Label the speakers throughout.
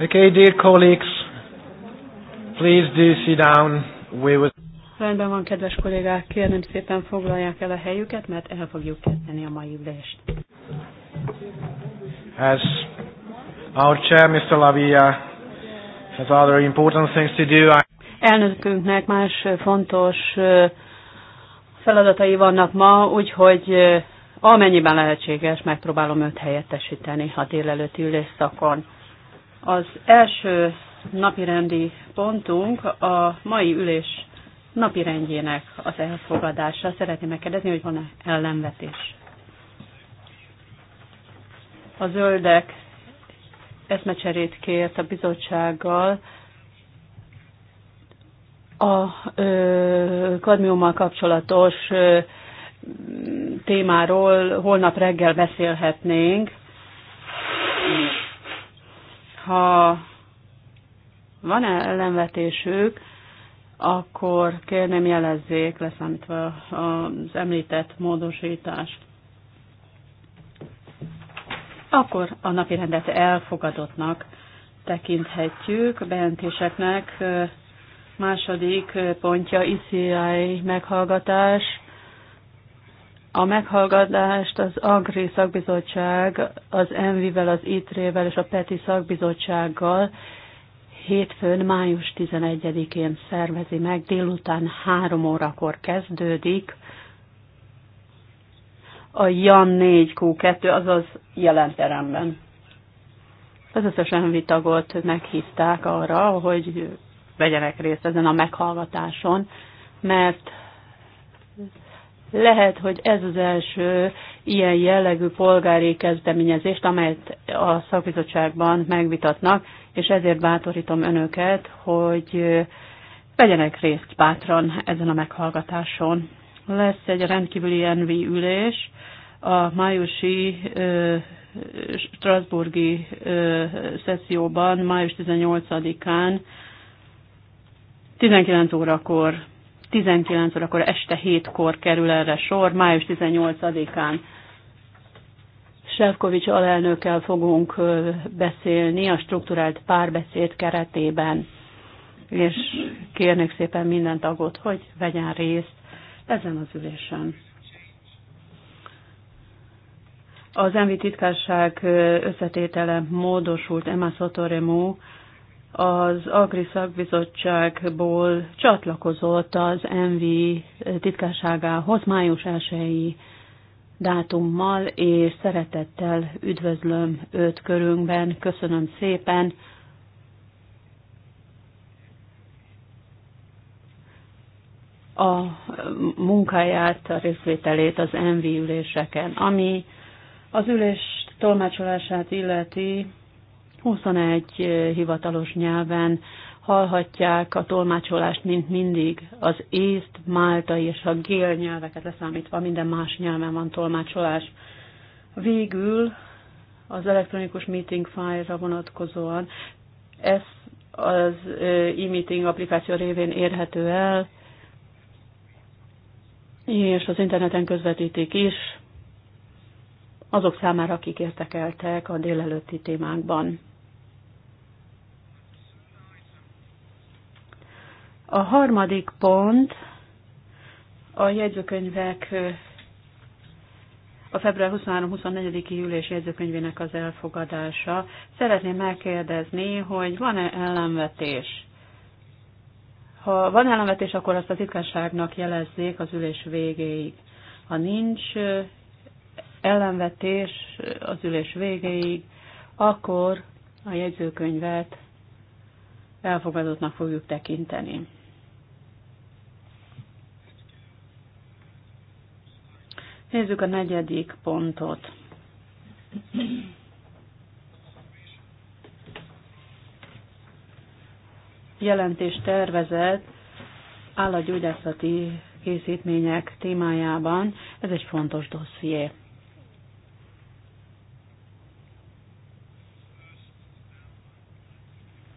Speaker 1: Okay, dear colleagues, please do sit down. We will...
Speaker 2: Rendben van, kedves kollégák, kérem szépen foglalják el a helyüket, mert el fogjuk kezdeni a mai ülést. As our chair, Mr. Lavia, has other important things to do. I... Elnökünknek más fontos feladatai vannak ma, úgyhogy amennyiben lehetséges, megpróbálom őt helyettesíteni a délelőtt ülésszakon. Az első napirendi pontunk a mai ülés napirendjének az elfogadása. Szeretném megkérdezni, hogy van-e ellenvetés. A zöldek eszmecserét kért a bizottsággal a ö, kadmiummal kapcsolatos ö, témáról holnap reggel beszélhetnénk ha van -e ellenvetésük, akkor kérném jelezzék, leszámítva az említett módosítást. Akkor a napi rendet elfogadottnak tekinthetjük bejelentéseknek. Második pontja ICI meghallgatás a meghallgatást az Agri szakbizottság, az Envivel, az ITRÉvel és a PETI szakbizottsággal hétfőn, május 11-én szervezi meg, délután 3 órakor kezdődik a Jan 4Q2, azaz jelenteremben. Az összes ENVI tagot meghívták arra, hogy vegyenek részt ezen a meghallgatáson, mert lehet, hogy ez az első ilyen jellegű polgári kezdeményezést, amelyet a szakbizottságban megvitatnak, és ezért bátorítom önöket, hogy vegyenek részt bátran ezen a meghallgatáson. Lesz egy rendkívüli NV ülés a májusi ö, Strasburgi ö, szesszióban, május 18-án 19 órakor 19 órakor este 7-kor kerül erre sor, május 18-án. Sefkovics alelnökkel fogunk beszélni a strukturált párbeszéd keretében, és kérnék szépen minden tagot, hogy vegyen részt ezen az ülésen. Az MV titkárság összetétele módosult Emma Sotoremu, az Agri Szakbizottságból csatlakozott az MV titkárságához május 1 dátummal, és szeretettel üdvözlöm őt körünkben. Köszönöm szépen! a munkáját, a részvételét az ENVI üléseken, ami az ülés tolmácsolását illeti, 21 eh, hivatalos nyelven hallhatják a tolmácsolást, mint mindig. Az észt, máltai és a gél nyelveket leszámítva minden más nyelven van tolmácsolás. Végül az elektronikus meeting file-ra vonatkozóan ez az eh, e-meeting applikáció révén érhető el, és az interneten közvetítik is azok számára, akik értekeltek a délelőtti témákban. A harmadik pont a jegyzőkönyvek a február 23-24-i ülés jegyzőkönyvének az elfogadása. Szeretném megkérdezni, hogy van-e ellenvetés? Ha van ellenvetés, akkor azt a titkárságnak jelezzék az ülés végéig. Ha nincs ellenvetés az ülés végéig, akkor a jegyzőkönyvet elfogadottnak fogjuk tekinteni. Nézzük a negyedik pontot. Jelentés tervezet állagyógyászati készítmények témájában. Ez egy fontos dosszié.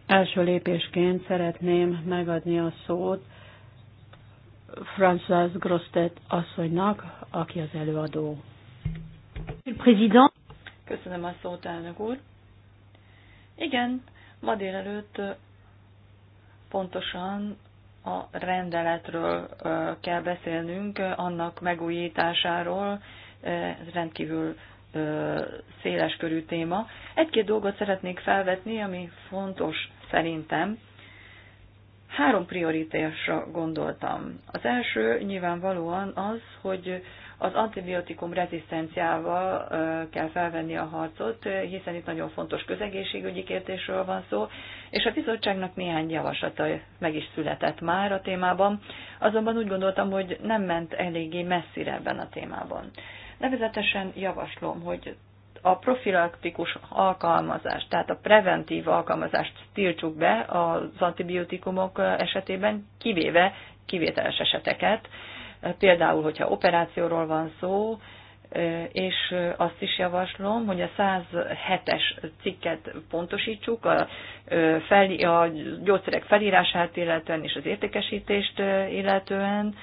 Speaker 2: Első lépésként szeretném megadni a szót François Grostet asszonynak, aki az előadó.
Speaker 1: Köszönöm a szót, elnök úr. Igen, ma délelőtt pontosan a rendeletről kell beszélnünk, annak megújításáról, ez rendkívül széleskörű téma. Egy-két dolgot szeretnék felvetni, ami fontos szerintem, Három prioritásra gondoltam. Az első nyilvánvalóan az, hogy az antibiotikum rezisztenciával kell felvenni a harcot, hiszen itt nagyon fontos közegészségügyi kérdésről van szó, és a bizottságnak néhány javaslata meg is született már a témában, azonban úgy gondoltam, hogy nem ment eléggé messzire ebben a témában. Nevezetesen javaslom, hogy a profilaktikus alkalmazást, tehát a preventív alkalmazást tiltsuk be az antibiotikumok esetében, kivéve kivételes eseteket, például, hogyha operációról van szó, és azt is javaslom, hogy a 107-es cikket pontosítsuk, a, fel, a gyógyszerek felírását illetően és az értékesítést illetően,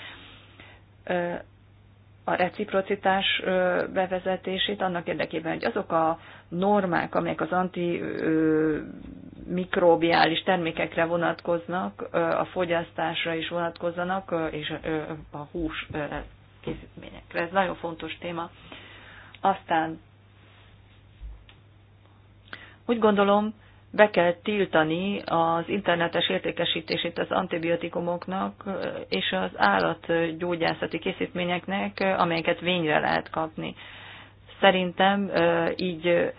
Speaker 1: a reciprocitás bevezetését annak érdekében, hogy azok a normák, amelyek az antimikrobiális termékekre vonatkoznak, a fogyasztásra is vonatkozzanak, és a hús készítményekre. Ez nagyon fontos téma. Aztán úgy gondolom, be kell tiltani az internetes értékesítését az antibiotikumoknak és az állatgyógyászati készítményeknek, amelyeket vényre lehet kapni. Szerintem így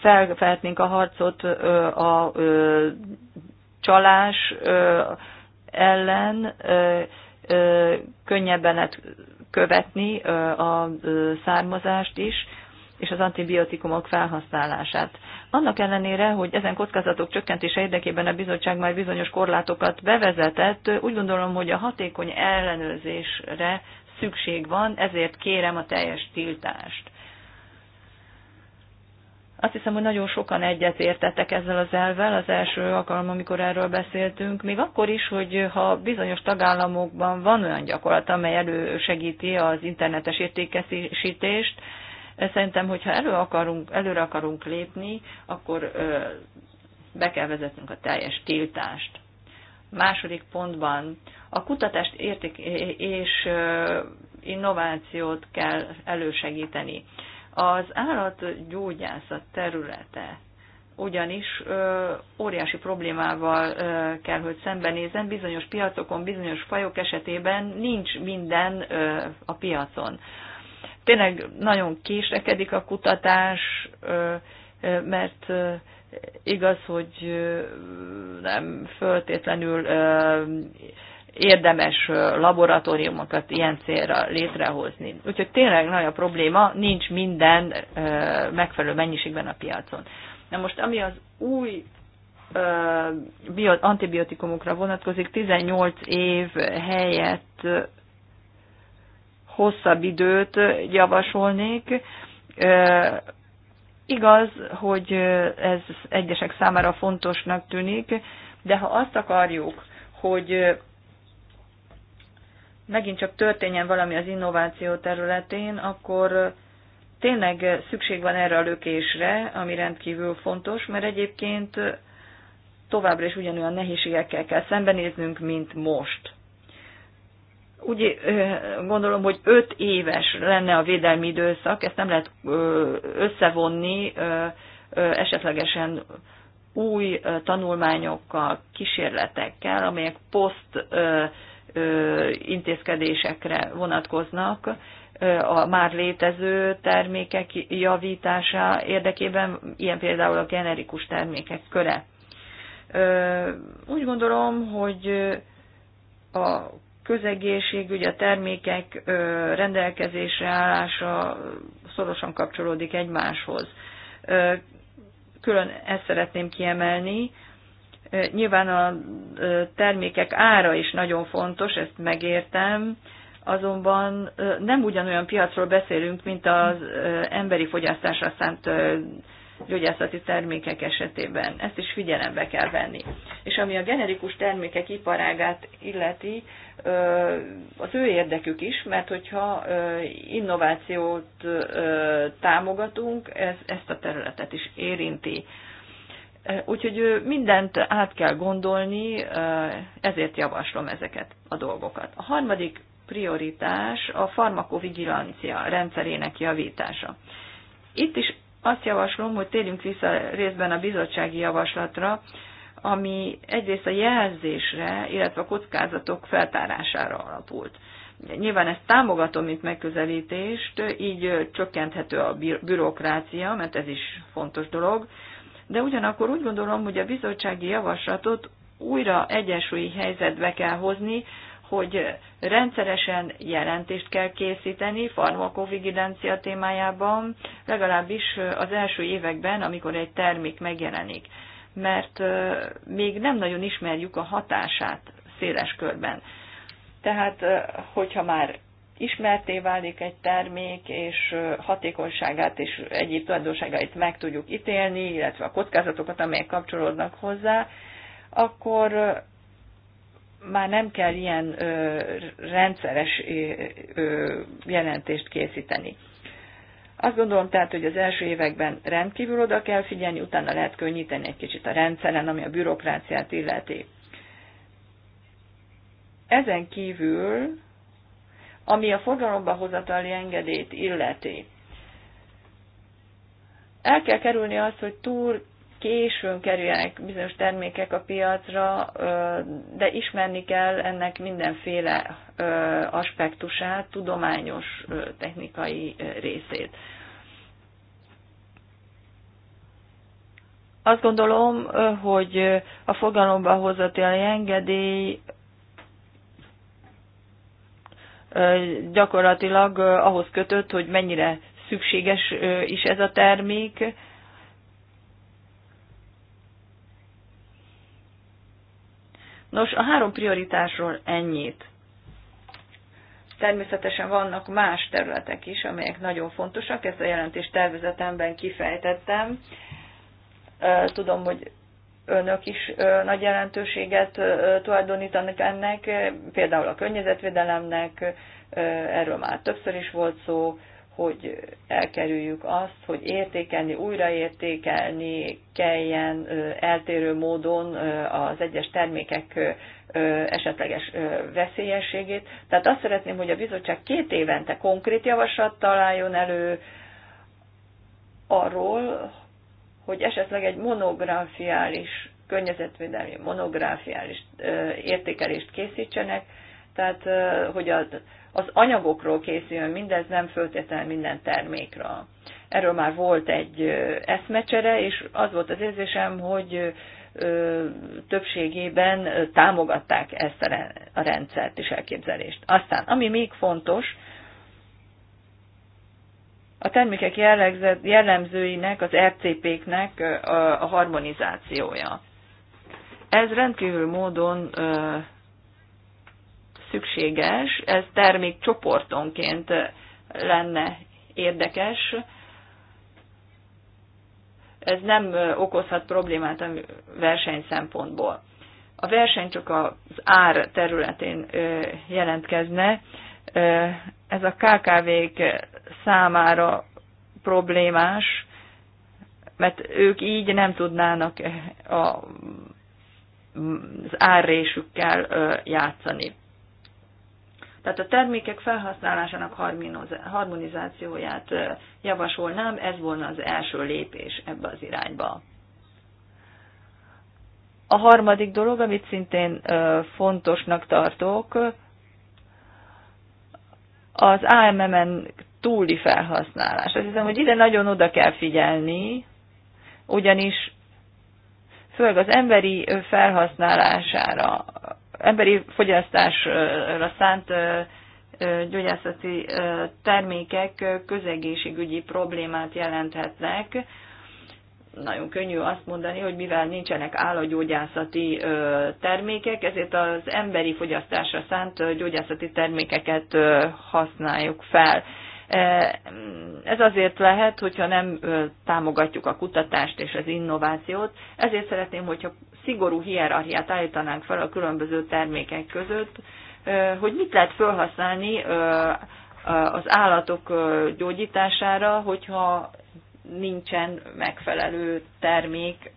Speaker 1: felvehetnénk a harcot a csalás ellen, könnyebben lehet követni a származást is, és az antibiotikumok felhasználását. Annak ellenére, hogy ezen kockázatok csökkentése érdekében a bizottság már bizonyos korlátokat bevezetett, úgy gondolom, hogy a hatékony ellenőrzésre szükség van, ezért kérem a teljes tiltást. Azt hiszem, hogy nagyon sokan egyet értettek ezzel az elvel az első alkalom, amikor erről beszéltünk, még akkor is, hogy ha bizonyos tagállamokban van olyan gyakorlat, amely elősegíti az internetes értékesítést, Szerintem, hogyha elő akarunk, előre akarunk lépni, akkor be kell vezetnünk a teljes tiltást. Második pontban a kutatást érték és innovációt kell elősegíteni. Az állatgyógyászat területe ugyanis ö, óriási problémával ö, kell, hogy szembenézzen. Bizonyos piacokon, bizonyos fajok esetében nincs minden ö, a piacon tényleg nagyon késlekedik a kutatás, mert igaz, hogy nem föltétlenül érdemes laboratóriumokat ilyen célra létrehozni. Úgyhogy tényleg nagy a probléma, nincs minden megfelelő mennyiségben a piacon. Na most, ami az új antibiotikumokra vonatkozik, 18 év helyett hosszabb időt javasolnék. Igaz, hogy ez egyesek számára fontosnak tűnik, de ha azt akarjuk, hogy megint csak történjen valami az innováció területén, akkor tényleg szükség van erre a lökésre, ami rendkívül fontos, mert egyébként továbbra is ugyanolyan nehézségekkel kell szembenéznünk, mint most úgy gondolom, hogy öt éves lenne a védelmi időszak, ezt nem lehet összevonni esetlegesen új tanulmányokkal, kísérletekkel, amelyek poszt intézkedésekre vonatkoznak a már létező termékek javítása érdekében, ilyen például a generikus termékek köre. Úgy gondolom, hogy a közegészségügy, a termékek rendelkezésre állása szorosan kapcsolódik egymáshoz. Külön ezt szeretném kiemelni. Nyilván a termékek ára is nagyon fontos, ezt megértem, azonban nem ugyanolyan piacról beszélünk, mint az emberi fogyasztásra szánt gyógyászati termékek esetében. Ezt is figyelembe kell venni. És ami a generikus termékek iparágát illeti, az ő érdekük is, mert hogyha innovációt támogatunk, ez ezt a területet is érinti. Úgyhogy mindent át kell gondolni, ezért javaslom ezeket a dolgokat. A harmadik prioritás a farmakovigilancia rendszerének javítása. Itt is azt javaslom, hogy térjünk vissza részben a bizottsági javaslatra, ami egyrészt a jelzésre, illetve a kockázatok feltárására alapult. Nyilván ezt támogatom, mint megközelítést, így csökkenthető a bürokrácia, mert ez is fontos dolog, de ugyanakkor úgy gondolom, hogy a bizottsági javaslatot újra egyensúlyi helyzetbe kell hozni, hogy rendszeresen jelentést kell készíteni farmakovigilancia témájában, legalábbis az első években, amikor egy termék megjelenik mert még nem nagyon ismerjük a hatását széles körben. Tehát, hogyha már ismerté válik egy termék, és hatékonyságát és egyéb tulajdonságait meg tudjuk ítélni, illetve a kockázatokat, amelyek kapcsolódnak hozzá, akkor már nem kell ilyen rendszeres jelentést készíteni. Azt gondolom tehát, hogy az első években rendkívül oda kell figyelni, utána lehet könnyíteni egy kicsit a rendszeren, ami a bürokráciát illeti. Ezen kívül, ami a forgalomba hozatali engedélyt illeti, el kell kerülni azt, hogy túl későn kerüljenek bizonyos termékek a piacra, de ismerni kell ennek mindenféle aspektusát, tudományos, technikai részét. Azt gondolom, hogy a fogalomba hozatali engedély gyakorlatilag ahhoz kötött, hogy mennyire szükséges is ez a termék, Nos, a három prioritásról ennyit. Természetesen vannak más területek is, amelyek nagyon fontosak, ezt a jelentés tervezetemben kifejtettem. Tudom, hogy önök is nagy jelentőséget tulajdonítanak ennek, például a környezetvédelemnek, erről már többször is volt szó, hogy elkerüljük azt, hogy értékelni, újraértékelni kelljen eltérő módon az egyes termékek esetleges veszélyességét. Tehát azt szeretném, hogy a bizottság két évente konkrét javaslat találjon elő arról, hogy esetleg egy monográfiális, környezetvédelmi monográfiális értékelést készítsenek, tehát hogy a az anyagokról készüljön mindez, nem föltétlenül minden termékről. Erről már volt egy eszmecsere, és az volt az érzésem, hogy többségében támogatták ezt a rendszert és elképzelést. Aztán, ami még fontos, a termékek jellemzőinek, az RCP-knek a harmonizációja. Ez rendkívül módon szükséges, ez termék csoportonként lenne érdekes. Ez nem okozhat problémát a verseny szempontból. A verseny csak az ár területén jelentkezne. Ez a KKV-k számára problémás, mert ők így nem tudnának a, az árrésükkel játszani. Tehát a termékek felhasználásának harmonizációját javasolnám, ez volna az első lépés ebbe az irányba. A harmadik dolog, amit szintén fontosnak tartok, az AMM-en túli felhasználás. Azt hiszem, hogy ide nagyon oda kell figyelni, ugyanis főleg az emberi felhasználására emberi fogyasztásra szánt gyógyászati termékek közegészségügyi problémát jelenthetnek. Nagyon könnyű azt mondani, hogy mivel nincsenek állagyógyászati termékek, ezért az emberi fogyasztásra szánt gyógyászati termékeket használjuk fel. Ez azért lehet, hogyha nem támogatjuk a kutatást és az innovációt, ezért szeretném, hogyha szigorú hierarchiát állítanánk fel a különböző termékek között, hogy mit lehet felhasználni az állatok gyógyítására, hogyha nincsen megfelelő termék.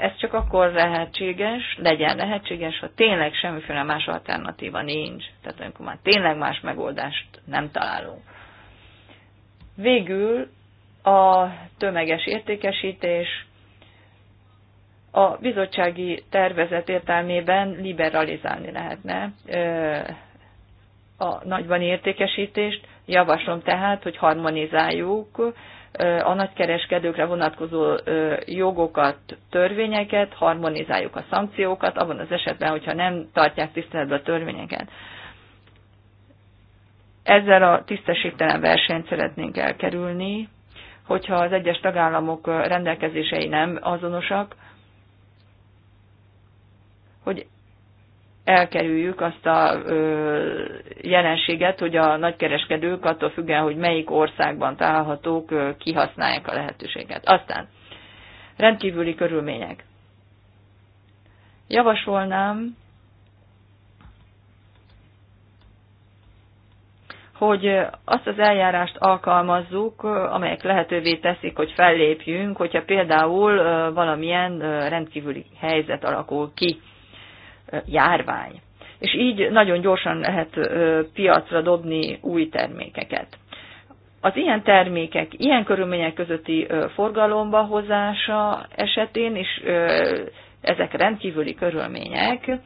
Speaker 1: Ez csak akkor lehetséges, legyen lehetséges, ha tényleg semmiféle más alternatíva nincs. Tehát amikor már tényleg más megoldást nem találunk. Végül a tömeges értékesítés a bizottsági tervezet értelmében liberalizálni lehetne a nagyban értékesítést. Javaslom tehát, hogy harmonizáljuk a nagykereskedőkre vonatkozó jogokat, törvényeket, harmonizáljuk a szankciókat, abban az esetben, hogyha nem tartják tiszteletbe a törvényeket. Ezzel a tisztességtelen versenyt szeretnénk elkerülni, hogyha az egyes tagállamok rendelkezései nem azonosak, hogy elkerüljük azt a jelenséget, hogy a nagykereskedők attól függően, hogy melyik országban találhatók, kihasználják a lehetőséget. Aztán rendkívüli körülmények. Javasolnám, hogy azt az eljárást alkalmazzuk, amelyek lehetővé teszik, hogy fellépjünk, hogyha például valamilyen rendkívüli helyzet alakul ki járvány. És így nagyon gyorsan lehet piacra dobni új termékeket. Az ilyen termékek ilyen körülmények közötti forgalomba hozása esetén, és ezek rendkívüli körülmények,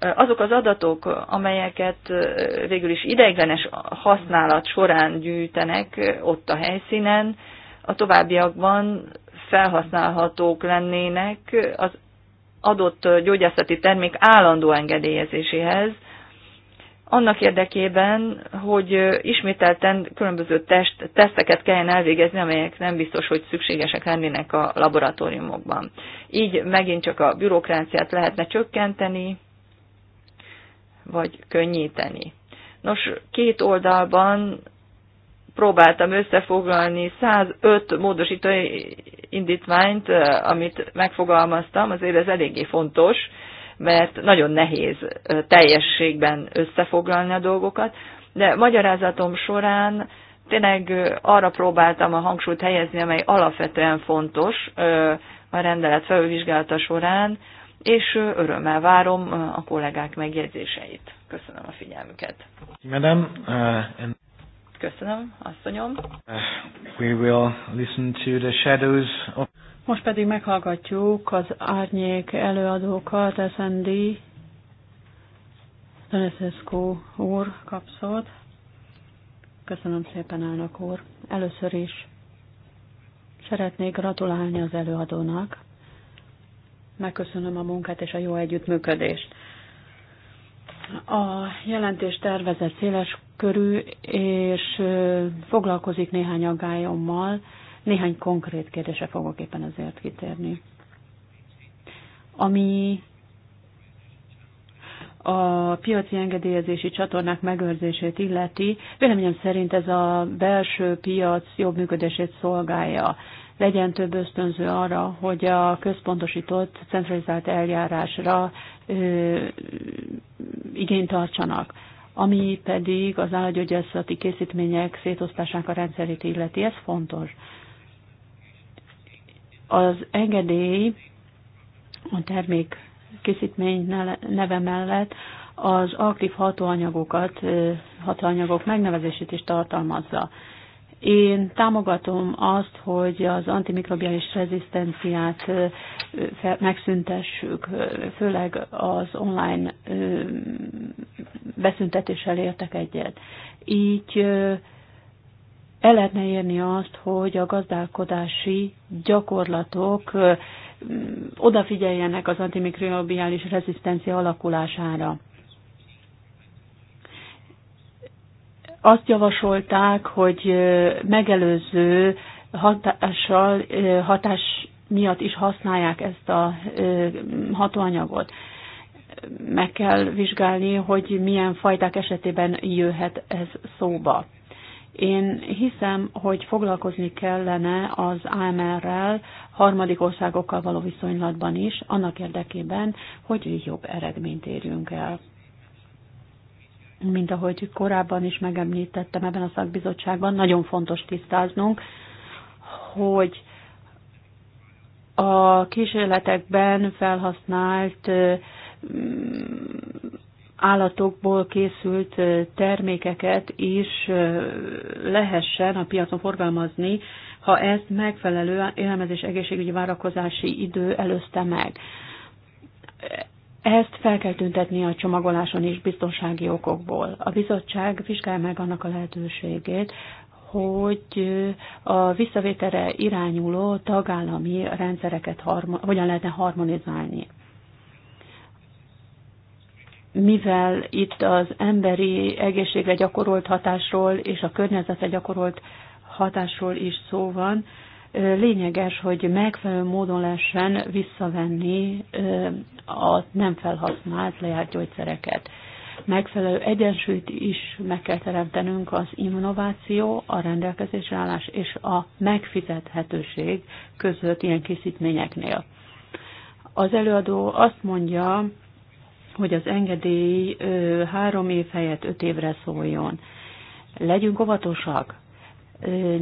Speaker 1: azok az adatok, amelyeket végül is ideiglenes használat során gyűjtenek ott a helyszínen, a továbbiakban felhasználhatók lennének az adott gyógyászati termék állandó engedélyezéséhez, annak érdekében, hogy ismételten különböző test, teszteket kelljen elvégezni, amelyek nem biztos, hogy szükségesek lennének a laboratóriumokban. Így megint csak a bürokráciát lehetne csökkenteni, vagy könnyíteni. Nos, két oldalban próbáltam összefoglalni 105 módosító indítványt, amit megfogalmaztam, azért ez eléggé fontos, mert nagyon nehéz teljességben összefoglalni a dolgokat, de magyarázatom során tényleg arra próbáltam a hangsúlyt helyezni, amely alapvetően fontos a rendelet felülvizsgálata során, és örömmel várom a kollégák megjegyzéseit. Köszönöm a figyelmüket. Madam, uh, and... Köszönöm, asszonyom. We will listen to the shadows of...
Speaker 2: Most pedig meghallgatjuk az árnyék előadókat, SND, Donetszeszkó úr kapszott. Köszönöm szépen, elnök úr. Először is szeretnék gratulálni az előadónak. Megköszönöm a munkát és a jó együttműködést. A jelentés tervezett széles körű, és foglalkozik néhány aggályommal, néhány konkrét kérdése fogok éppen ezért kitérni. Ami a piaci engedélyezési csatornák megőrzését illeti, véleményem szerint ez a belső piac jobb működését szolgálja legyen több ösztönző arra, hogy a központosított, centralizált eljárásra ö, igényt tartsanak. Ami pedig az állatgyógyászati készítmények szétosztásának a rendszerét illeti, ez fontos. Az engedély a termék készítmény neve mellett az aktív hatóanyagokat, hatóanyagok megnevezését is tartalmazza. Én támogatom azt, hogy az antimikrobiális rezisztenciát megszüntessük, főleg az online beszüntetéssel értek egyet. Így el lehetne érni azt, hogy a gazdálkodási gyakorlatok odafigyeljenek az antimikrobiális rezisztencia alakulására. azt javasolták, hogy megelőző hatással, hatás miatt is használják ezt a hatóanyagot. Meg kell vizsgálni, hogy milyen fajták esetében jöhet ez szóba. Én hiszem, hogy foglalkozni kellene az AMR-rel, harmadik országokkal való viszonylatban is, annak érdekében, hogy jobb eredményt érjünk el mint ahogy korábban is megemlítettem ebben a szakbizottságban, nagyon fontos tisztáznunk, hogy a kísérletekben felhasznált mm, állatokból készült termékeket is lehessen a piacon forgalmazni, ha ezt megfelelő élelmezés egészségügyi várakozási idő előzte meg ezt fel kell tüntetni a csomagoláson is biztonsági okokból. A bizottság vizsgál meg annak a lehetőségét, hogy a visszavételre irányuló tagállami rendszereket harmo- hogyan lehetne harmonizálni. Mivel itt az emberi egészségre gyakorolt hatásról és a környezetre gyakorolt hatásról is szó van, Lényeges, hogy megfelelő módon lehessen visszavenni a nem felhasznált lejárt gyógyszereket. Megfelelő egyensúlyt is meg kell teremtenünk az innováció, a rendelkezésre állás és a megfizethetőség között ilyen készítményeknél. Az előadó azt mondja, hogy az engedély három év helyett öt évre szóljon. Legyünk óvatosak,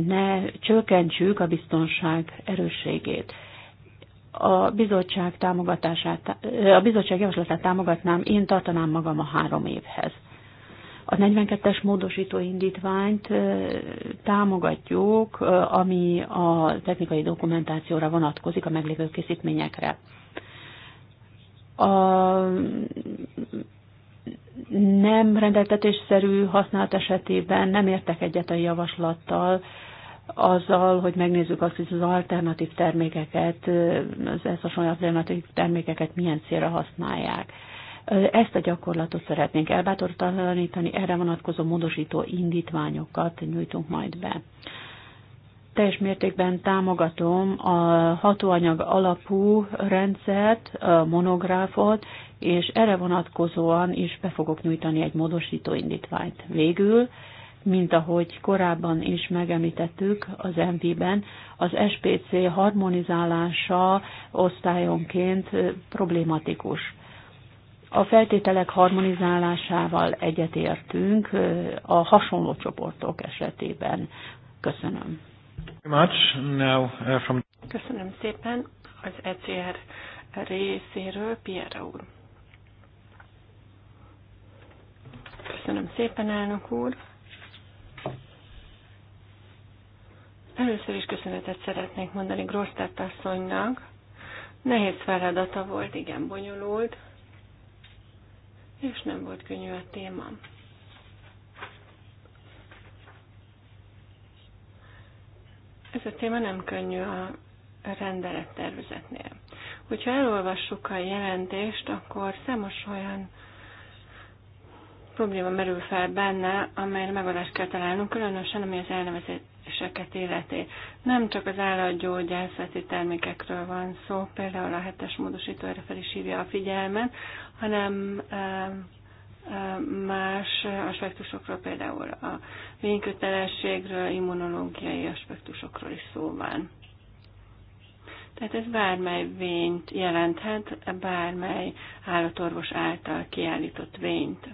Speaker 2: ne csökkentsük a biztonság erősségét. A bizottság, támogatását, a bizottság javaslatát támogatnám, én tartanám magam a három évhez. A 42-es módosító indítványt támogatjuk, ami a technikai dokumentációra vonatkozik, a meglévő készítményekre. A nem rendeltetésszerű használat esetében nem értek egyet a javaslattal, azzal, hogy megnézzük azt, hogy az alternatív termékeket, az ezt hasonló alternatív termékeket milyen célra használják. Ezt a gyakorlatot szeretnénk elbátortalanítani, erre vonatkozó módosító indítványokat nyújtunk majd be. Teljes mértékben támogatom a hatóanyag alapú rendszert, a monográfot, és erre vonatkozóan is be fogok nyújtani egy módosító indítványt. Végül, mint ahogy korábban is megemlítettük az MV-ben, az SPC harmonizálása osztályonként problématikus. A feltételek harmonizálásával egyetértünk a hasonló csoportok esetében. Köszönöm.
Speaker 1: Uh, Köszönöm szépen az ECR részéről, Pierre úr. Köszönöm szépen, elnök úr. Először is köszönetet szeretnék mondani Grosztát asszonynak. Nehéz feladata volt, igen bonyolult, és nem volt könnyű a téma. Ez a téma nem könnyű a rendelettervezetnél. Hogyha elolvassuk a jelentést, akkor számos olyan probléma merül fel benne, amelyre megoldást kell találnunk, különösen ami az elnevezéseket illeti. Nem csak az állatgyógyászati termékekről van szó, például a hetes módosító erre fel is hívja a figyelmet, hanem más aspektusokról, például a vénykötelességről, immunológiai aspektusokról is szó van. Tehát ez bármely vényt jelenthet, bármely állatorvos által kiállított vényt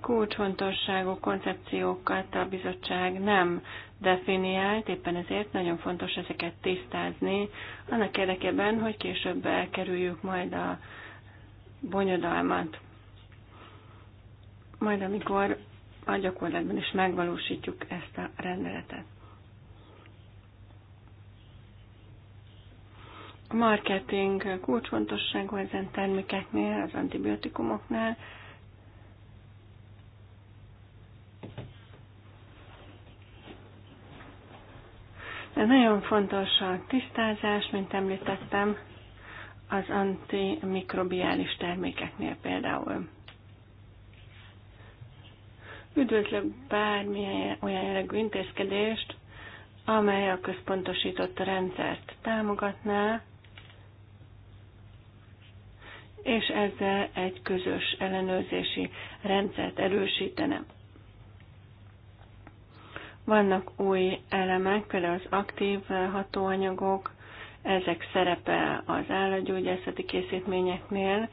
Speaker 1: kulcsfontosságú koncepciókat a bizottság nem definiált, éppen ezért nagyon fontos ezeket tisztázni, annak érdekében, hogy később elkerüljük majd a bonyodalmat. Majd amikor a gyakorlatban is megvalósítjuk ezt a rendeletet. A marketing kulcsfontosságú ezen termékeknél, az antibiotikumoknál, Ez nagyon fontos a tisztázás, mint említettem, az antimikrobiális termékeknél például. Üdvözlök bármilyen olyan jellegű intézkedést, amely a központosított rendszert támogatná, és ezzel egy közös ellenőrzési rendszert erősítene. Vannak új elemek, például az aktív hatóanyagok, ezek szerepe az állatgyógyászati készítményeknél,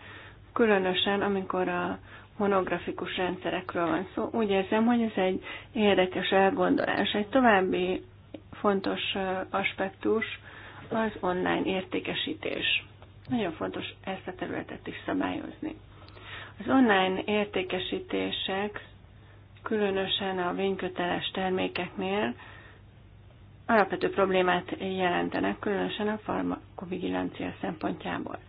Speaker 1: különösen amikor a monografikus rendszerekről van szó. Úgy érzem, hogy ez egy érdekes elgondolás. Egy további fontos aspektus az online értékesítés. Nagyon fontos ezt a területet is szabályozni. Az online értékesítések különösen a vényköteles termékeknél alapvető problémát jelentenek, különösen a farmakovigilancia szempontjából.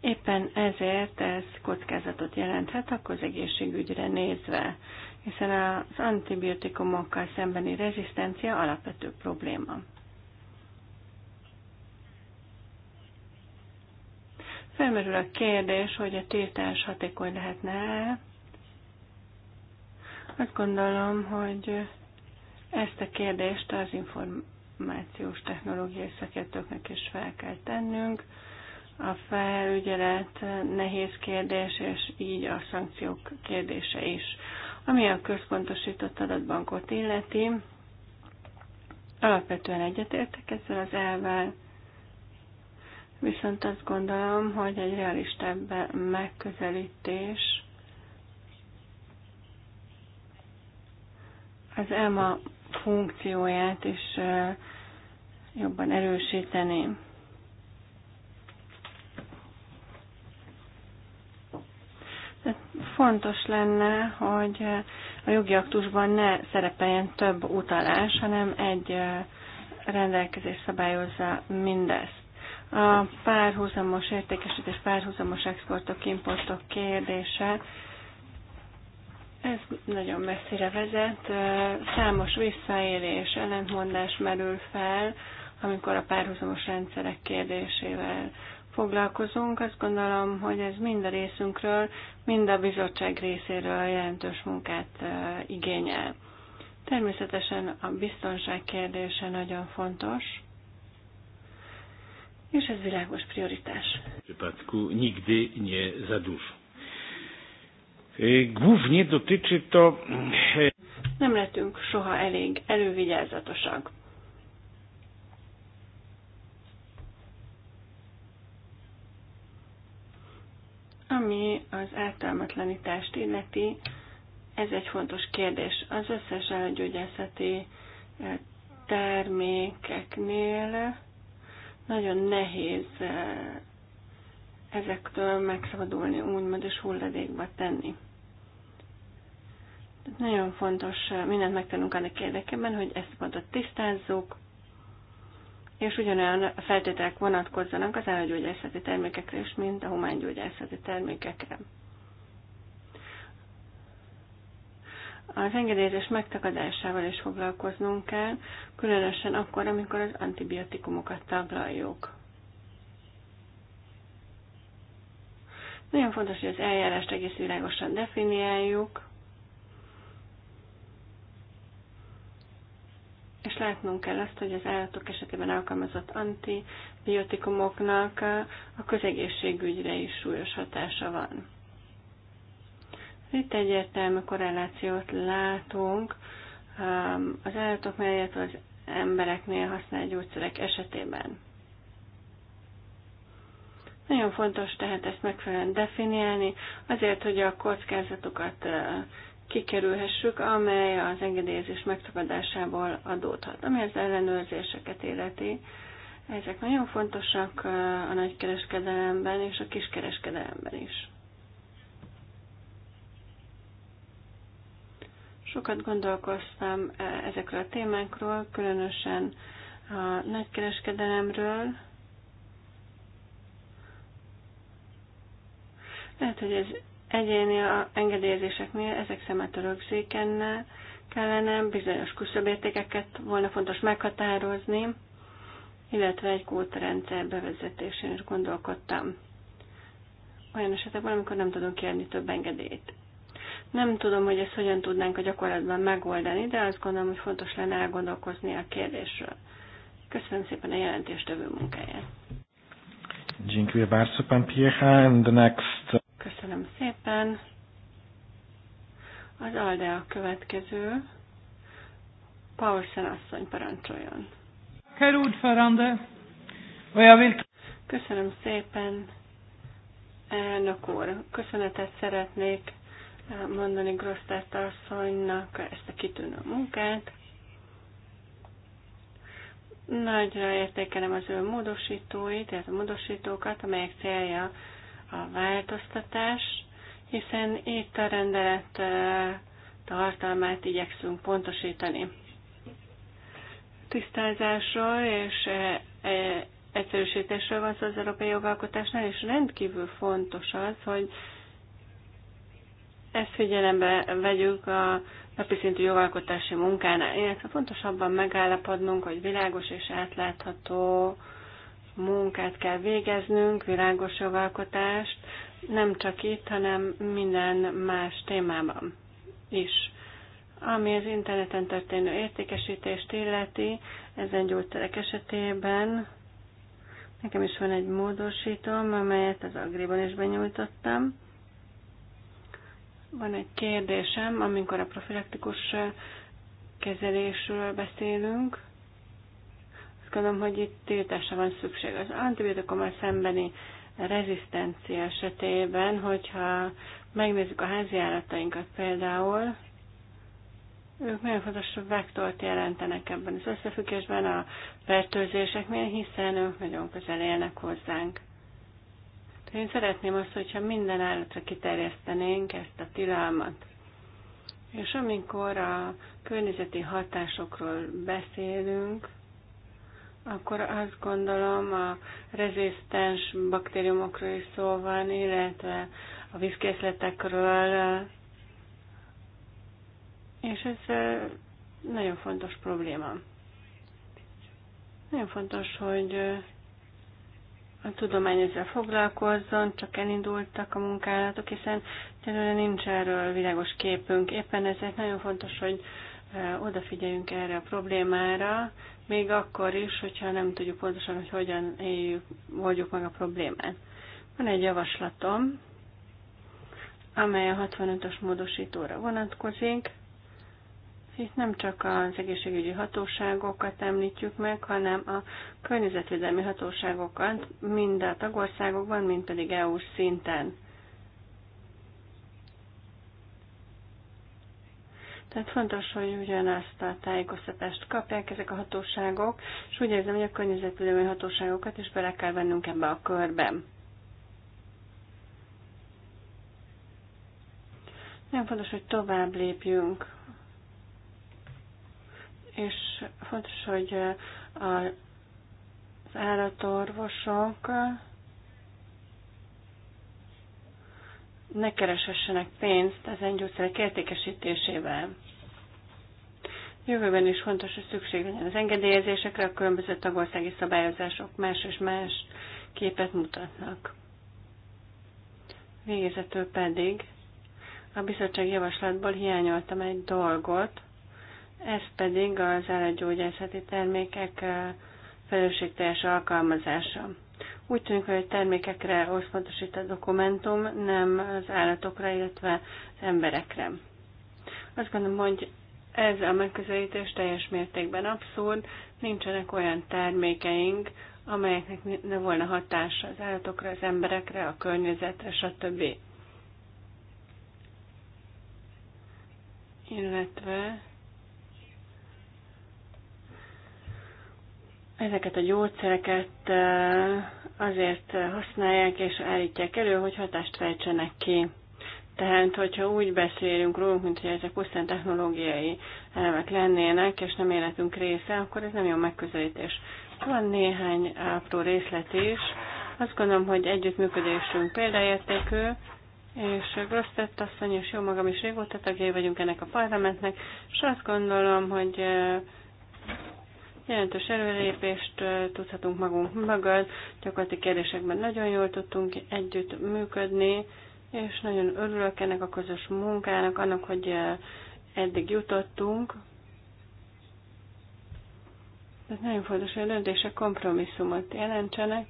Speaker 1: Éppen ezért ez kockázatot jelenthet a közegészségügyre nézve, hiszen az antibiotikumokkal szembeni rezisztencia alapvető probléma. Felmerül a kérdés, hogy a tiltás hatékony lehetne -e, azt gondolom, hogy ezt a kérdést az információs technológiai szakértőknek is fel kell tennünk. A felügyelet nehéz kérdés, és így a szankciók kérdése is. Ami a központosított adatbankot illeti, alapvetően egyetértek ezzel az elvel, viszont azt gondolom, hogy egy realistább megközelítés az elma funkcióját is jobban erősíteni. De fontos lenne, hogy a jogi aktusban ne szerepeljen több utalás, hanem egy rendelkezés szabályozza mindezt. A párhuzamos értékesítés, párhuzamos exportok, importok kérdése ez nagyon messzire vezet. Számos visszaélés, ellentmondás merül fel, amikor a párhuzamos rendszerek kérdésével foglalkozunk. Azt gondolom, hogy ez mind a részünkről, mind a bizottság részéről jelentős munkát igényel. Természetesen a biztonság kérdése nagyon fontos, és ez világos prioritás. Nigdy nie za Głównie dotyczy to... Mm, Nem lettünk soha elég elővigyázatosak. Ami az ártalmatlanítást illeti, ez egy fontos kérdés. Az összes elgyógyászati eh, termékeknél nagyon nehéz eh, ezektől megszabadulni, úgymond, és hulladékba tenni. Nagyon fontos eh, mindent megtanulunk annak érdekében, hogy ezt a pontot tisztázzuk, és ugyanolyan feltételek vonatkozzanak az állatgyógyászati termékekre is, mint a humángyógyászati termékekre. Az engedélyezés megtakadásával is foglalkoznunk kell, különösen akkor, amikor az antibiotikumokat taglaljuk. Nagyon fontos, hogy az eljárást egész világosan definiáljuk, és látnunk kell azt, hogy az állatok esetében alkalmazott antibiotikumoknak a közegészségügyre is súlyos hatása van. Itt egyértelmű korrelációt látunk um, az állatok mellett az embereknél használt gyógyszerek esetében. Nagyon fontos tehát ezt megfelelően definiálni, azért, hogy a kockázatokat uh, kikerülhessük, amely az engedélyezés megtagadásából adódhat, ami az ellenőrzéseket életi. Ezek nagyon fontosak a nagykereskedelemben és a kiskereskedelemben is. Sokat gondolkoztam ezekről a témákról, különösen a nagykereskedelemről. Lehet, hogy ez egyéni engedélyezéseknél ezek szemet rögzékenne kellene, bizonyos küszöbértékeket volna fontos meghatározni, illetve egy kótrendszer bevezetésén is gondolkodtam. Olyan esetekben, amikor nem tudunk kérni több engedélyt. Nem tudom, hogy ezt hogyan tudnánk a gyakorlatban megoldani, de azt gondolom, hogy fontos lenne elgondolkozni a kérdésről. Köszönöm szépen a jelentéstevő munkáját. Dziękuję bardzo, pan Piecha. And the next... Köszönöm szépen. Az Alde a következő. Paulsen asszony parancsoljon. Köszönöm szépen, elnök úr. Köszönetet szeretnék eh, mondani Grosztárt asszonynak ezt a kitűnő munkát. Nagyra értékelem az ő módosítóit, tehát a módosítókat, amelyek célja a változtatás, hiszen itt a rendelet tartalmát igyekszünk pontosítani. Tisztázásról és egyszerűsítésről van szó az európai jogalkotásnál, és rendkívül fontos az, hogy ezt figyelembe vegyük a napi szintű jogalkotási munkánál, illetve fontosabban megállapodnunk, hogy világos és átlátható munkát kell végeznünk, világos jogalkotást, nem csak itt, hanem minden más témában is. Ami az interneten történő értékesítést illeti, ezen gyógyszerek esetében nekem is van egy módosítom, amelyet az Agriban is benyújtottam. Van egy kérdésem, amikor a profilaktikus kezelésről beszélünk, azt gondolom, hogy itt tiltásra van szükség. Az antibiotikummal szembeni rezisztencia esetében, hogyha megnézzük a háziállatainkat például, ők nagyon fontos vektort jelentenek ebben az összefüggésben a fertőzéseknél, hiszen ők nagyon közel élnek hozzánk. Tehát én szeretném azt, hogyha minden állatra kiterjesztenénk ezt a tilalmat. És amikor a környezeti hatásokról beszélünk, akkor azt gondolom a rezisztens baktériumokról is szó van, illetve a vízkészletekről, és ez nagyon fontos probléma. Nagyon fontos, hogy a tudomány ezzel foglalkozzon, csak elindultak a munkálatok, hiszen egyelőre nincs erről világos képünk. Éppen ezért nagyon fontos, hogy odafigyeljünk erre a problémára, még akkor is, hogyha nem tudjuk pontosan, hogy hogyan éljük, oldjuk meg a problémát. Van egy javaslatom, amely a 65-ös módosítóra vonatkozik. Itt nem csak az egészségügyi hatóságokat említjük meg, hanem a környezetvédelmi hatóságokat mind a tagországokban, mind pedig EU szinten. Tehát fontos, hogy ugyanazt a tájékoztatást kapják ezek a hatóságok, és úgy érzem, hogy a környezetvédelmi hatóságokat is bele kell vennünk ebbe a körbe. Nem fontos, hogy tovább lépjünk. És fontos, hogy az állatorvosok ne kereshessenek pénzt ezen gyógyszerek értékesítésével. Jövőben is fontos, hogy szükség legyen az engedélyezésekre, a különböző tagországi szabályozások más és más képet mutatnak. Végezetül pedig a bizottság javaslatból hiányoltam egy dolgot, ez pedig az elegyógyászati termékek felelősségteljes alkalmazása. Úgy tűnik, hogy a termékekre összpontosított dokumentum, nem az állatokra, illetve az emberekre. Azt gondolom, hogy ez a megközelítés teljes mértékben abszurd, nincsenek olyan termékeink, amelyeknek ne volna hatása az állatokra, az emberekre, a környezetre, stb. Illetve ezeket a gyógyszereket eh, azért használják és állítják elő, hogy hatást fejtsenek ki. Tehát, hogyha úgy beszélünk róluk, mint hogy ezek pusztán technológiai elemek lennének, és nem életünk része, akkor ez nem jó megközelítés. Van néhány apró részlet is. Azt gondolom, hogy együttműködésünk példaértékű, és Grosztett asszony és jó magam is régóta tagjai vagyunk ennek a parlamentnek, és azt gondolom, hogy Jelentős előrépést tudhatunk magunk mögött, gyakorlati kérdésekben nagyon jól tudtunk együtt működni, és nagyon örülök ennek a közös munkának, annak, hogy eddig jutottunk. Ez nagyon fontos, hogy a döntések kompromisszumot jelentsenek,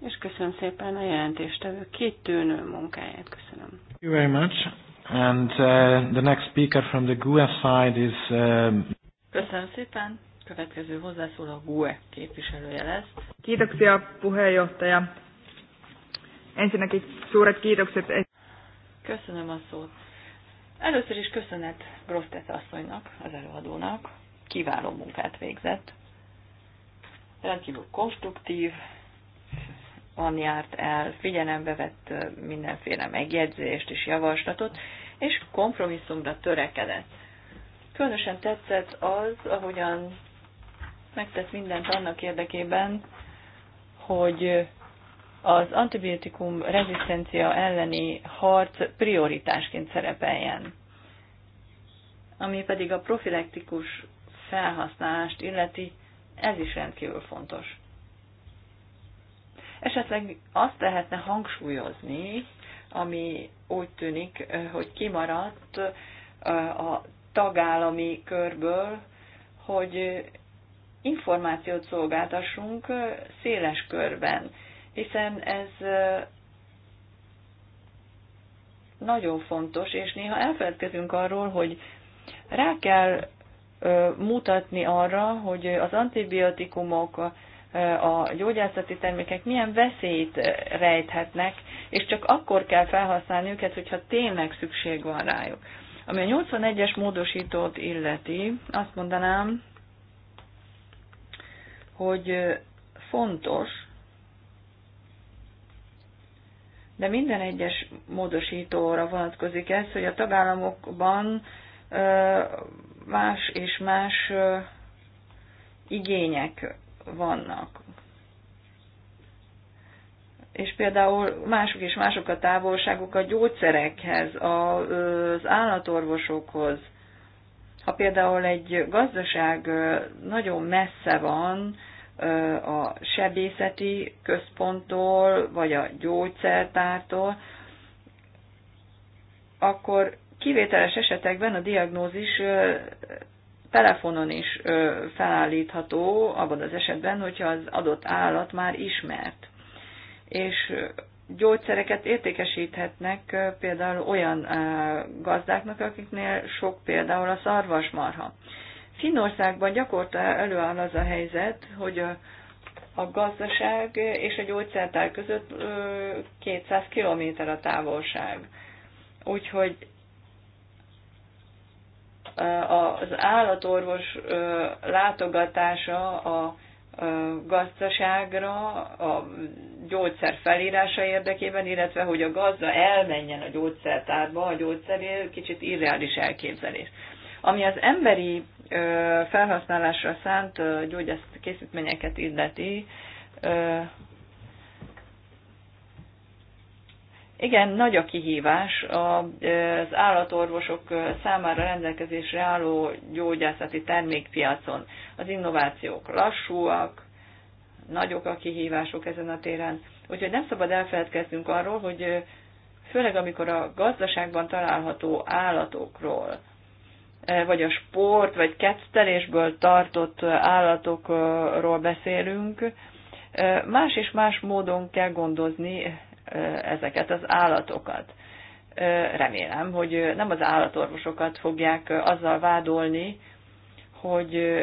Speaker 1: és köszönöm szépen a jelentéstevő kitűnő munkáját. Köszönöm. Thank you very much. And uh, the next speaker from the GUA e side is... Um... Köszönöm szépen. Következő hozzászól a GUE képviselője lesz. Kiitoksia puheenjohtaja. egy suuret kiitokset. Köszönöm a szót. Először is köszönet Grosztet asszonynak, az előadónak. Kiváló munkát végzett. Rendkívül konstruktív, van járt el, figyelembe vett mindenféle megjegyzést és javaslatot, és kompromisszumra törekedett. Különösen tetszett az, ahogyan megtett mindent annak érdekében, hogy az antibiotikum rezisztencia elleni harc prioritásként szerepeljen. Ami pedig a profilektikus felhasználást illeti, ez is rendkívül fontos. Esetleg azt lehetne hangsúlyozni, ami úgy tűnik, hogy kimaradt a tagállami körből, hogy információt szolgáltassunk széles körben, hiszen ez nagyon fontos, és néha elfeledkezünk arról, hogy rá kell mutatni arra, hogy az antibiotikumok, a gyógyászati termékek milyen veszélyt rejthetnek, és csak akkor kell felhasználni őket, hogyha tényleg szükség van rájuk. Ami a 81-es módosítót illeti, azt mondanám, hogy fontos, de minden egyes módosítóra vonatkozik ez, hogy a tagállamokban más és más igények vannak. És például mások és mások a távolságok a gyógyszerekhez, az állatorvosokhoz, ha például egy gazdaság nagyon messze van a sebészeti központtól, vagy a gyógyszertártól, akkor kivételes esetekben a diagnózis telefonon is felállítható, abban az esetben, hogyha az adott állat már ismert. És gyógyszereket értékesíthetnek például olyan gazdáknak, akiknél sok például a szarvasmarha. Finnországban gyakorta előáll az a helyzet, hogy a, a gazdaság és a gyógyszertár között 200 km a távolság. Úgyhogy az állatorvos látogatása a gazdaságra, a gyógyszer felírása érdekében, illetve hogy a gazda elmenjen a gyógyszertárba, a gyógyszerél kicsit irreális elképzelés. Ami az emberi felhasználásra szánt gyógyász készítményeket illeti, Igen, nagy a kihívás az állatorvosok számára rendelkezésre álló gyógyászati termékpiacon. Az innovációk lassúak, nagyok a kihívások ezen a téren, úgyhogy nem szabad elfeledkeznünk arról, hogy főleg amikor a gazdaságban található állatokról, vagy a sport, vagy kettelésből tartott állatokról beszélünk, más és más módon kell gondozni ezeket az állatokat. Remélem, hogy nem az állatorvosokat fogják azzal vádolni, hogy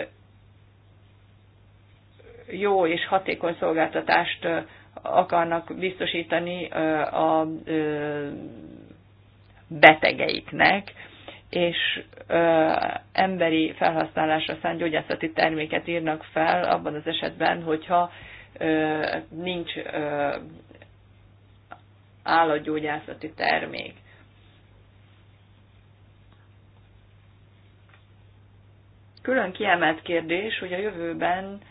Speaker 1: jó és hatékony szolgáltatást akarnak biztosítani a betegeiknek, és emberi felhasználásra szánt gyógyászati terméket írnak fel abban az esetben, hogyha nincs állatgyógyászati termék. Külön kiemelt kérdés, hogy a jövőben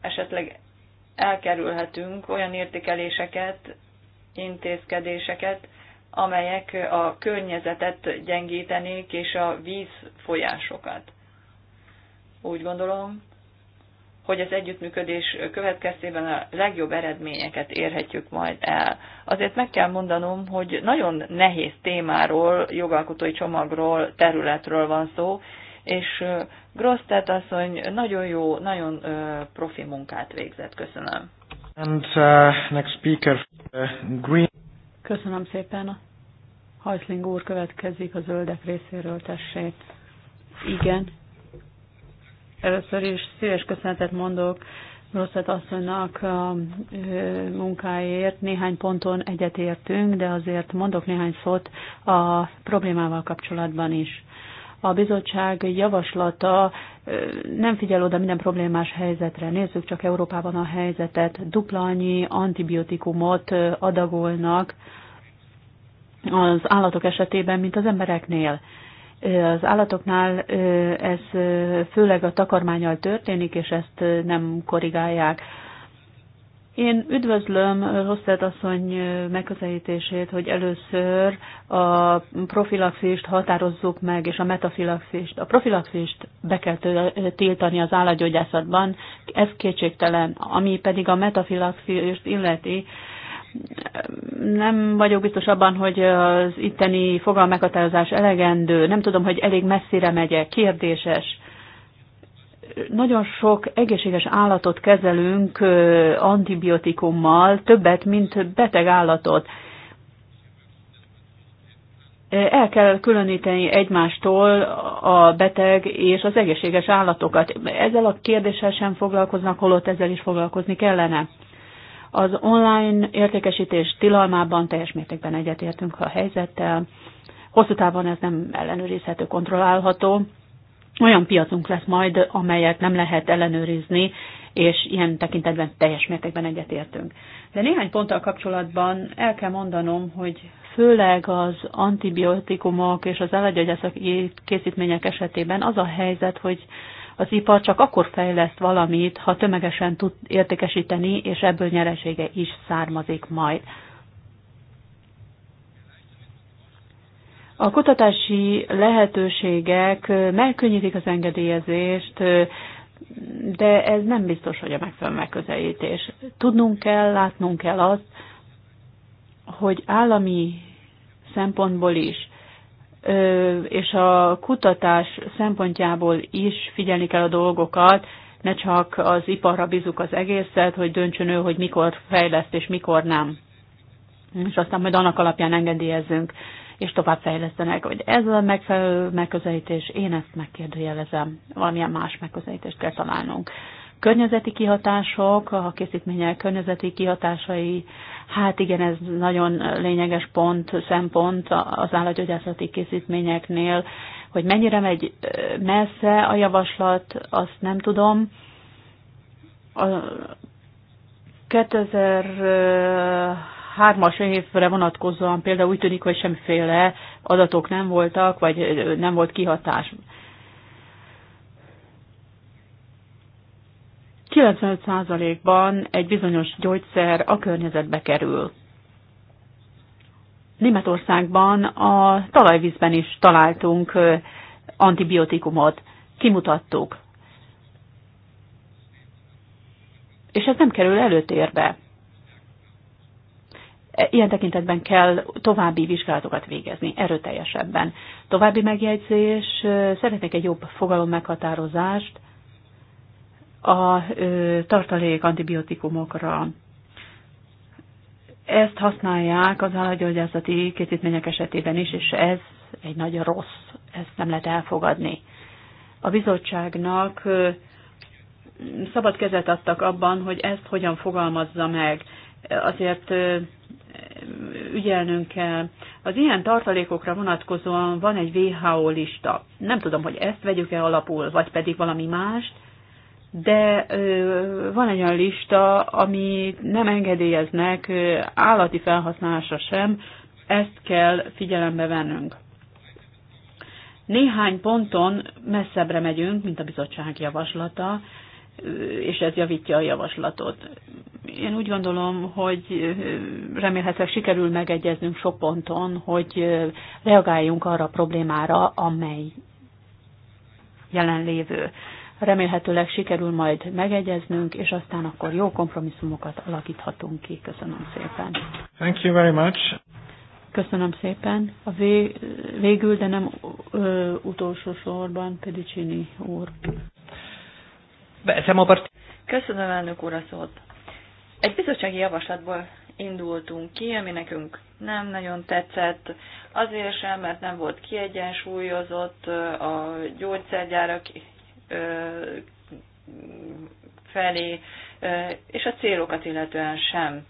Speaker 1: esetleg elkerülhetünk olyan értékeléseket, intézkedéseket, amelyek a környezetet gyengítenék és a vízfolyásokat. Úgy gondolom, hogy az együttműködés következtében a legjobb eredményeket érhetjük majd el. Azért meg kell mondanom, hogy nagyon nehéz témáról, jogalkotói csomagról, területről van szó, és Grosztet asszony
Speaker 2: nagyon jó, nagyon profi munkát végzett. Köszönöm.
Speaker 1: And uh, next speaker, uh, Green.
Speaker 2: Köszönöm szépen. Hajszling úr következik a zöldek részéről, tessék. Igen, Először is szíves köszönetet mondok Rosszett asszonynak a munkáért. Néhány ponton egyetértünk, de azért mondok néhány szót a problémával kapcsolatban is. A bizottság javaslata nem figyel oda minden problémás helyzetre. Nézzük csak Európában a helyzetet. Dupla annyi antibiotikumot adagolnak az állatok esetében, mint az embereknél az állatoknál ez főleg a takarmányal történik, és ezt nem korrigálják. Én üdvözlöm Rosszett asszony megközelítését, hogy először a profilaxist határozzuk meg, és a metafilaxist. A profilaxist be kell tiltani az állatgyógyászatban, ez kétségtelen. Ami pedig a metafilaxist illeti, nem vagyok biztos abban, hogy az itteni fogalmeghatározás elegendő, nem tudom, hogy elég messzire megye, kérdéses. Nagyon sok egészséges állatot kezelünk antibiotikummal, többet, mint beteg állatot. El kell különíteni egymástól a beteg és az egészséges állatokat. Ezzel a kérdéssel sem foglalkoznak, holott ezzel is foglalkozni kellene. Az online értékesítés tilalmában teljes mértékben egyetértünk a helyzettel. Hosszú távon ez nem ellenőrizhető, kontrollálható. Olyan piacunk lesz majd, amelyet nem lehet ellenőrizni, és ilyen tekintetben teljes mértékben egyetértünk. De néhány ponttal kapcsolatban el kell mondanom, hogy főleg az antibiotikumok és az elegyegyeszak készítmények esetében az a helyzet, hogy az ipar csak akkor fejleszt valamit, ha tömegesen tud értékesíteni, és ebből nyeresége is származik majd. A kutatási lehetőségek megkönnyítik az engedélyezést, de ez nem biztos, hogy a megfelelő megközelítés. Tudnunk kell, látnunk kell azt, hogy állami szempontból is és a kutatás szempontjából is figyelni kell a dolgokat, ne csak az iparra bízuk az egészet, hogy döntsön ő, hogy mikor fejleszt és mikor nem. És aztán majd annak alapján engedélyezzünk, és tovább fejlesztenek, hogy ez a megfelelő megközelítés, én ezt megkérdőjelezem, valamilyen más megközelítést kell találnunk. Környezeti kihatások, a készítmények környezeti kihatásai, hát igen, ez nagyon lényeges pont, szempont az állatgyógyászati készítményeknél, hogy mennyire megy messze a javaslat, azt nem tudom. A 2003-as évre vonatkozóan például úgy tűnik, hogy semmiféle adatok nem voltak, vagy nem volt kihatás. 95%-ban egy bizonyos gyógyszer a környezetbe kerül. Németországban a talajvízben is találtunk antibiotikumot, kimutattuk. És ez nem kerül előtérbe. E, ilyen tekintetben kell további vizsgálatokat végezni, erőteljesebben. További megjegyzés, szeretnék egy jobb fogalom meghatározást, a tartalék antibiotikumokra. Ezt használják az állatgyógyászati készítmények esetében is, és ez egy nagy rossz, ezt nem lehet elfogadni. A bizottságnak szabad kezet adtak abban, hogy ezt hogyan fogalmazza meg. Azért ügyelnünk kell. Az ilyen tartalékokra vonatkozóan van egy WHO lista. Nem tudom, hogy ezt vegyük-e alapul, vagy pedig valami mást, de van egy olyan lista, ami nem engedélyeznek állati felhasználásra sem, ezt kell figyelembe vennünk. Néhány ponton messzebbre megyünk, mint a bizottság javaslata, és ez javítja a javaslatot. Én úgy gondolom, hogy remélhetőleg sikerül megegyeznünk sok ponton, hogy reagáljunk arra a problémára, amely jelenlévő. Remélhetőleg sikerül majd megegyeznünk, és aztán akkor jó kompromisszumokat alakíthatunk ki. Köszönöm szépen.
Speaker 1: Thank you very much.
Speaker 2: Köszönöm szépen. A vé, végül, de nem ö, utolsó sorban, Pedicini úr. Köszönöm elnök úr a szót. Egy bizottsági
Speaker 1: javaslatból indultunk ki, ami nekünk nem nagyon tetszett, azért sem, mert nem volt kiegyensúlyozott, a gyógyszergyárak felé, és a célokat illetően sem.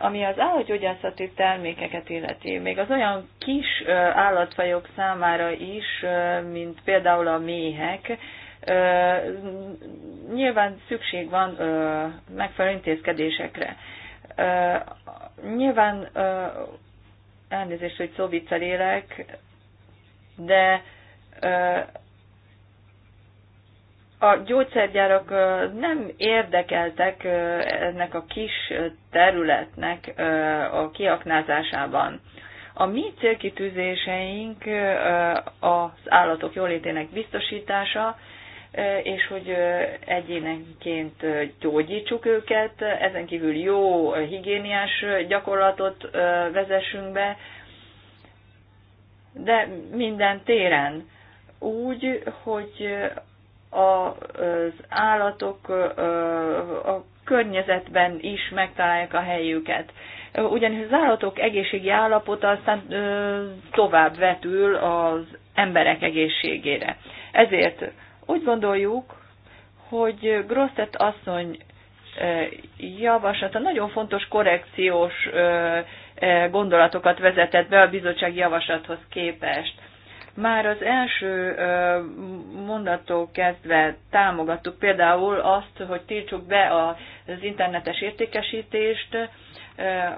Speaker 1: Ami az állatgyógyászati termékeket illeti, még az olyan kis állatfajok számára is, mint például a méhek, nyilván szükség van megfelelő intézkedésekre. Nyilván elnézést, hogy szóviccel élek, de a gyógyszergyárak nem érdekeltek ennek a kis területnek a kiaknázásában. A mi célkitűzéseink az állatok jólétének biztosítása, és hogy egyénenként gyógyítsuk őket, ezen kívül jó higiéniás gyakorlatot vezessünk be, de minden téren úgy, hogy az állatok a környezetben is megtalálják a helyüket. Ugyanis az állatok egészségi állapota aztán tovább vetül az emberek egészségére. Ezért úgy gondoljuk, hogy Grosset asszony javaslata nagyon fontos korrekciós gondolatokat vezetett be a bizottság javaslathoz képest. Már az első mondattól kezdve támogattuk például azt, hogy tiltsuk be az internetes értékesítést,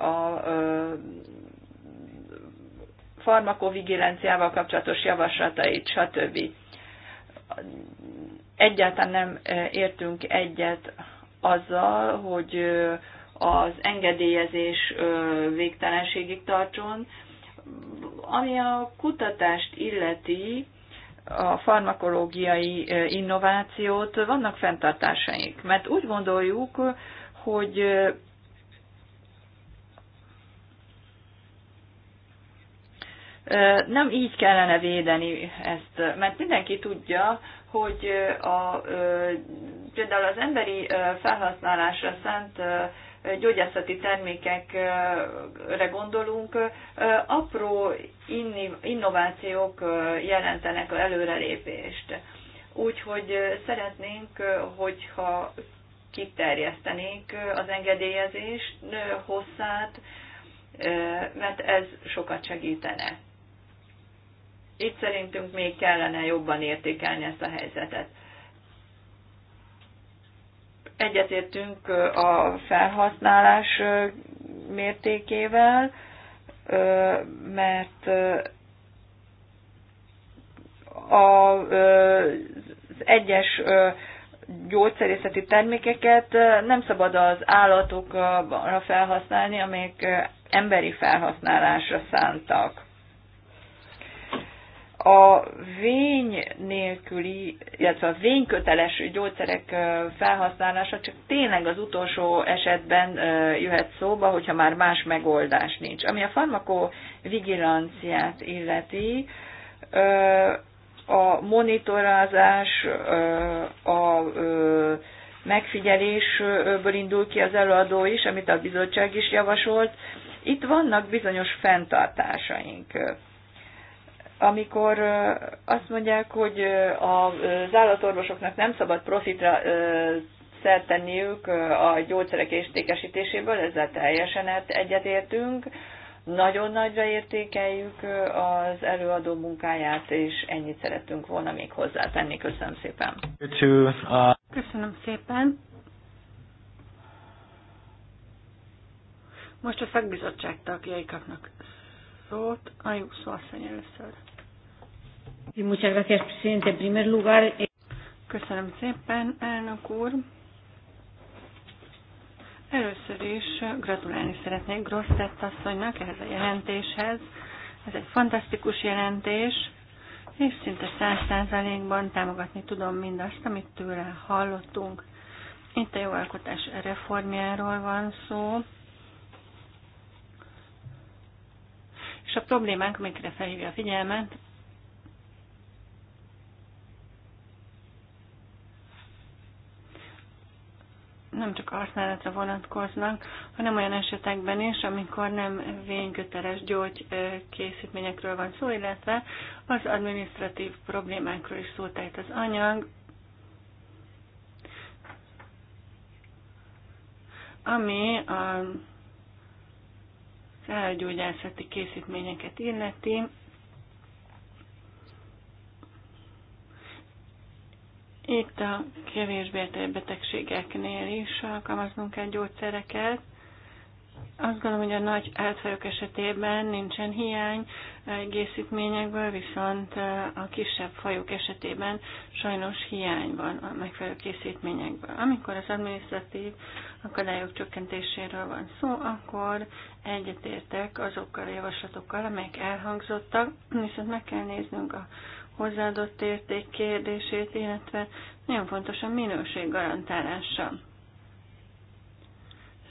Speaker 1: a farmakovigilenciával kapcsolatos javaslatait, stb. Egyáltalán nem értünk egyet azzal, hogy az engedélyezés végtelenségig tartson, ami a kutatást illeti, a farmakológiai innovációt, vannak fenntartásaink, mert úgy gondoljuk, hogy nem így kellene védeni ezt, mert mindenki tudja, hogy a, például az emberi felhasználásra szent gyógyászati termékekre gondolunk, apró innovációk jelentenek előrelépést. Úgyhogy szeretnénk, hogyha kiterjesztenénk az engedélyezés hosszát, mert ez sokat segítene. Itt szerintünk még kellene jobban értékelni ezt a helyzetet. Egyetértünk a felhasználás mértékével, mert az egyes gyógyszerészeti termékeket nem szabad az állatokra felhasználni, amelyek emberi felhasználásra szántak a vény nélküli, illetve a vényköteles gyógyszerek felhasználása csak tényleg az utolsó esetben jöhet szóba, hogyha már más megoldás nincs. Ami a farmakovigilanciát illeti, a monitorázás, a megfigyelésből indul ki az előadó is, amit a bizottság is javasolt. Itt vannak bizonyos fenntartásaink amikor azt mondják, hogy az állatorvosoknak nem szabad profitra szert tenniük a gyógyszerek értékesítéséből, ezzel teljesen egyetértünk. Nagyon nagyra értékeljük az előadó munkáját, és ennyit szerettünk volna még hozzátenni. Köszönöm szépen. Köszönöm szépen. Most a szakbizottság tagjai kapnak szót. Ajuszó asszony először. Muchas gracias, presidente. En primer lugar... Eh, Köszönöm szépen, elnök úr. Először is gratulálni szeretnék Grosszett asszonynak ehhez a jelentéshez. Ez egy fantasztikus jelentés, és szinte száz százalékban támogatni tudom mindazt, amit tőle hallottunk. Itt a jogalkotás reformjáról van szó, és a problémánk, amikre felhívja a figyelmet, nem csak a használatra vonatkoznak, hanem olyan esetekben is, amikor nem vényköteles gyógykészítményekről van szó, illetve az administratív problémákról is szó, tehát az anyag, ami a gyógyászati készítményeket illeti. Itt a kevésbé betegségeknél is alkalmaznunk kell gyógyszereket. Azt gondolom, hogy a nagy átfajok esetében nincsen hiány, egészítményekből, viszont a kisebb fajok esetében sajnos hiány van a megfelelő készítményekből. Amikor az adminisztratív akadályok csökkentéséről van szó, akkor egyetértek azokkal a javaslatokkal, amelyek elhangzottak, viszont meg kell néznünk a hozzáadott érték kérdését, illetve nagyon fontos a minőség garantálása.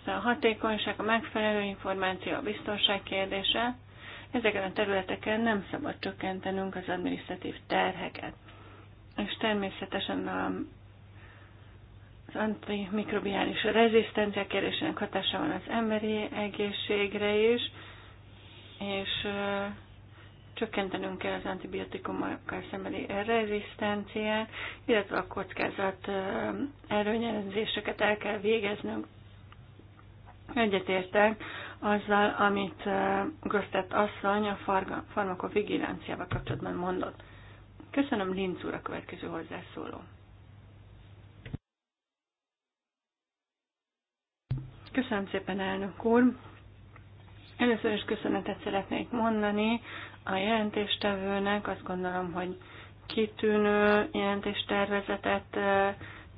Speaker 1: Szóval a hatékonyság, a megfelelő információ, a biztonság kérdése, Ezeken a területeken nem szabad csökkentenünk az administratív terheket. És természetesen a az antimikrobiális rezisztencia kérdésének hatása van az emberi egészségre is, és csökkentenünk kell az antibiotikumokkal szembeni rezisztenciát, illetve a kockázat előnyelenzéseket el kell végeznünk. Egyetértek azzal, amit Grosztett asszony a farmakovigilanciával kapcsolatban mondott. Köszönöm Linz úr a következő hozzászóló. Köszönöm szépen, elnök úr! Először is köszönetet szeretnék mondani a jelentéstevőnek. Azt gondolom, hogy kitűnő jelentéstervezetet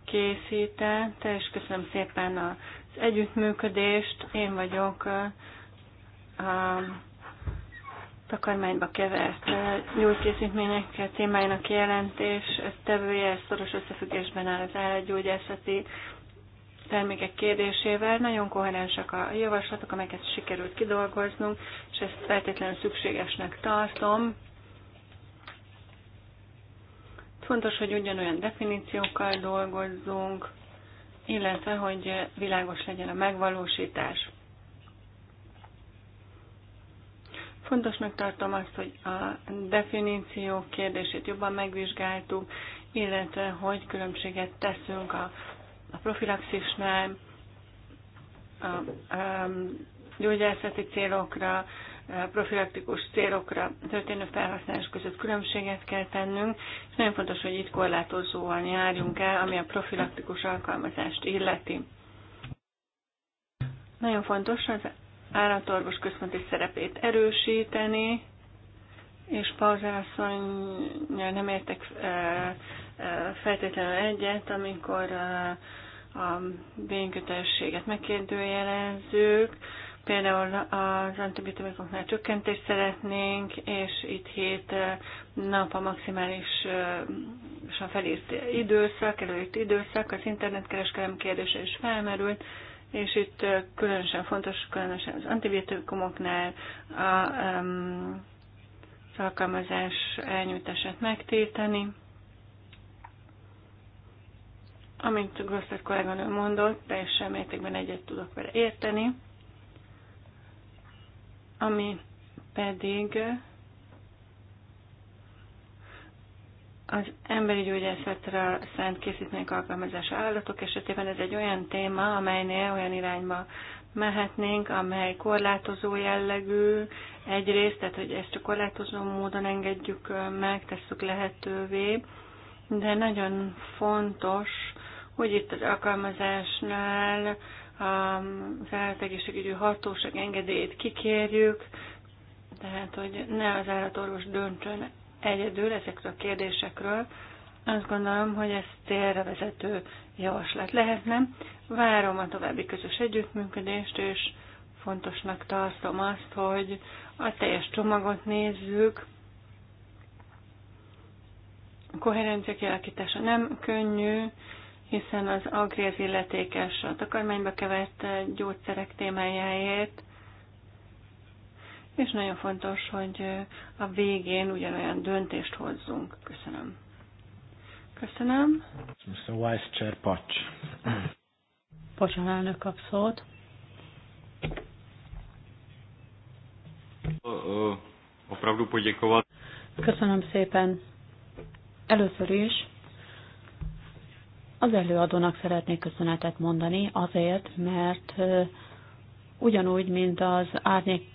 Speaker 1: készített, és köszönöm szépen a az együttműködést. Én vagyok a takarmányba kevert gyógykészítményekkel témájának jelentés tevője szoros összefüggésben áll az állatgyógyászati termékek kérdésével. Nagyon koherensek a javaslatok, amelyeket sikerült kidolgoznunk, és ezt feltétlenül szükségesnek tartom. Fontos, hogy ugyanolyan definíciókkal dolgozzunk, illetve hogy világos legyen a megvalósítás. Fontosnak tartom azt, hogy a definíció kérdését jobban megvizsgáltuk, illetve hogy különbséget teszünk a, a profilaxisnál, a, a gyógyászati célokra, profilaktikus célokra történő felhasználás között különbséget kell tennünk, és nagyon fontos, hogy itt korlátozóan járjunk el, ami a profilaktikus alkalmazást illeti. Nagyon fontos az állatorvos központi szerepét erősíteni, és pauzászony nem értek feltétlenül egyet, amikor a vénykötelességet megkérdőjelezzük, Például az antibiotikumoknál csökkentést szeretnénk, és itt hét nap a maximális a felírt időszak, előírt időszak, az internetkereskedelem kérdése is felmerült, és itt különösen fontos, különösen az antibiotikumoknál a um, alkalmazás elnyújtását megtéteni. Amint Grosszett kolléganő mondott, teljesen mértékben egyet tudok vele érteni ami pedig az emberi gyógyászatra szánt készítmények alkalmazása állatok esetében ez egy olyan téma, amelynél olyan irányba mehetnénk, amely korlátozó jellegű egyrészt, tehát hogy ezt csak korlátozó módon engedjük meg, tesszük lehetővé, de nagyon fontos, hogy itt az alkalmazásnál az állategészségügyi hatóság engedélyét kikérjük, tehát hogy ne az állatorvos döntsön egyedül ezekről a kérdésekről. Azt gondolom, hogy ez célra vezető javaslat lehetne. Várom a további közös együttműködést, és fontosnak tartom azt, hogy a teljes csomagot nézzük. A koherencia kialakítása nem könnyű, hiszen az agri illetékes a takarmányba kevert gyógyszerek témájáért, és nagyon fontos, hogy a végén ugyanolyan döntést
Speaker 2: hozzunk. Köszönöm. Köszönöm.
Speaker 1: Mr. Vice Chair Pacs.
Speaker 2: Pacsan elnök kap szót. Köszönöm szépen. Először is az előadónak szeretnék köszönetet mondani azért, mert ugyanúgy, mint az árnyék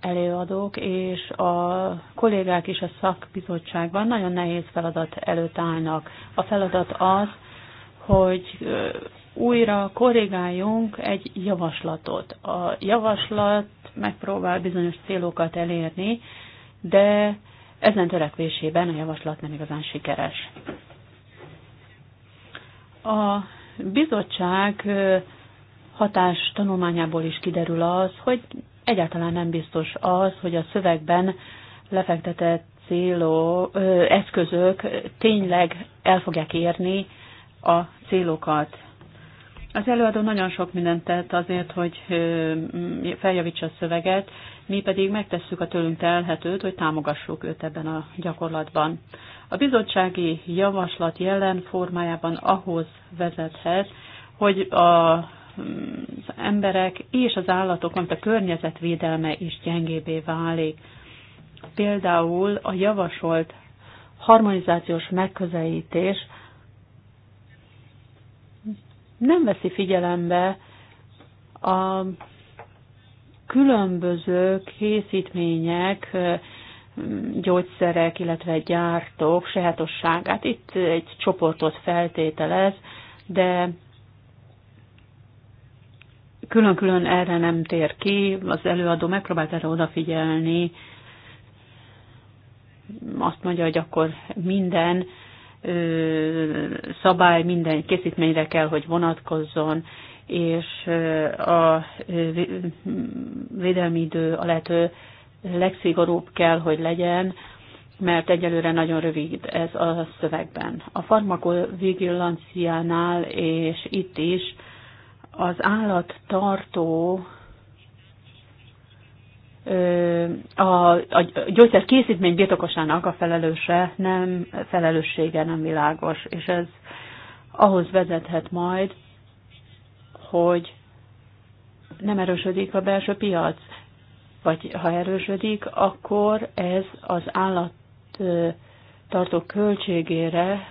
Speaker 2: előadók és a kollégák is a szakbizottságban nagyon nehéz feladat előtt állnak. A feladat az, hogy újra korrigáljunk egy javaslatot. A javaslat megpróbál bizonyos célokat elérni, de ezen törekvésében a javaslat nem igazán sikeres. A bizottság hatás tanulmányából is kiderül az, hogy egyáltalán nem biztos az, hogy a szövegben lefektetett céló, eszközök tényleg el fogják érni a célokat. Az előadó nagyon sok mindent tett azért, hogy feljavítsa a szöveget, mi pedig megtesszük a tőlünk telhetőt, hogy támogassuk őt ebben a gyakorlatban. A bizottsági javaslat jelen formájában ahhoz vezethet, hogy a, az emberek és az állatok, mint a környezetvédelme is gyengébbé válik. Például a javasolt harmonizációs megközelítés nem veszi figyelembe a különböző készítmények, gyógyszerek, illetve gyártók sehetosságát. Itt egy csoportot feltételez, de külön-külön erre nem tér ki, az előadó megpróbált erre odafigyelni, azt mondja, hogy akkor minden szabály minden készítményre kell, hogy vonatkozzon, és a védelmi idő a lehető legszigorúbb kell, hogy legyen, mert egyelőre nagyon rövid ez a szövegben. A farmakovigilanciánál és itt is az állattartó a, a gyógyszer készítmény birtokosának a felelőse nem, felelőssége nem világos, és ez ahhoz vezethet majd, hogy nem erősödik a belső piac, vagy ha erősödik, akkor ez az állat tartó költségére,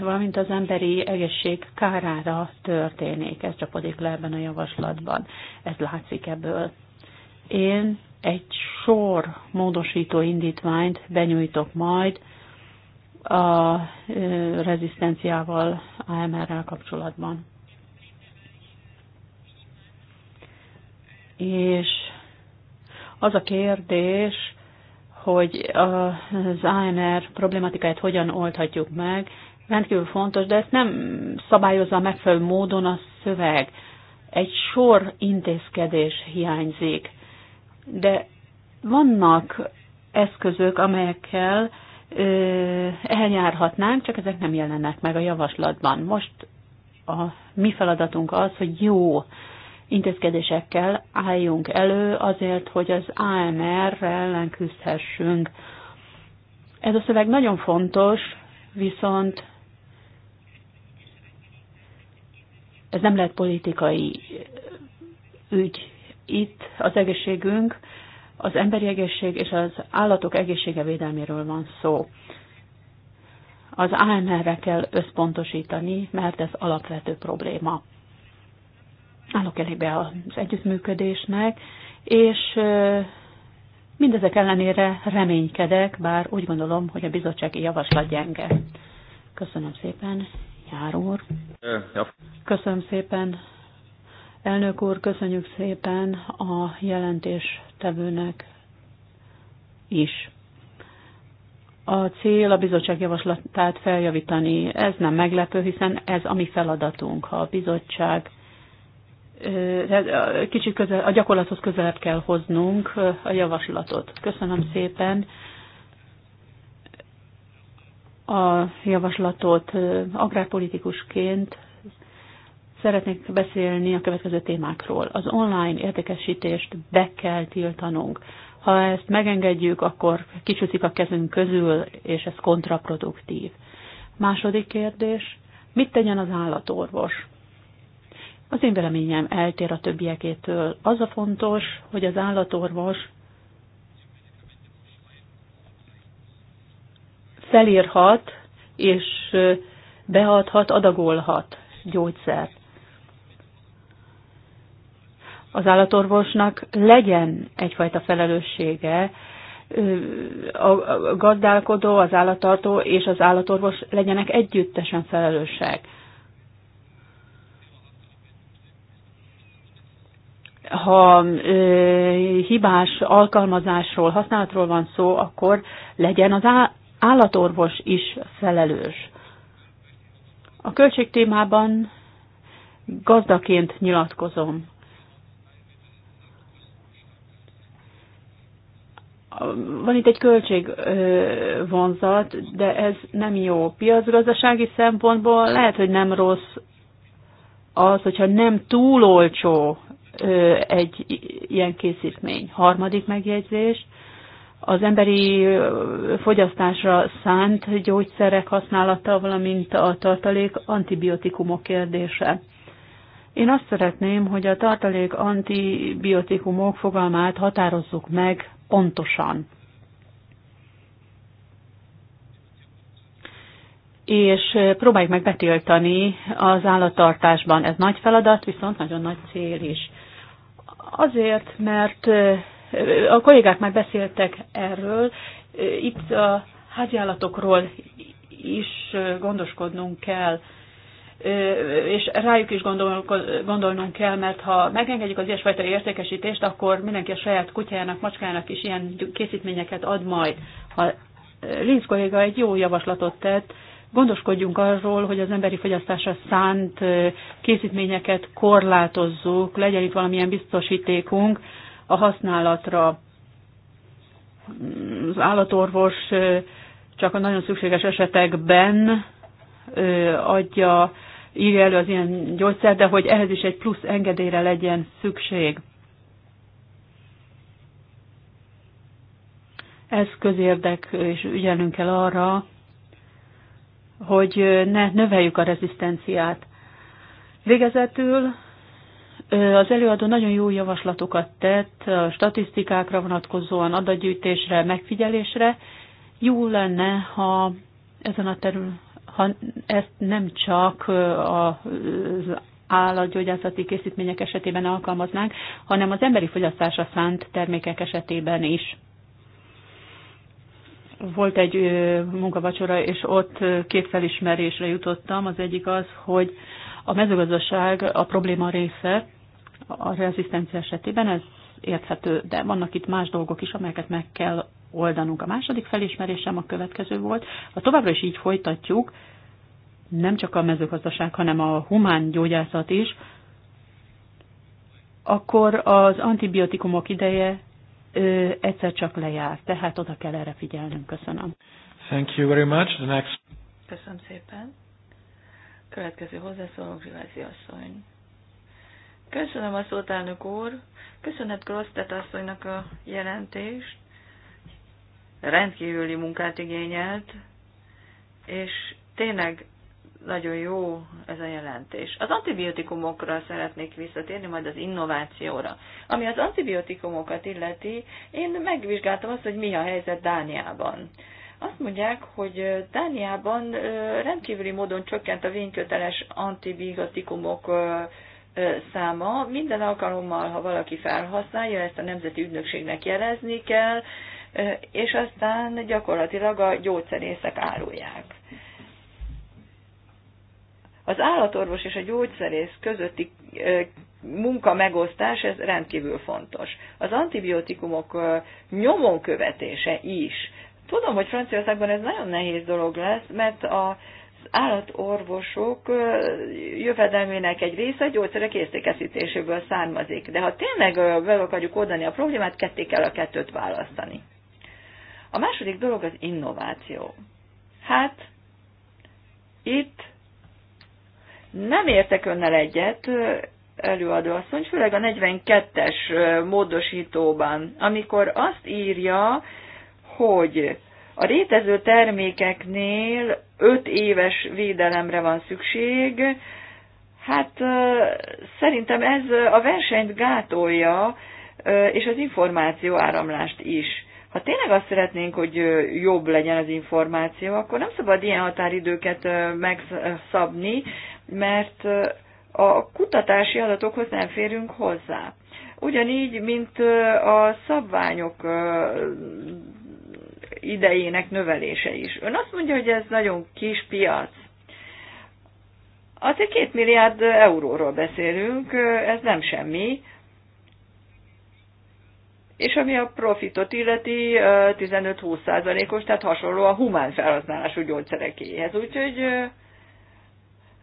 Speaker 2: valamint az emberi egészség kárára történik. Ez csapodik le ebben a javaslatban. Ez látszik ebből én egy sor módosító indítványt benyújtok majd a rezisztenciával AMR-rel kapcsolatban. És az a kérdés, hogy az AMR problématikáját hogyan oldhatjuk meg, rendkívül fontos, de ezt nem szabályozza megfelelő módon a szöveg. Egy sor intézkedés hiányzik de vannak eszközök, amelyekkel eljárhatnánk, csak ezek nem jelennek meg a javaslatban. Most a mi feladatunk az, hogy jó intézkedésekkel álljunk elő azért, hogy az AMR-re ellen küzdhessünk. Ez a szöveg nagyon fontos, viszont ez nem lehet politikai ügy itt az egészségünk, az emberi egészség és az állatok egészsége védelméről van szó. Az AMR-re kell összpontosítani, mert ez alapvető probléma. Állok elébe az együttműködésnek, és mindezek ellenére reménykedek, bár úgy gondolom, hogy a bizottsági javaslat gyenge. Köszönöm szépen, Jár úr. Köszönöm szépen, Elnök úr, köszönjük szépen a jelentéstevőnek is. A cél a bizottság javaslatát feljavítani. Ez nem meglepő, hiszen ez a mi feladatunk. Ha a bizottság kicsit közel, a gyakorlathoz közelebb kell hoznunk a javaslatot. Köszönöm szépen a javaslatot agrárpolitikusként Szeretnék beszélni a következő témákról. Az online értékesítést be kell tiltanunk. Ha ezt megengedjük, akkor kicsúszik a kezünk közül, és ez kontraproduktív. Második kérdés, mit tegyen az állatorvos? Az én véleményem eltér a többiekétől. Az a fontos, hogy az állatorvos felírhat és beadhat, adagolhat gyógyszert az állatorvosnak legyen egyfajta felelőssége, a gazdálkodó, az állattartó és az állatorvos legyenek együttesen felelősek. ha ö, hibás alkalmazásról, használatról van szó, akkor legyen az állatorvos is felelős. A költségtémában gazdaként nyilatkozom. van itt egy költségvonzat, de ez nem jó. Piacgazdasági szempontból lehet, hogy nem rossz az, hogyha nem túl olcsó egy ilyen készítmény. Harmadik megjegyzés, az emberi fogyasztásra szánt gyógyszerek használata, valamint a tartalék antibiotikumok kérdése. Én azt szeretném, hogy a tartalék antibiotikumok fogalmát határozzuk meg pontosan. és eh, próbáljuk meg betiltani az állattartásban. Ez nagy feladat, viszont nagyon nagy cél is. Azért, mert eh, a kollégák már beszéltek erről, eh, itt a háziállatokról is gondoskodnunk kell és rájuk is gondolnunk kell, mert ha megengedjük az ilyesfajta értékesítést, akkor mindenki a saját kutyának, macskának is ilyen készítményeket ad majd. Ha Linz kolléga egy jó javaslatot tett, gondoskodjunk arról, hogy az emberi fogyasztásra szánt készítményeket korlátozzuk, legyen itt valamilyen biztosítékunk a használatra. Az állatorvos csak a nagyon szükséges esetekben adja írja elő az ilyen gyógyszer, de hogy ehhez is egy plusz engedélyre legyen szükség. Ez közérdek, és ügyelnünk kell arra, hogy ne növeljük a rezisztenciát. Végezetül az előadó nagyon jó javaslatokat tett a statisztikákra vonatkozóan, adatgyűjtésre, megfigyelésre. Jó lenne, ha ezen a terül, ha ezt nem csak az állatgyógyászati készítmények esetében alkalmaznánk, hanem az emberi fogyasztásra szánt termékek esetében is. Volt egy munkavacsora, és ott két felismerésre jutottam. Az egyik az, hogy a mezőgazdaság a probléma része a rezisztencia esetében, ez érthető, de vannak itt más dolgok is, amelyeket meg kell oldanunk. A második felismerésem a következő volt. Ha továbbra is így folytatjuk, nem csak a mezőgazdaság, hanem a humán gyógyászat is, akkor az antibiotikumok ideje ö, egyszer csak lejár. Tehát oda kell erre figyelnünk. Köszönöm.
Speaker 1: Thank you very much. The next. Köszönöm szépen. Következő hozzászóló Zsivázi asszony. Köszönöm a szót, elnök úr. Köszönet Grosztet asszonynak a jelentést rendkívüli munkát igényelt, és tényleg nagyon jó ez a jelentés. Az antibiotikumokra szeretnék visszatérni, majd az innovációra. Ami az antibiotikumokat illeti, én megvizsgáltam azt, hogy mi a helyzet Dániában. Azt mondják, hogy Dániában rendkívüli módon csökkent a vényköteles antibiotikumok száma. Minden alkalommal, ha valaki felhasználja, ezt a Nemzeti Ügynökségnek jelezni kell, és aztán gyakorlatilag a gyógyszerészek árulják. Az állatorvos és a gyógyszerész közötti munka megosztás, ez rendkívül fontos. Az antibiotikumok nyomon követése is. Tudom, hogy Franciaországban ez nagyon nehéz dolog lesz, mert a állatorvosok jövedelmének egy része gyógyszerek értékesítéséből származik. De ha tényleg meg akarjuk oldani a problémát, ketté kell a kettőt választani. A második dolog az innováció. Hát itt nem értek önnel egyet, előadóasszony, főleg a 42-es módosítóban, amikor azt írja, hogy a rétező termékeknél 5 éves védelemre van szükség, hát szerintem ez a versenyt gátolja, és az információ áramlást is. Ha tényleg azt szeretnénk, hogy jobb legyen az információ, akkor nem szabad ilyen határidőket megszabni, mert a kutatási adatokhoz nem férünk hozzá. Ugyanígy, mint a szabványok idejének növelése is. Ön azt mondja, hogy ez nagyon kis piac. Azért két milliárd euróról beszélünk, ez nem semmi, és ami a profitot illeti, 15 20 százalékos, tehát hasonló a humán felhasználású gyógyszerekéhez. Úgyhogy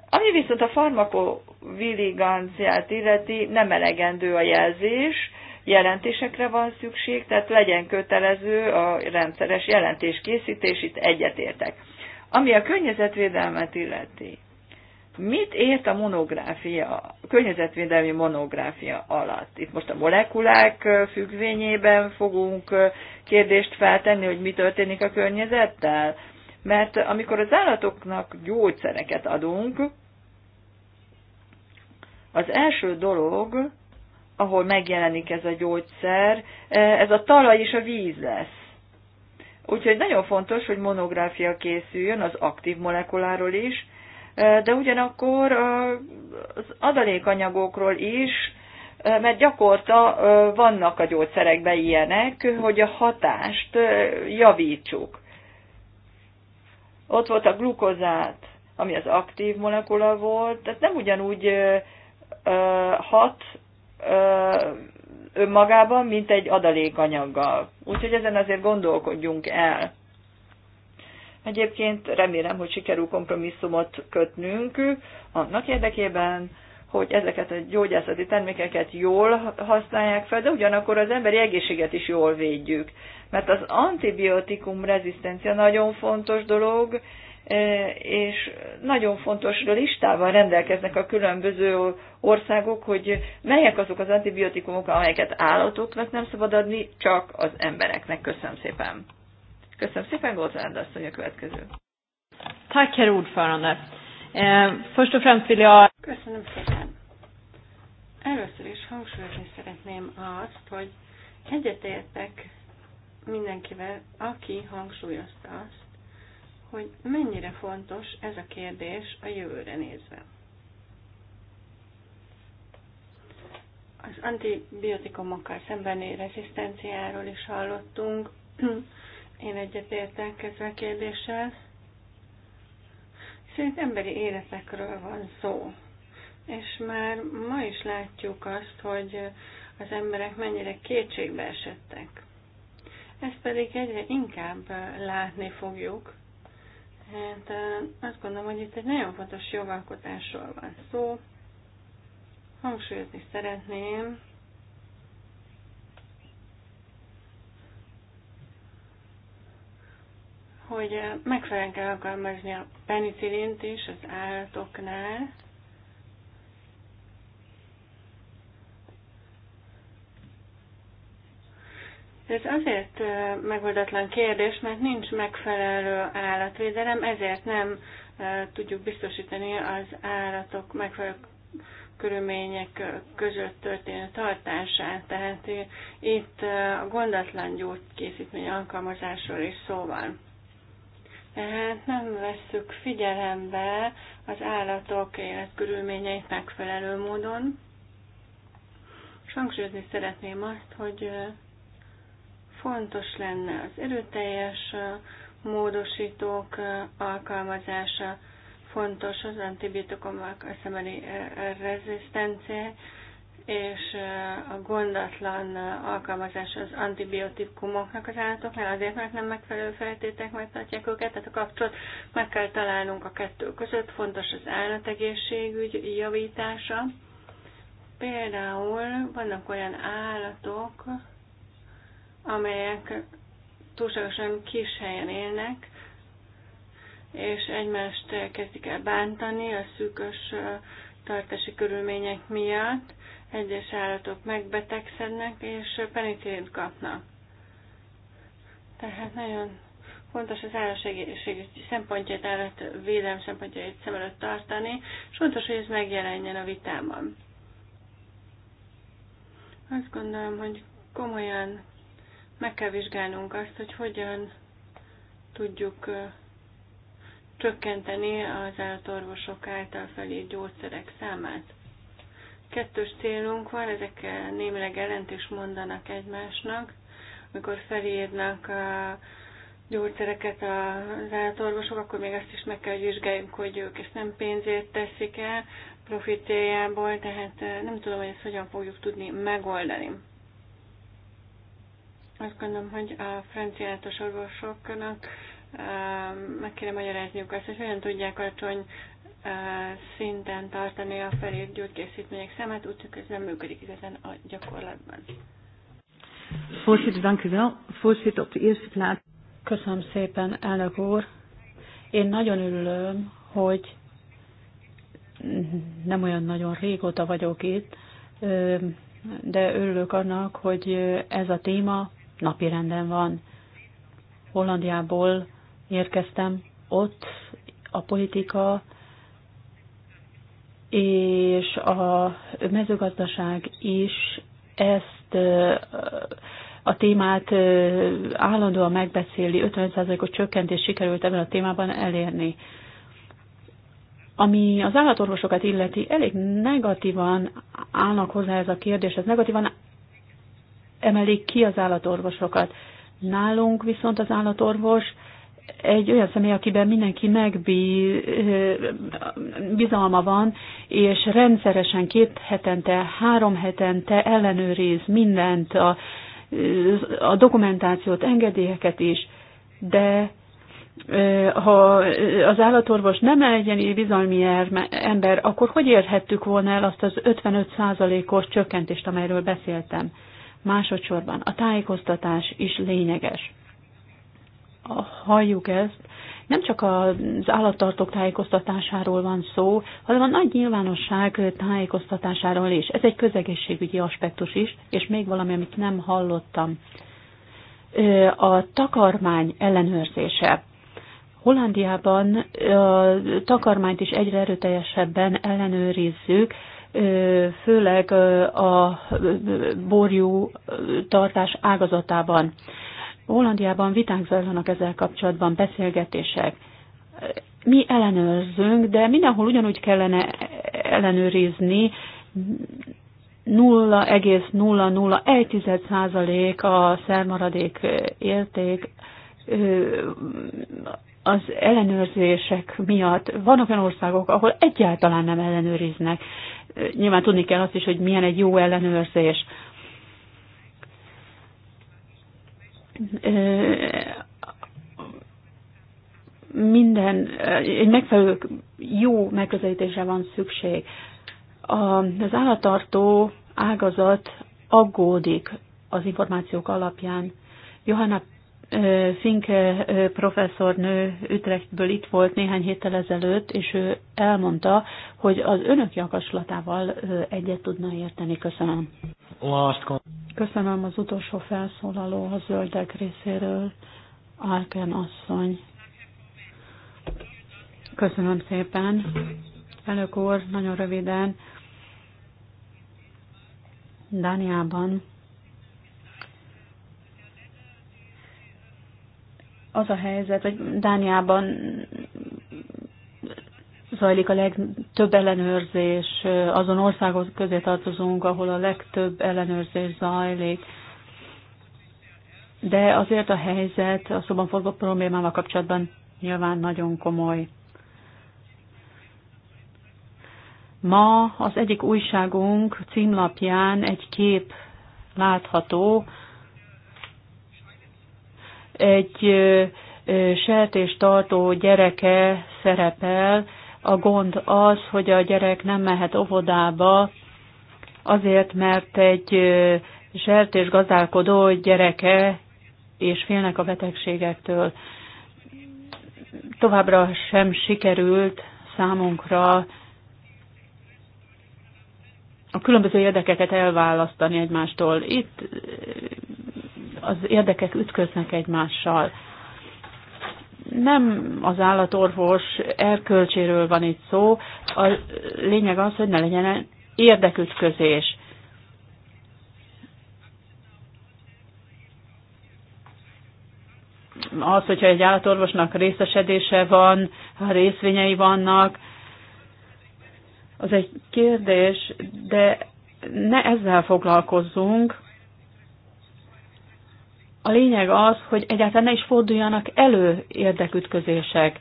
Speaker 1: ami viszont a farmakovigilanciát illeti, nem elegendő a jelzés, jelentésekre van szükség, tehát legyen kötelező a rendszeres jelentés itt egyetértek. Ami a környezetvédelmet illeti, Mit ért a monográfia, a környezetvédelmi monográfia alatt? Itt most a molekulák függvényében fogunk kérdést feltenni, hogy mi történik a környezettel? Mert amikor az állatoknak gyógyszereket adunk, az első dolog, ahol megjelenik ez a gyógyszer, ez a talaj és a víz lesz. Úgyhogy nagyon fontos, hogy monográfia készüljön az aktív molekuláról is, de ugyanakkor az adalékanyagokról is, mert gyakorta vannak a gyógyszerekben ilyenek, hogy a hatást javítsuk. Ott volt a glukozát, ami az aktív molekula volt, tehát nem ugyanúgy hat önmagában, mint egy adalékanyaggal. Úgyhogy ezen azért gondolkodjunk el. Egyébként remélem, hogy sikerül kompromisszumot kötnünk annak érdekében, hogy ezeket a gyógyászati termékeket jól használják fel, de ugyanakkor az emberi egészséget is jól védjük. Mert az antibiotikum rezisztencia nagyon fontos dolog, eh, és nagyon fontos listával rendelkeznek a különböző országok, hogy melyek azok az antibiotikumok, amelyeket állatoknak nem szabad adni, csak az embereknek. Köszönöm szépen! Köszönöm szépen, Gózán asszony a következő. Tack, herr ordförande. Eh, först och främst vill jag... Köszönöm szépen. Először is hangsúlyozni szeretném azt, hogy egyetértek mindenkivel, aki hangsúlyozta azt, hogy mennyire fontos ez a kérdés a jövőre nézve. Az antibiotikumokkal szembeni rezisztenciáról is hallottunk, én egyetértek ezzel a kérdéssel. Szerint emberi életekről van szó. És már ma is látjuk azt, hogy az emberek mennyire kétségbe esettek. Ezt pedig egyre inkább látni fogjuk. Hát azt gondolom, hogy itt egy nagyon fontos jogalkotásról van szó. Hangsúlyozni szeretném, hogy eh, megfelelően kell alkalmazni a penicillint is az állatoknál, Ez azért eh, megoldatlan kérdés, mert nincs megfelelő állatvédelem, ezért nem eh, tudjuk biztosítani az állatok megfelelő körülmények között történő tartását. Tehát itt a gondatlan gyógykészítmény alkalmazásról is szó van. Tehát nem vesszük figyelembe az állatok életkörülményeit megfelelő módon. És hangsúlyozni szeretném azt, hogy fontos lenne az erőteljes módosítók alkalmazása, fontos az antibiotikumok szemeli rezisztencia, és a gondatlan alkalmazás az antibiotikumoknak az állatoknál, azért, mert nem megfelelő feltétek megtartják őket, tehát a kapcsolat meg kell találnunk a kettő között, fontos az állategészségügy javítása. Például vannak olyan állatok, amelyek túlságosan kis helyen élnek, és egymást kezdik el bántani a szűkös tartási körülmények miatt, egyes állatok megbetegszednek és penicillint kapnak. Tehát nagyon fontos az állatsegészség szempontját, állatvédelem szempontjait szem előtt tartani, és fontos, hogy ez megjelenjen a vitában. Azt gondolom, hogy komolyan meg kell vizsgálnunk azt, hogy hogyan tudjuk csökkenteni az állatorvosok által felírt gyógyszerek számát. Kettős célunk van, ezek némileg ellent is mondanak egymásnak. Amikor felírnak a gyógyszereket az állatorvosok, akkor még azt is meg kell, hogy vizsgáljuk, hogy ők ezt nem pénzért teszik el, profit céljából, tehát eh, nem tudom, hogy ezt hogyan fogjuk tudni megoldani. Azt gondolom, hogy a franciátos orvosoknak eh, meg kéne magyarázniuk azt, hogy hogyan tudják alacsony szinten tartani a felírt gyógykészítmények szemet, úgy csak ez nem működik igazán a gyakorlatban.
Speaker 2: Köszönöm szépen, elnök úr. Én nagyon örülöm, hogy nem olyan nagyon régóta vagyok itt, de örülök annak, hogy ez a téma napirenden van. Hollandiából érkeztem, ott a politika és a mezőgazdaság is ezt a témát állandóan megbeszéli, 55%-os csökkentést sikerült ebben a témában elérni. Ami az állatorvosokat illeti, elég negatívan állnak hozzá ez a kérdés, ez negatívan emelik ki az állatorvosokat. Nálunk viszont az állatorvos egy olyan személy, akiben mindenki megbizalma eh, van, és rendszeresen két hetente, három hetente ellenőriz mindent, a, eh, a dokumentációt, engedélyeket is, de eh, ha az állatorvos nem egyeni bizalmi ember, akkor hogy érhettük volna el azt az 55%-os csökkentést, amelyről beszéltem? Másodszorban a tájékoztatás is lényeges halljuk ezt, nem csak az állattartók tájékoztatásáról van szó, hanem a nagy nyilvánosság tájékoztatásáról is. Ez egy közegészségügyi aspektus is, és még valami, amit nem hallottam. A takarmány ellenőrzése. Hollandiában a takarmányt is egyre erőteljesebben ellenőrizzük, főleg a borjú tartás ágazatában. Hollandiában viták zajlanak ezzel kapcsolatban, beszélgetések. Mi ellenőrzünk, de mindenhol ugyanúgy kellene ellenőrizni, 0,001% a szermaradék érték az ellenőrzések miatt. Vannak olyan országok, ahol egyáltalán nem ellenőriznek. Nyilván tudni kell azt is, hogy milyen egy jó ellenőrzés. minden, egy megfelelő jó megközelítésre van szükség. Az állattartó ágazat aggódik az információk alapján. Johanna Finke professzornő Ütrechtből itt volt néhány héttel ezelőtt, és ő elmondta, hogy az önök javaslatával egyet tudna érteni. Köszönöm. Köszönöm az utolsó felszólaló a zöldek részéről, Alken asszony. Köszönöm szépen. Elnök úr, nagyon röviden. Dániában az a helyzet, hogy Dániában zajlik a legtöbb ellenőrzés, azon országok közé tartozunk, ahol a legtöbb ellenőrzés zajlik. De azért a helyzet a szóban forgó problémával kapcsolatban nyilván nagyon komoly. Ma az egyik újságunk címlapján egy kép látható, egy tartó gyereke szerepel, a gond az, hogy a gyerek nem mehet óvodába, azért, mert egy sertés gazdálkodó gyereke, és félnek a betegségektől. Továbbra sem sikerült számunkra a különböző érdekeket elválasztani egymástól. Itt az érdekek ütköznek egymással. Nem az állatorvos erkölcséről van itt szó, a lényeg az, hogy ne legyen érdekütközés. Az, hogyha egy állatorvosnak részesedése van, ha részvényei vannak, az egy kérdés, de ne ezzel foglalkozzunk, a lényeg az, hogy egyáltalán ne is forduljanak elő érdekütközések.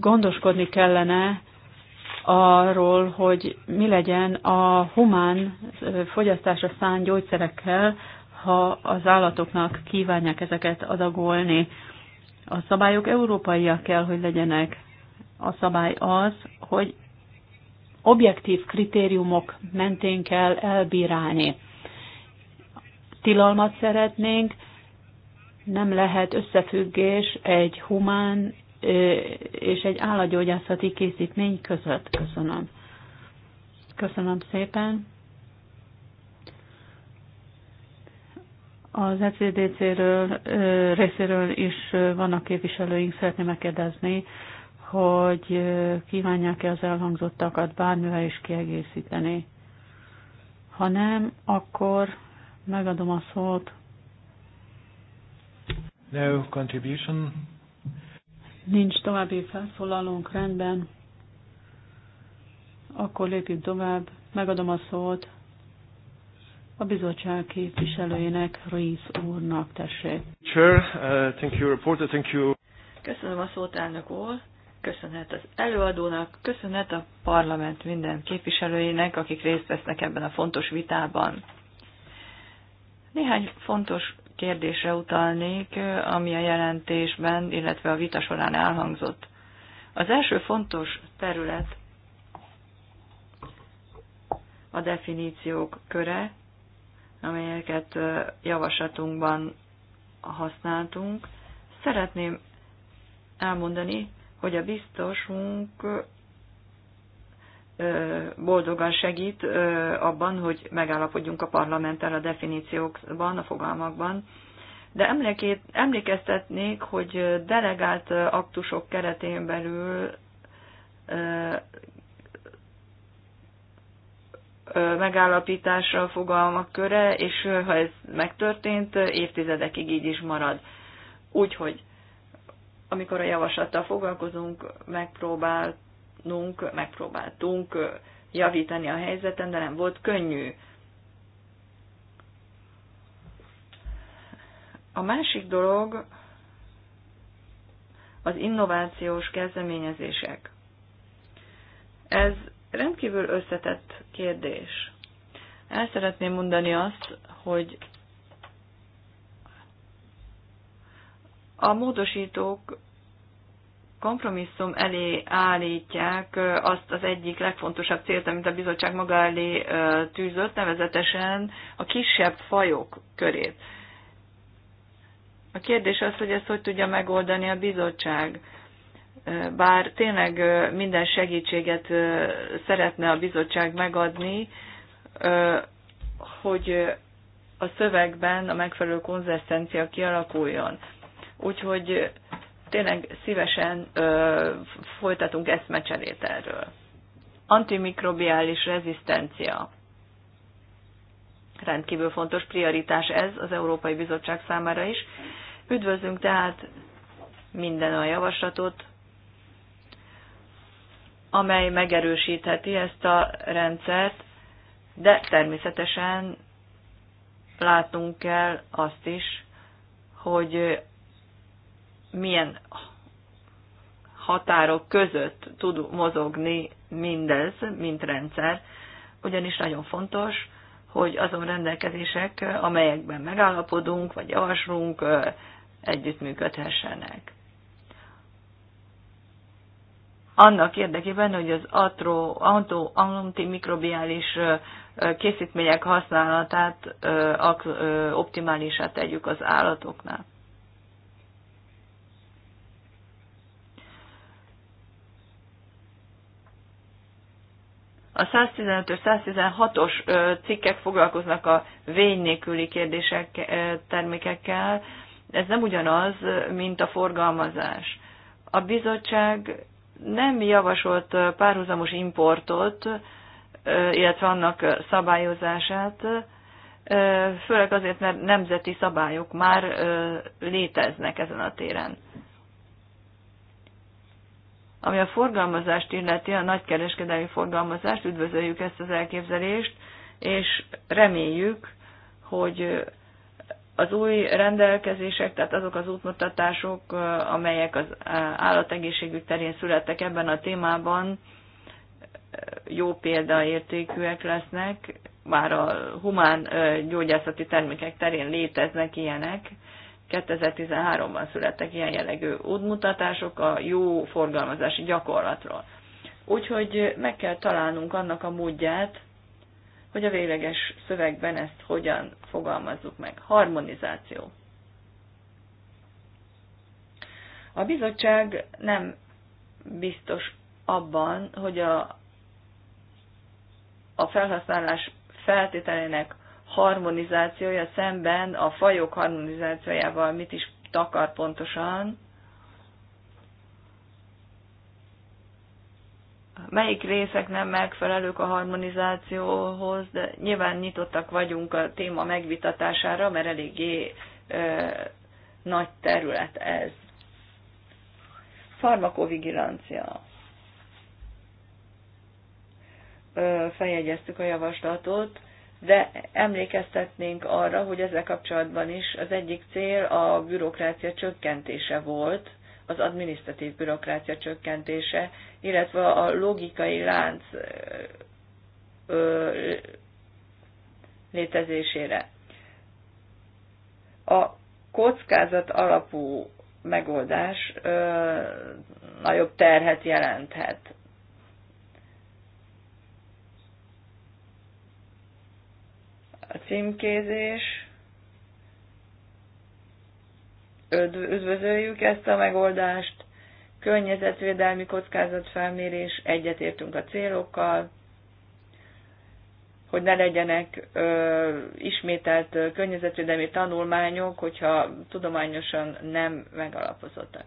Speaker 2: Gondoskodni kellene arról, hogy mi legyen a humán fogyasztásra szánt gyógyszerekkel, ha az állatoknak kívánják ezeket adagolni. A szabályok európaiak kell, hogy legyenek. A szabály az, hogy objektív kritériumok mentén kell elbírálni tilalmat szeretnénk, nem lehet összefüggés egy humán és egy állatgyógyászati készítmény között. Köszönöm. Köszönöm szépen. Az ECDC-ről részéről is vannak képviselőink, szeretném megkérdezni, hogy kívánják-e az elhangzottakat bármivel is kiegészíteni. Ha nem, akkor Megadom a szót.
Speaker 1: No contribution.
Speaker 2: Nincs további felszólalónk, rendben. Akkor lépjük tovább. Megadom a szót a bizottság képviselőjének, Ruiz úrnak, tessék. Chair, uh, thank you, reporter, thank you. Köszönöm a szót,
Speaker 1: elnök úr. Köszönhet az előadónak, köszönhet a parlament minden képviselőjének, akik részt vesznek ebben a fontos vitában. Néhány fontos kérdésre utalnék, ami a jelentésben, illetve a vita során elhangzott. Az első fontos terület a definíciók köre, amelyeket javaslatunkban használtunk. Szeretném elmondani, hogy a biztosunk boldogan segít abban, hogy megállapodjunk a parlamenttel a definíciókban, a fogalmakban. De emlékét, emlékeztetnék, hogy delegált aktusok keretén belül megállapításra a fogalmak köre, és ha ez megtörtént, évtizedekig így is marad. Úgyhogy, amikor a javaslattal foglalkozunk, megpróbált tudnunk, megpróbáltunk javítani a helyzeten, de nem volt könnyű. A másik dolog az innovációs kezdeményezések. Ez rendkívül összetett kérdés. El szeretném mondani azt, hogy a módosítók kompromisszum elé állítják azt az egyik legfontosabb célt, amit a bizottság maga elé tűzött, nevezetesen a kisebb fajok körét. A kérdés az, hogy ezt hogy tudja megoldani a bizottság. Bár tényleg minden segítséget szeretne a bizottság megadni, hogy a szövegben a megfelelő konzisztencia kialakuljon. Úgyhogy tényleg szívesen ö, folytatunk eszmecserét erről. Antimikrobiális rezisztencia. Rendkívül fontos prioritás ez az Európai Bizottság számára is. Üdvözlünk tehát minden a javaslatot, amely megerősítheti ezt a rendszert, de természetesen látnunk kell azt is, hogy milyen határok között tud mozogni mindez, mint rendszer, ugyanis nagyon fontos, hogy azon rendelkezések, amelyekben megállapodunk, vagy javaslunk, együttműködhessenek. Annak érdekében, hogy az atro, anto, antimikrobiális készítmények használatát optimálisát tegyük az állatoknál. A 115-116-os cikkek foglalkoznak a vény nélküli kérdések, termékekkel. Ez nem ugyanaz, mint a forgalmazás. A bizottság nem javasolt párhuzamos importot, illetve annak szabályozását, főleg azért, mert nemzeti szabályok már léteznek ezen a téren. Ami a forgalmazást illeti, a nagykereskedelmi forgalmazást, üdvözöljük ezt az elképzelést, és reméljük, hogy az új rendelkezések, tehát azok az útmutatások, amelyek az állategészségügy terén születtek ebben a témában, jó példaértékűek lesznek, bár a humán gyógyászati termékek terén léteznek ilyenek, 2013-ban születtek ilyen jellegű útmutatások a jó forgalmazási gyakorlatról. Úgyhogy meg kell találnunk annak a módját, hogy a végleges szövegben ezt hogyan fogalmazzuk meg. Harmonizáció. A bizottság nem biztos abban, hogy a, a felhasználás feltételének harmonizációja szemben a fajok harmonizációjával mit is takar pontosan. Melyik részek nem megfelelők a harmonizációhoz, de nyilván nyitottak vagyunk a téma megvitatására, mert eléggé ö, nagy terület ez. Farmakovigilancia. Ö, feljegyeztük a javaslatot de emlékeztetnénk arra, hogy ezzel kapcsolatban is az egyik cél a bürokrácia csökkentése volt, az administratív bürokrácia csökkentése, illetve a logikai lánc ö, létezésére. A kockázat alapú megoldás ö, nagyobb terhet jelenthet a címkézés. Üdvözöljük ezt a megoldást. Környezetvédelmi kockázatfelmérés, egyetértünk a célokkal, hogy ne legyenek ö, ismételt ö, környezetvédelmi tanulmányok, hogyha tudományosan nem megalapozottak.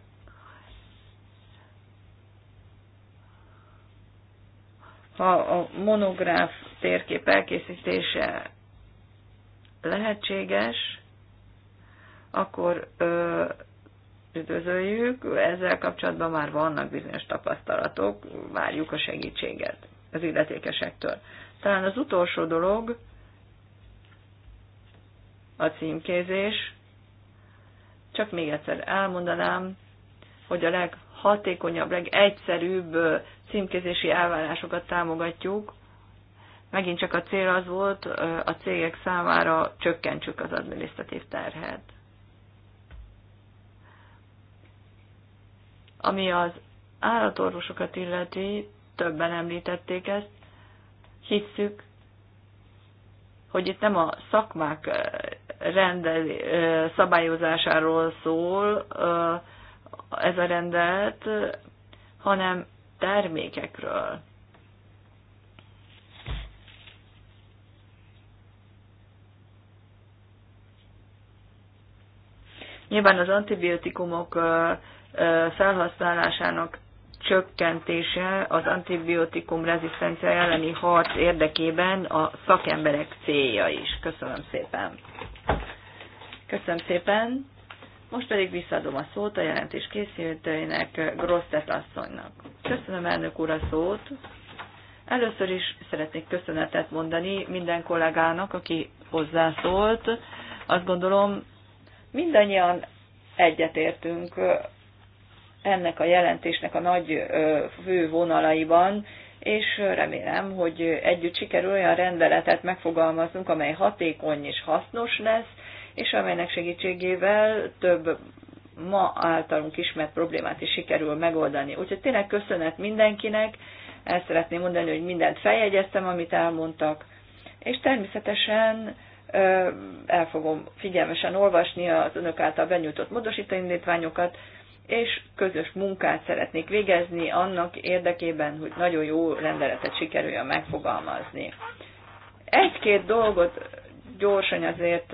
Speaker 1: Ha a monográf térkép elkészítése lehetséges, akkor ö, üdvözöljük. Ezzel kapcsolatban már vannak bizonyos tapasztalatok, várjuk a segítséget az illetékesektől. Talán az utolsó dolog a címkézés. Csak még egyszer elmondanám, hogy a leghatékonyabb, legegyszerűbb címkézési elvárásokat támogatjuk, Megint csak a cél az volt, a cégek számára csökkentsük az adminisztratív terhet. Ami az állatorvosokat illeti, többen említették ezt, hisszük, hogy itt nem a szakmák rendel, szabályozásáról szól ez a rendelet, hanem termékekről. Nyilván az antibiotikumok felhasználásának csökkentése az antibiotikum rezisztencia elleni harc érdekében a szakemberek célja is. Köszönöm szépen. Köszönöm szépen. Most pedig visszaadom a szót a jelentés készítőjének, Grosztet asszonynak. Köszönöm elnök úr a szót. Először is szeretnék köszönetet mondani minden kollégának, aki hozzászólt. Azt gondolom, Mindannyian egyetértünk ennek a jelentésnek a nagy fő vonalaiban, és remélem, hogy együtt sikerül olyan rendeletet megfogalmaznunk, amely hatékony és hasznos lesz, és amelynek segítségével több ma általunk ismert problémát is sikerül megoldani. Úgyhogy tényleg köszönet mindenkinek, el szeretném mondani, hogy mindent feljegyeztem, amit elmondtak, és természetesen el fogom figyelmesen olvasni az önök által benyújtott módosítóindítványokat, és közös munkát szeretnék végezni annak érdekében, hogy nagyon jó rendeletet sikerüljön megfogalmazni. Egy-két dolgot gyorsan azért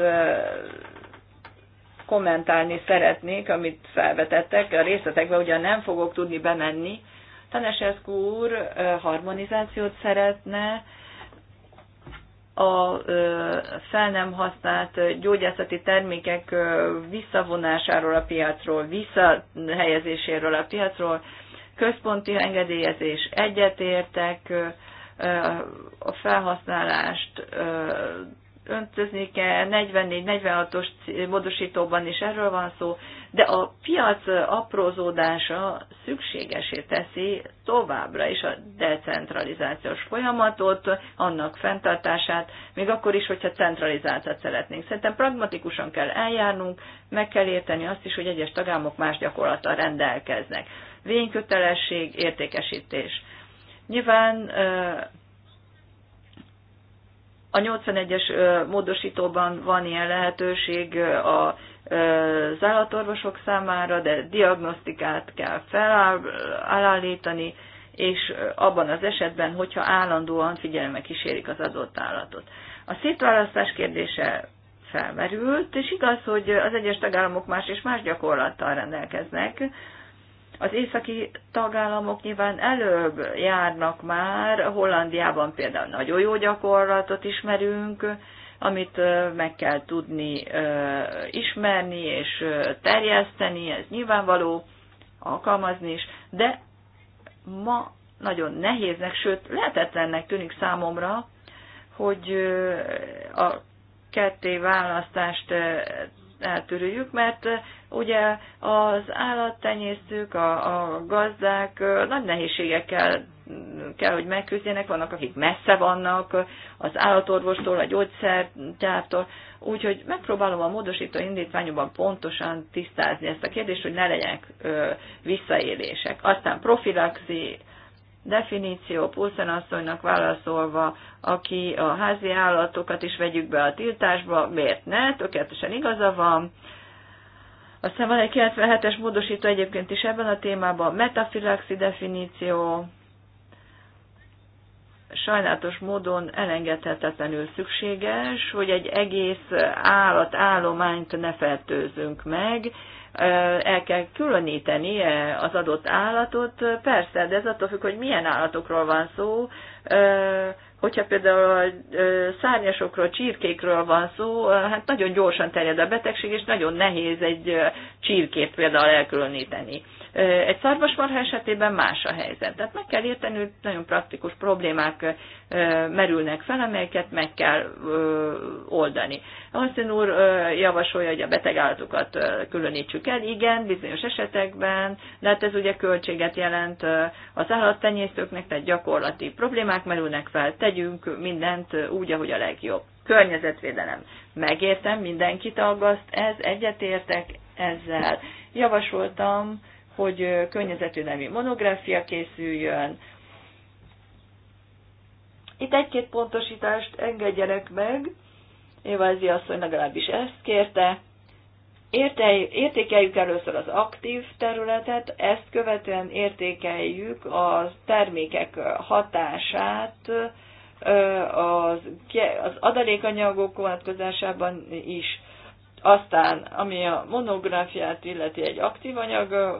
Speaker 1: kommentálni szeretnék, amit felvetettek. A részletekbe ugyan nem fogok tudni bemenni. Tanesescu úr harmonizációt szeretne, a fel nem használt gyógyászati termékek visszavonásáról a piacról, visszahelyezéséről a piacról, központi engedélyezés egyetértek, a felhasználást öntözni kell, 44-46-os módosítóban is erről van szó, de a piac aprózódása szükségesé teszi továbbra is a decentralizációs folyamatot, annak fenntartását, még akkor is, hogyha centralizáltat szeretnénk. Szerintem pragmatikusan kell eljárnunk, meg kell érteni azt is, hogy egyes tagállamok más gyakorlattal rendelkeznek. Vénykötelesség, értékesítés. Nyilván a 81-es módosítóban van ilyen lehetőség a az állatorvosok számára, de diagnosztikát kell felállítani, és abban az esetben, hogyha állandóan figyelme kísérik az adott állatot. A szétválasztás kérdése felmerült, és igaz, hogy az egyes tagállamok más és más gyakorlattal rendelkeznek. Az északi tagállamok nyilván előbb járnak már, Hollandiában például nagyon jó gyakorlatot ismerünk, amit meg kell tudni ismerni és terjeszteni, ez nyilvánvaló, alkalmazni is, de ma nagyon nehéznek, sőt lehetetlennek tűnik számomra, hogy a ketté választást eltörüljük, mert eh, ugye az állattenyésztők, a, a gazdák eh, nagy nehézségekkel mm, kell, hogy megküzdjenek, vannak, akik messze vannak eh, az állatorvostól, a gyógyszertártól, úgyhogy megpróbálom a módosító indítványokban pontosan tisztázni ezt a kérdést, hogy ne legyenek visszaélések. Aztán profilaxi, definíció Pulszen asszonynak válaszolva, aki a házi állatokat is vegyük be a tiltásba, miért ne, tökéletesen igaza van. Aztán van egy 97-es módosító egyébként is ebben a témában, metafilaxi definíció, sajnálatos módon elengedhetetlenül szükséges, hogy egy egész állatállományt ne fertőzünk meg, el kell különíteni az adott állatot, persze, de ez attól függ, hogy milyen állatokról van szó. Hogyha például a szárnyasokról, csirkékről van szó, hát nagyon gyorsan terjed a betegség, és nagyon nehéz egy csirkét például elkülöníteni. Egy szarvasmarha esetében más a helyzet. Tehát meg kell érteni, hogy nagyon praktikus problémák merülnek fel, amelyeket meg kell oldani. Austin úr javasolja, hogy a betegállatokat különítsük el. Igen, bizonyos esetekben, de hát ez ugye költséget jelent az állattenyésztőknek, tehát gyakorlati problémák merülnek fel. Tegyünk mindent úgy, ahogy a legjobb. Környezetvédelem. Megértem, mindenkit aggaszt, ez egyetértek ezzel. Javasoltam, hogy környezetvédelmi monográfia készüljön. Itt egy-két pontosítást engedjenek meg, Évázi asszony legalábbis ezt kérte. Értékeljük először az aktív területet, ezt követően értékeljük a termékek hatását, az, az adalékanyagok vonatkozásában is. Aztán, ami a monográfiát illeti egy aktív anyag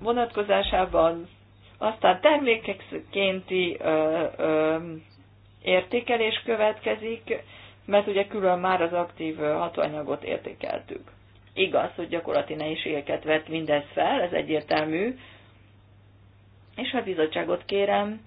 Speaker 1: vonatkozásában, aztán termékekkénti ö, ö, értékelés következik, mert ugye külön már az aktív hatóanyagot értékeltük. Igaz, hogy gyakorlati nehézségeket vett mindez fel, ez egyértelmű, és a bizottságot kérem,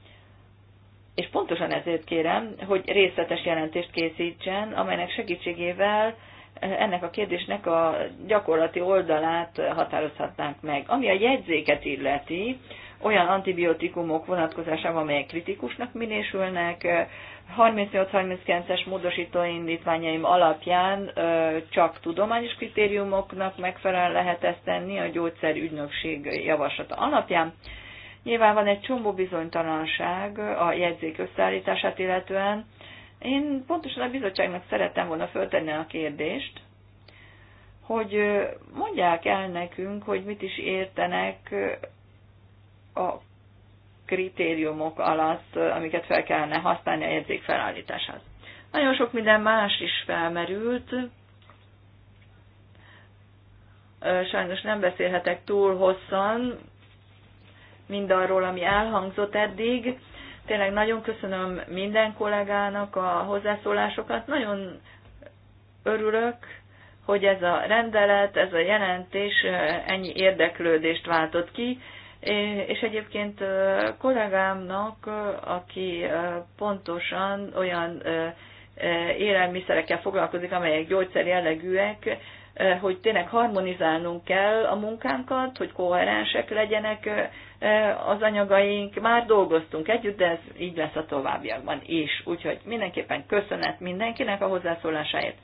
Speaker 1: és pontosan ezért kérem, hogy részletes jelentést készítsen, amelynek segítségével eh, ennek a kérdésnek a gyakorlati oldalát határozhatnánk meg. Ami a jegyzéket illeti, olyan antibiotikumok vonatkozásában, amelyek kritikusnak minősülnek, 38-39-es eh, módosító indítványaim alapján eh, csak tudományos kritériumoknak megfelelően lehet ezt tenni a gyógyszerügynökség javaslata alapján. Nyilván van egy csomó bizonytalanság a jegyzék összeállítását illetően. Én pontosan a bizottságnak szerettem volna föltenni a kérdést, hogy mondják el nekünk, hogy mit is értenek a kritériumok alatt, amiket fel kellene használni a jegyzék felállításához. Nagyon sok minden más is felmerült. Sajnos nem beszélhetek túl hosszan, mindarról, ami elhangzott eddig. Tényleg nagyon köszönöm minden kollégának a hozzászólásokat. Nagyon örülök, hogy ez a rendelet, ez a jelentés ennyi érdeklődést váltott ki, és egyébként kollégámnak, aki pontosan olyan élelmiszerekkel foglalkozik, amelyek gyógyszer jellegűek, Eh, hogy tényleg harmonizálnunk kell a munkánkat, hogy koherensek legyenek eh, az anyagaink. Már dolgoztunk együtt, de ez így lesz a továbbiakban is. Úgyhogy mindenképpen köszönet mindenkinek a hozzászólásáért.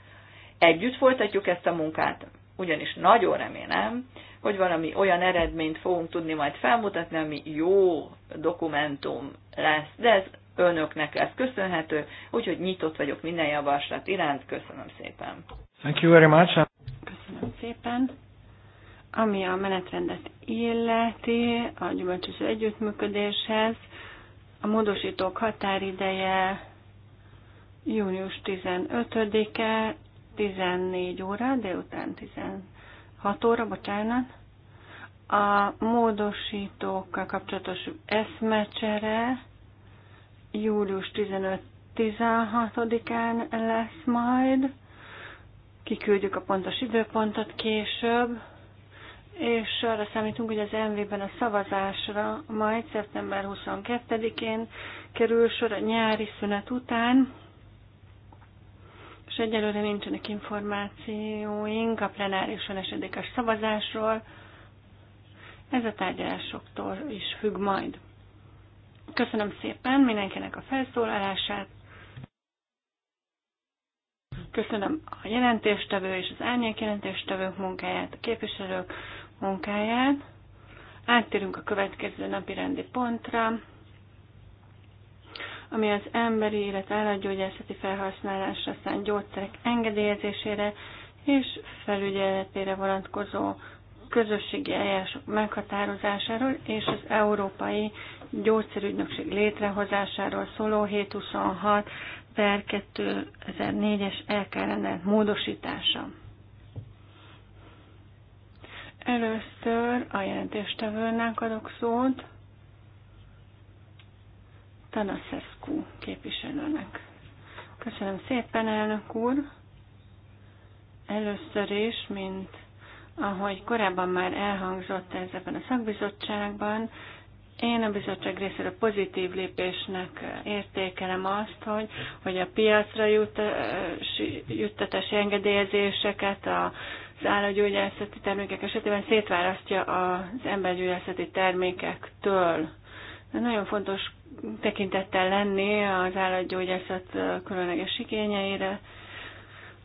Speaker 1: Együtt folytatjuk ezt a munkát, ugyanis nagyon remélem, hogy valami olyan eredményt fogunk tudni majd felmutatni, ami jó dokumentum lesz. De ez önöknek lesz köszönhető, úgyhogy nyitott vagyok minden javaslat iránt. Köszönöm szépen. Thank you very much. Köszönöm szépen. Ami a menetrendet illeti, a gyümölcsöző együttműködéshez, a módosítók határideje június 15-e, 14 óra, délután 16 óra, bocsánat. A módosítókkal kapcsolatos eszmecsere július 15-16-án lesz majd kiküldjük a pontos időpontot később, és arra számítunk, hogy az MV-ben a szavazásra majd szeptember 22-én kerül sor a nyári szünet után, és egyelőre nincsenek információink a plenárison esedékes szavazásról, ez a tárgyalásoktól is függ majd. Köszönöm szépen mindenkinek a felszólalását, Köszönöm a jelentéstevő és az árnyék jelentéstevők munkáját, a képviselők munkáját. Áttérünk a következő napi rendi pontra, ami az emberi, illetve állatgyógyászati felhasználásra szánt gyógyszerek engedélyezésére és felügyeletére vonatkozó közösségi eljárások meghatározásáról és az Európai Gyógyszerügynökség létrehozásáról szóló 726 per 2004-es LK rendelet módosítása. Először a jelentéstevőnek adok szót, Tanaszeszkú képviselőnek. Köszönöm szépen, elnök úr! Először is, mint ahogy korábban már elhangzott ezekben a szakbizottságban, én a bizottság részéről pozitív lépésnek értékelem azt, hogy, hogy a piacra jut, juttatási engedélyezéseket a az állagyógyászati termékek esetében szétválasztja az embergyógyászati termékektől. De nagyon fontos tekintettel lenni az állatgyógyászat különleges igényeire.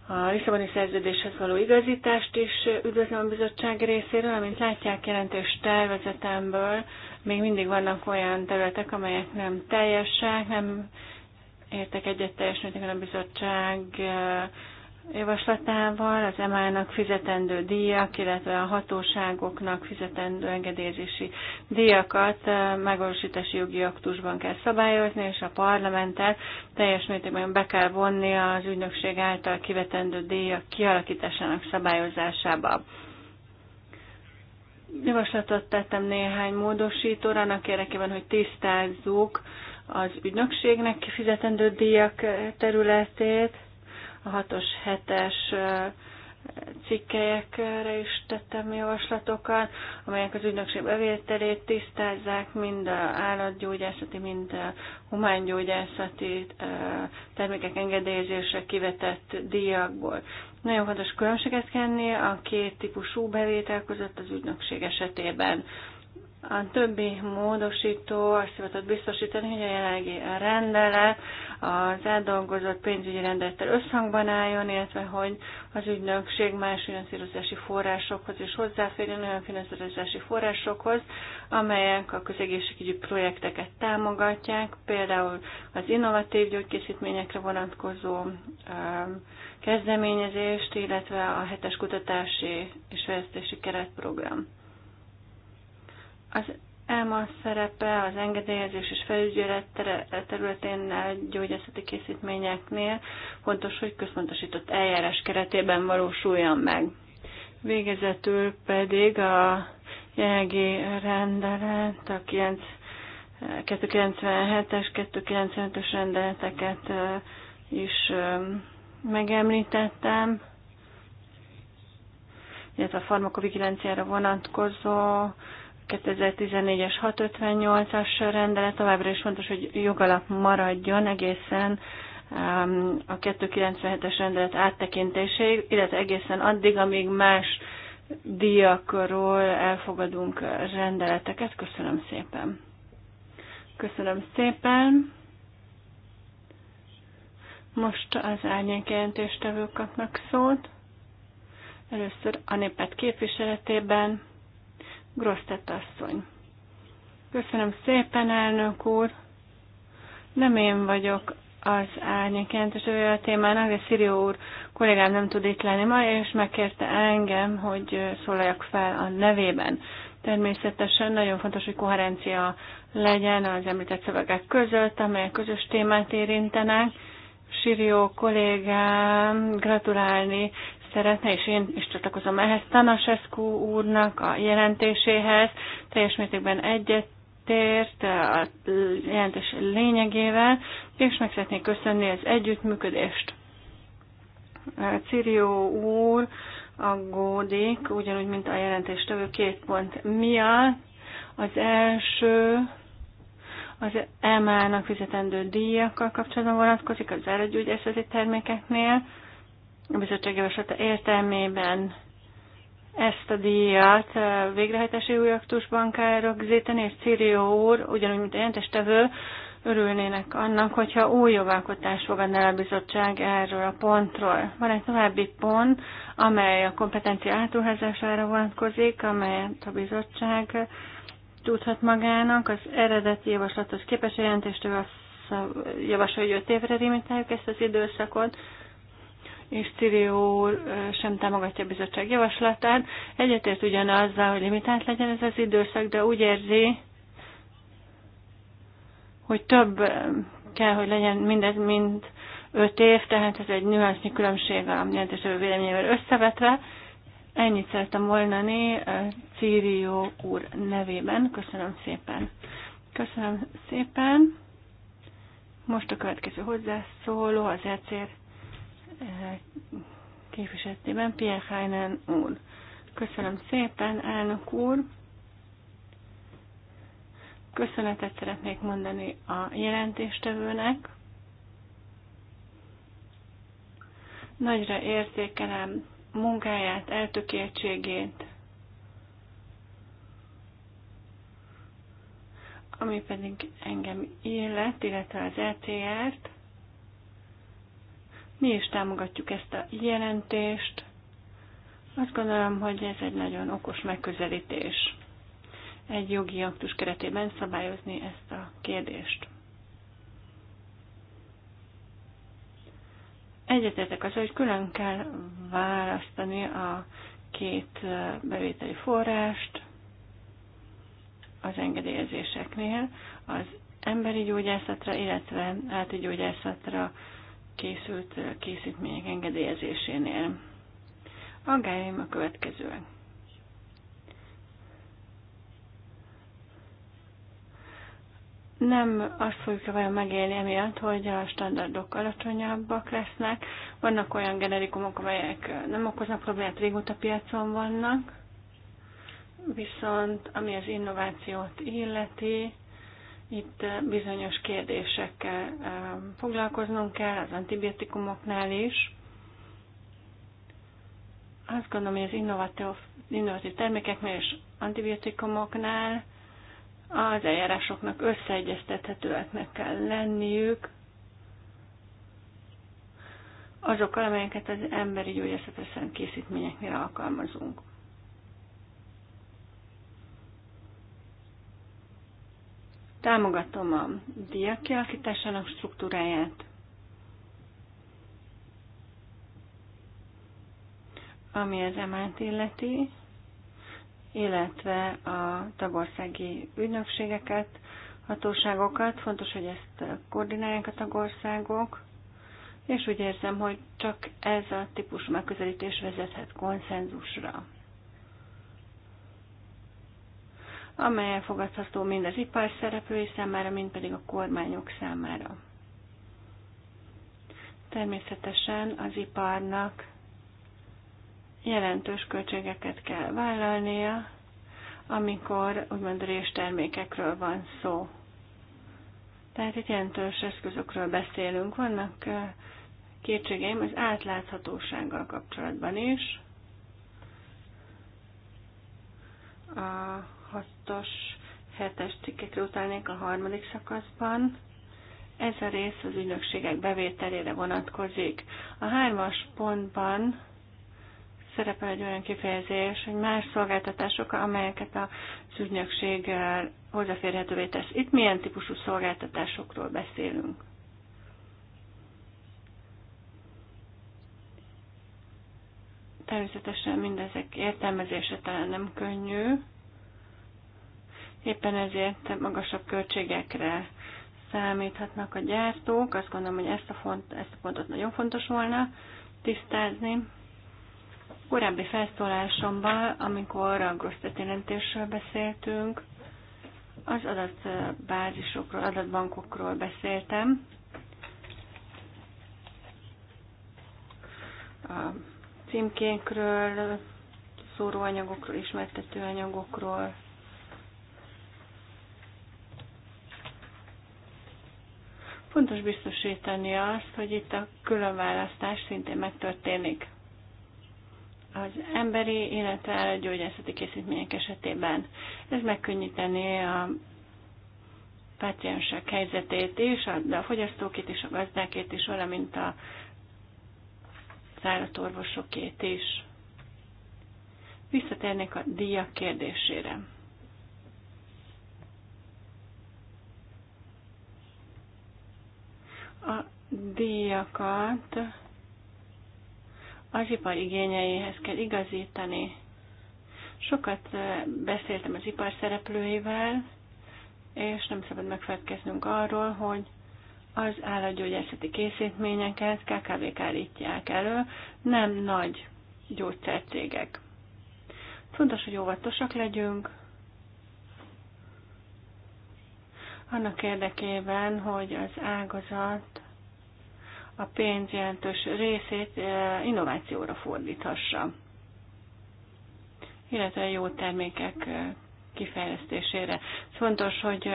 Speaker 1: A Lisszaboni szerződéshez való igazítást is üdvözlöm a bizottság részéről, amint látják jelentős tervezetemből, még mindig vannak olyan területek, amelyek nem teljesek, nem értek egyet teljes mértékben a bizottság eh, javaslatával, az emának fizetendő díjak, illetve a hatóságoknak fizetendő engedélyezési díjakat eh, megvalósítási jogi aktusban kell szabályozni, és a parlamentet teljes mértékben be kell vonni az ügynökség által kivetendő díjak kialakításának szabályozásába. Javaslatot tettem néhány módosítóra, annak érdekében, hogy tisztázzuk az ügynökségnek fizetendő díjak területét, a 6-os, 7-es cikkelyekre is tettem javaslatokat, amelyek az ügynökség bevételét tisztázzák, mind a állatgyógyászati, mind a humángyógyászati termékek engedélyezése kivetett díjakból. Nagyon fontos különbséget kenni a két típusú bevétel között az ügynökség esetében. A többi módosító azt hivatott biztosítani, hogy a jelenlegi rendelet az átdolgozott pénzügyi rendelettel összhangban álljon, illetve hogy az ügynökség más finanszírozási forrásokhoz is hozzáférjen, olyan finanszírozási forrásokhoz, amelyek a közegészségügyi projekteket támogatják, például az innovatív gyógykészítményekre vonatkozó kezdeményezést, illetve a hetes kutatási és fejlesztési keretprogram. Az EMA szerepe az engedélyezés és felügyelet területén gyógyászati készítményeknél fontos, hogy központosított eljárás keretében valósuljon meg. Végezetül pedig a jelenlegi rendelet, a 9, 297-es, 295-ös rendeleteket eh, is eh, megemlítettem, illetve a farmakovigilenciára vonatkozó 2014-es 658-as rendelet továbbra is fontos, hogy jogalap maradjon egészen um, a 297-es rendelet áttekintéséig, illetve egészen addig, amíg más díjakról elfogadunk rendeleteket. Köszönöm szépen! Köszönöm szépen! Most az árnyék jelentéstevők kapnak szót. Először a népet képviseletében Grosztett asszony. Köszönöm szépen, elnök úr! Nem én vagyok az árnyék jelentéstevője a témának, de Szirió úr kollégám nem tud itt lenni ma, és megkérte engem, hogy szólaljak fel a nevében. Természetesen nagyon fontos, hogy koherencia legyen az említett szövegek között, amelyek közös témát érintenek Sirió kollégám gratulálni szeretne, és én is csatlakozom ehhez Tanasescu úrnak a jelentéséhez. Teljes mértékben egyet tért a jelentés lényegével, és meg szeretnék köszönni az együttműködést. Cirió úr aggódik, ugyanúgy, mint a jelentéstevő két pont miatt. Az első az EMA-nak fizetendő díjakkal kapcsolatban vonatkozik az előgyógyászati termékeknél. A bizottság javaslata értelmében ezt a díjat végrehajtási új aktusban kell rögzíteni, és Círió úr, ugyanúgy, mint a jelentéstevő, örülnének annak, hogyha új jogalkotást fogadná a bizottság erről a pontról. Van egy további pont, amely a kompetencia átruházására vonatkozik, amelyet a bizottság tudhat magának. Az eredeti javaslatos képes jelentéstől azt javasolja, hogy 5 évre limitáljuk ezt az időszakot, és Cirió úr sem támogatja a bizottság javaslatát. Egyetért ugyanazzal, hogy limitált legyen ez az időszak, de úgy érzi, hogy több kell, hogy legyen mindez, mint öt év, tehát ez egy nüansznyi különbség a jelentésről véleményével összevetve. Ennyit szerettem volna né eh, Círió úr nevében. Köszönöm szépen. Köszönöm szépen. Most a következő hozzászóló az ECR eh, képviseletében Pierre Heinen úr. Köszönöm szépen, elnök úr. Köszönetet szeretnék mondani a jelentéstevőnek. Nagyra értékelem munkáját, eltökéltségét, ami pedig engem illet, illetve az etr t Mi is támogatjuk ezt a jelentést. Azt gondolom, hogy ez egy nagyon okos megközelítés. Egy jogi aktus keretében szabályozni ezt a kérdést. Egyetértek az, hogy külön kell választani a két bevételi forrást az engedélyezéseknél, az emberi gyógyászatra, illetve állati gyógyászatra készült készítmények engedélyezésénél. Aggájaim a következőek. nem azt fogjuk vajon megélni emiatt, hogy a standardok alacsonyabbak lesznek. Vannak olyan generikumok, amelyek nem okoznak problémát, régóta piacon vannak, viszont ami az innovációt illeti, itt bizonyos kérdésekkel foglalkoznunk kell, az antibiotikumoknál is. Azt gondolom, hogy az innovatív, innovatív termékeknél és antibiotikumoknál az eljárásoknak összeegyeztethetőeknek kell lenniük azokkal, amelyeket az emberi gyógyászatra szent készítményeknél alkalmazunk. Támogatom a diák kialakításának struktúráját, ami az emánt illeti, illetve a tagországi ügynökségeket, hatóságokat. Fontos, hogy ezt koordinálják a tagországok, és úgy érzem, hogy csak ez a típusú megközelítés vezethet konszenzusra, amely elfogadható mind az ipar szereplői számára, mind pedig a kormányok számára. Természetesen az iparnak jelentős költségeket kell vállalnia, amikor úgymond réstermékekről van szó. Tehát itt jelentős eszközökről beszélünk. Vannak kétségeim az átláthatósággal kapcsolatban is. A 6-os, 7-es cikkekre utalnék a harmadik szakaszban. Ez a rész az ügynökségek bevételére vonatkozik. A hármas pontban szerepel egy olyan kifejezés, hogy más szolgáltatások, amelyeket a szűnyökség hozzáférhetővé tesz. Itt milyen típusú szolgáltatásokról beszélünk? Természetesen mindezek értelmezése talán nem könnyű, éppen ezért magasabb költségekre számíthatnak a gyártók. Azt gondolom, hogy ezt a, font, ezt a pontot nagyon fontos volna tisztázni korábbi felszólásomban, amikor a Grosztet jelentésről beszéltünk, az adatbázisokról, adatbankokról beszéltem. A címkénkről, szóróanyagokról, ismertetőanyagokról, Fontos biztosítani azt, hogy itt a különválasztás szintén megtörténik az emberi, illetve gyógyászati készítmények esetében. Ez megkönnyíteni a páciensek helyzetét is, de a fogyasztókét is, a gazdákét is, valamint a szállatorvosokét is. Visszatérnék a díjak kérdésére. A díjakat az ipar igényeihez kell igazítani. Sokat eh, beszéltem az ipar szereplőivel, és nem szabad megfelelkeznünk arról, hogy az állatgyógyászati készítményeket KKV-k állítják elő, nem nagy gyógyszercégek. Fontos, hogy óvatosak legyünk, annak érdekében, hogy az ágazat a pénz jelentős részét innovációra fordíthassa, illetve jó termékek kifejlesztésére. Ez fontos, hogy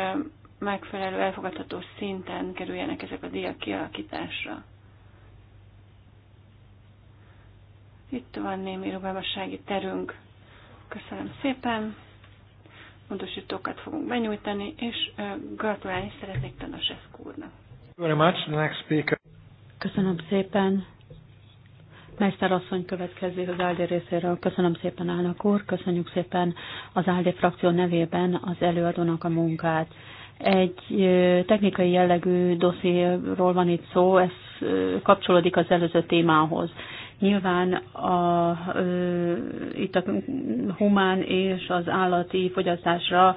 Speaker 1: megfelelő elfogadható szinten kerüljenek ezek a díjak kialakításra. Itt van némi rugalmassági terünk. Köszönöm szépen. Módosítókat fogunk benyújtani, és gratulálni szeretnék Tanasescu úrnak.
Speaker 2: Very much. The next speaker. Köszönöm szépen. Mester asszony következő az Áldi részéről. Köszönöm szépen, állnak úr. Köszönjük szépen az Áldi frakció nevében az előadónak a munkát. Egy technikai jellegű dossziéról van itt szó, ez kapcsolódik az előző témához. Nyilván a, ö, itt a humán és az állati fogyasztásra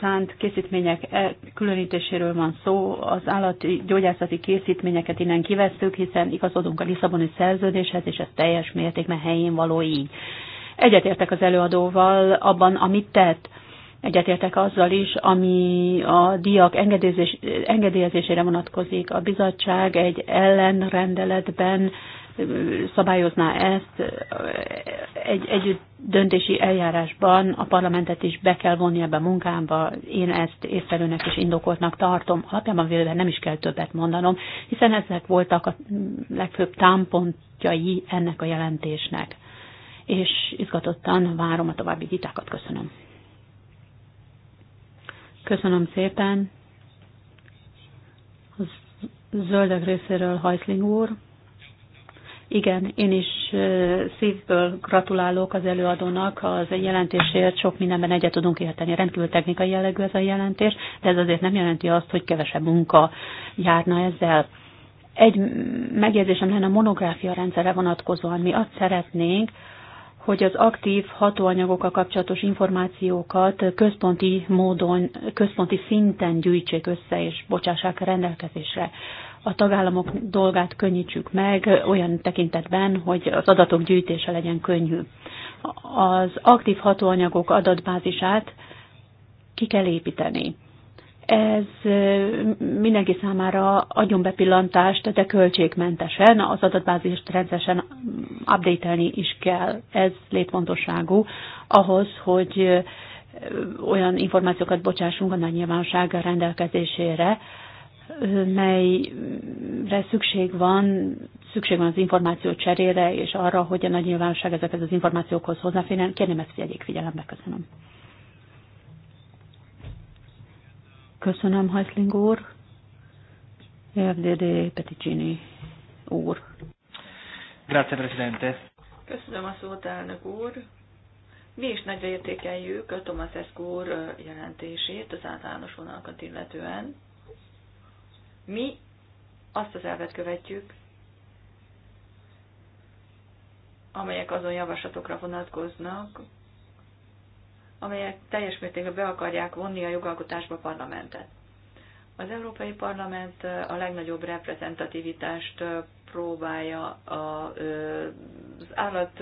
Speaker 2: szánt készítmények e, különítéséről van szó. Az állati gyógyászati készítményeket innen kivesszük, hiszen igazodunk a Lisszaboni szerződéshez, és ez teljes mértékben helyén való így. Egyetértek az előadóval abban, amit tett. Egyetértek azzal is, ami a diák engedélyezésére vonatkozik. A bizottság egy ellenrendeletben szabályozná ezt, egy együtt döntési eljárásban a parlamentet is be kell vonni ebbe a munkámba, én ezt észszerűnek és indokoltnak tartom. Alapjában véve nem is kell többet mondanom, hiszen ezek voltak a legfőbb támpontjai ennek a jelentésnek. És izgatottan várom a további vitákat. Köszönöm. Köszönöm szépen. zöldek részéről Hajszling úr. Igen, én is szívből gratulálok az előadónak az jelentésért, sok mindenben egyet tudunk érteni. Rendkívül technikai jellegű ez a jelentés, de ez azért nem jelenti azt, hogy kevesebb munka járna ezzel. Egy megjegyzésem lenne a monográfia rendszerre vonatkozóan. Mi azt szeretnénk, hogy az aktív hatóanyagokkal kapcsolatos információkat központi módon, központi szinten gyűjtsék össze és bocsássák a rendelkezésre a tagállamok dolgát könnyítsük meg olyan tekintetben, hogy az adatok gyűjtése legyen könnyű. Az aktív hatóanyagok adatbázisát ki kell építeni. Ez mindenki számára adjon bepillantást, de költségmentesen, az adatbázist rendszeresen update is kell. Ez létfontosságú ahhoz, hogy olyan információkat bocsássunk a nagy nyilvánosság rendelkezésére, melyre szükség van, szükség van az információ cserére, és arra, hogy a nagy nyilvánosság ezekhez az információkhoz hozzáférjen. Kérném ezt figyeljék figyelembe, köszönöm. Köszönöm, Hajszling úr. FDD Peticini úr.
Speaker 1: Grazie, Presidente. Köszönöm a szót, elnök úr. Mi is nagyra értékeljük a Tomaszeszkó úr jelentését az általános vonalakat illetően mi azt az elvet követjük, amelyek azon javaslatokra vonatkoznak, amelyek teljes mértékben be akarják vonni a jogalkotásba a parlamentet. Az Európai Parlament a legnagyobb reprezentativitást próbálja az állat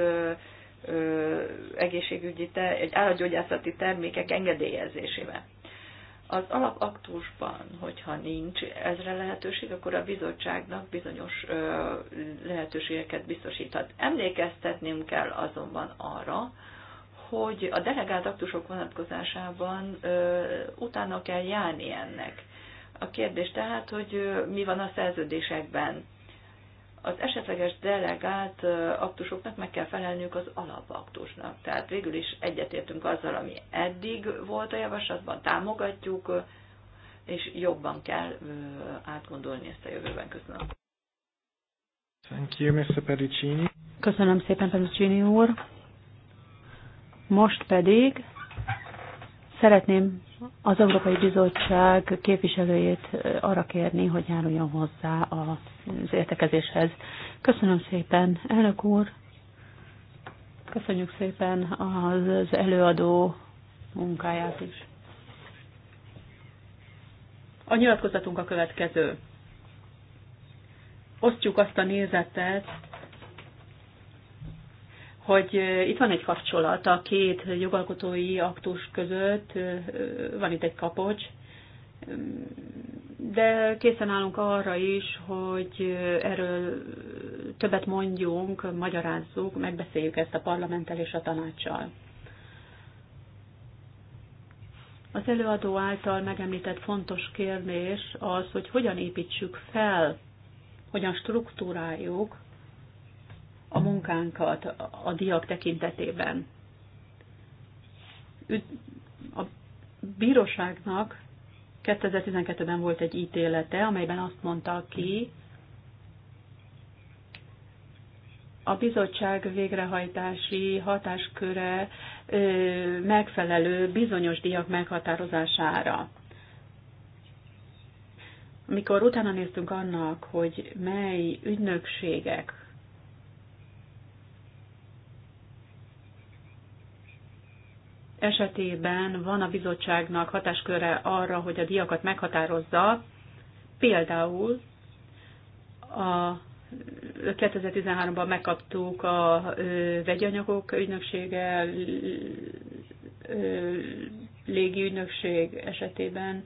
Speaker 1: egészségügyi, egy állatgyógyászati termékek engedélyezésével. Az alapaktusban, hogyha nincs ezre lehetőség, akkor a bizottságnak bizonyos lehetőségeket biztosíthat. Emlékeztetném kell azonban arra, hogy a delegált aktusok vonatkozásában ö, utána kell járni ennek. A kérdés tehát, hogy ö, mi van a szerződésekben az esetleges delegált aktusoknak meg kell felelniük az alapaktusnak. Tehát végül is egyetértünk azzal, ami eddig volt a javaslatban, támogatjuk, és jobban kell átgondolni
Speaker 2: ezt a jövőben. Köszönöm. Thank you, Mr. Pedicini. Köszönöm szépen, Pedicini úr. Most pedig szeretném az Európai Bizottság képviselőjét arra kérni, hogy járuljon hozzá az értekezéshez. Köszönöm szépen, elnök úr! Köszönjük szépen az előadó munkáját is. A nyilatkozatunk a következő. Osztjuk azt a nézetet, hogy itt van egy kapcsolat a két jogalkotói aktus között, van itt egy kapocs, de készen állunk arra is, hogy erről többet mondjunk, magyarázzuk, megbeszéljük ezt a parlamenttel és a tanácssal. Az előadó által megemlített fontos kérdés az, hogy hogyan építsük fel, hogyan struktúráljuk a munkánkat a diák tekintetében. A bíróságnak 2012-ben volt egy ítélete, amelyben azt mondta ki, a bizottság végrehajtási hatásköre megfelelő bizonyos diák meghatározására. Mikor utána néztünk annak, hogy mely ügynökségek esetében van a bizottságnak hatásköre arra, hogy a diakat meghatározza, például a 2013-ban megkaptuk a vegyanyagok ügynöksége, légi ügynökség esetében,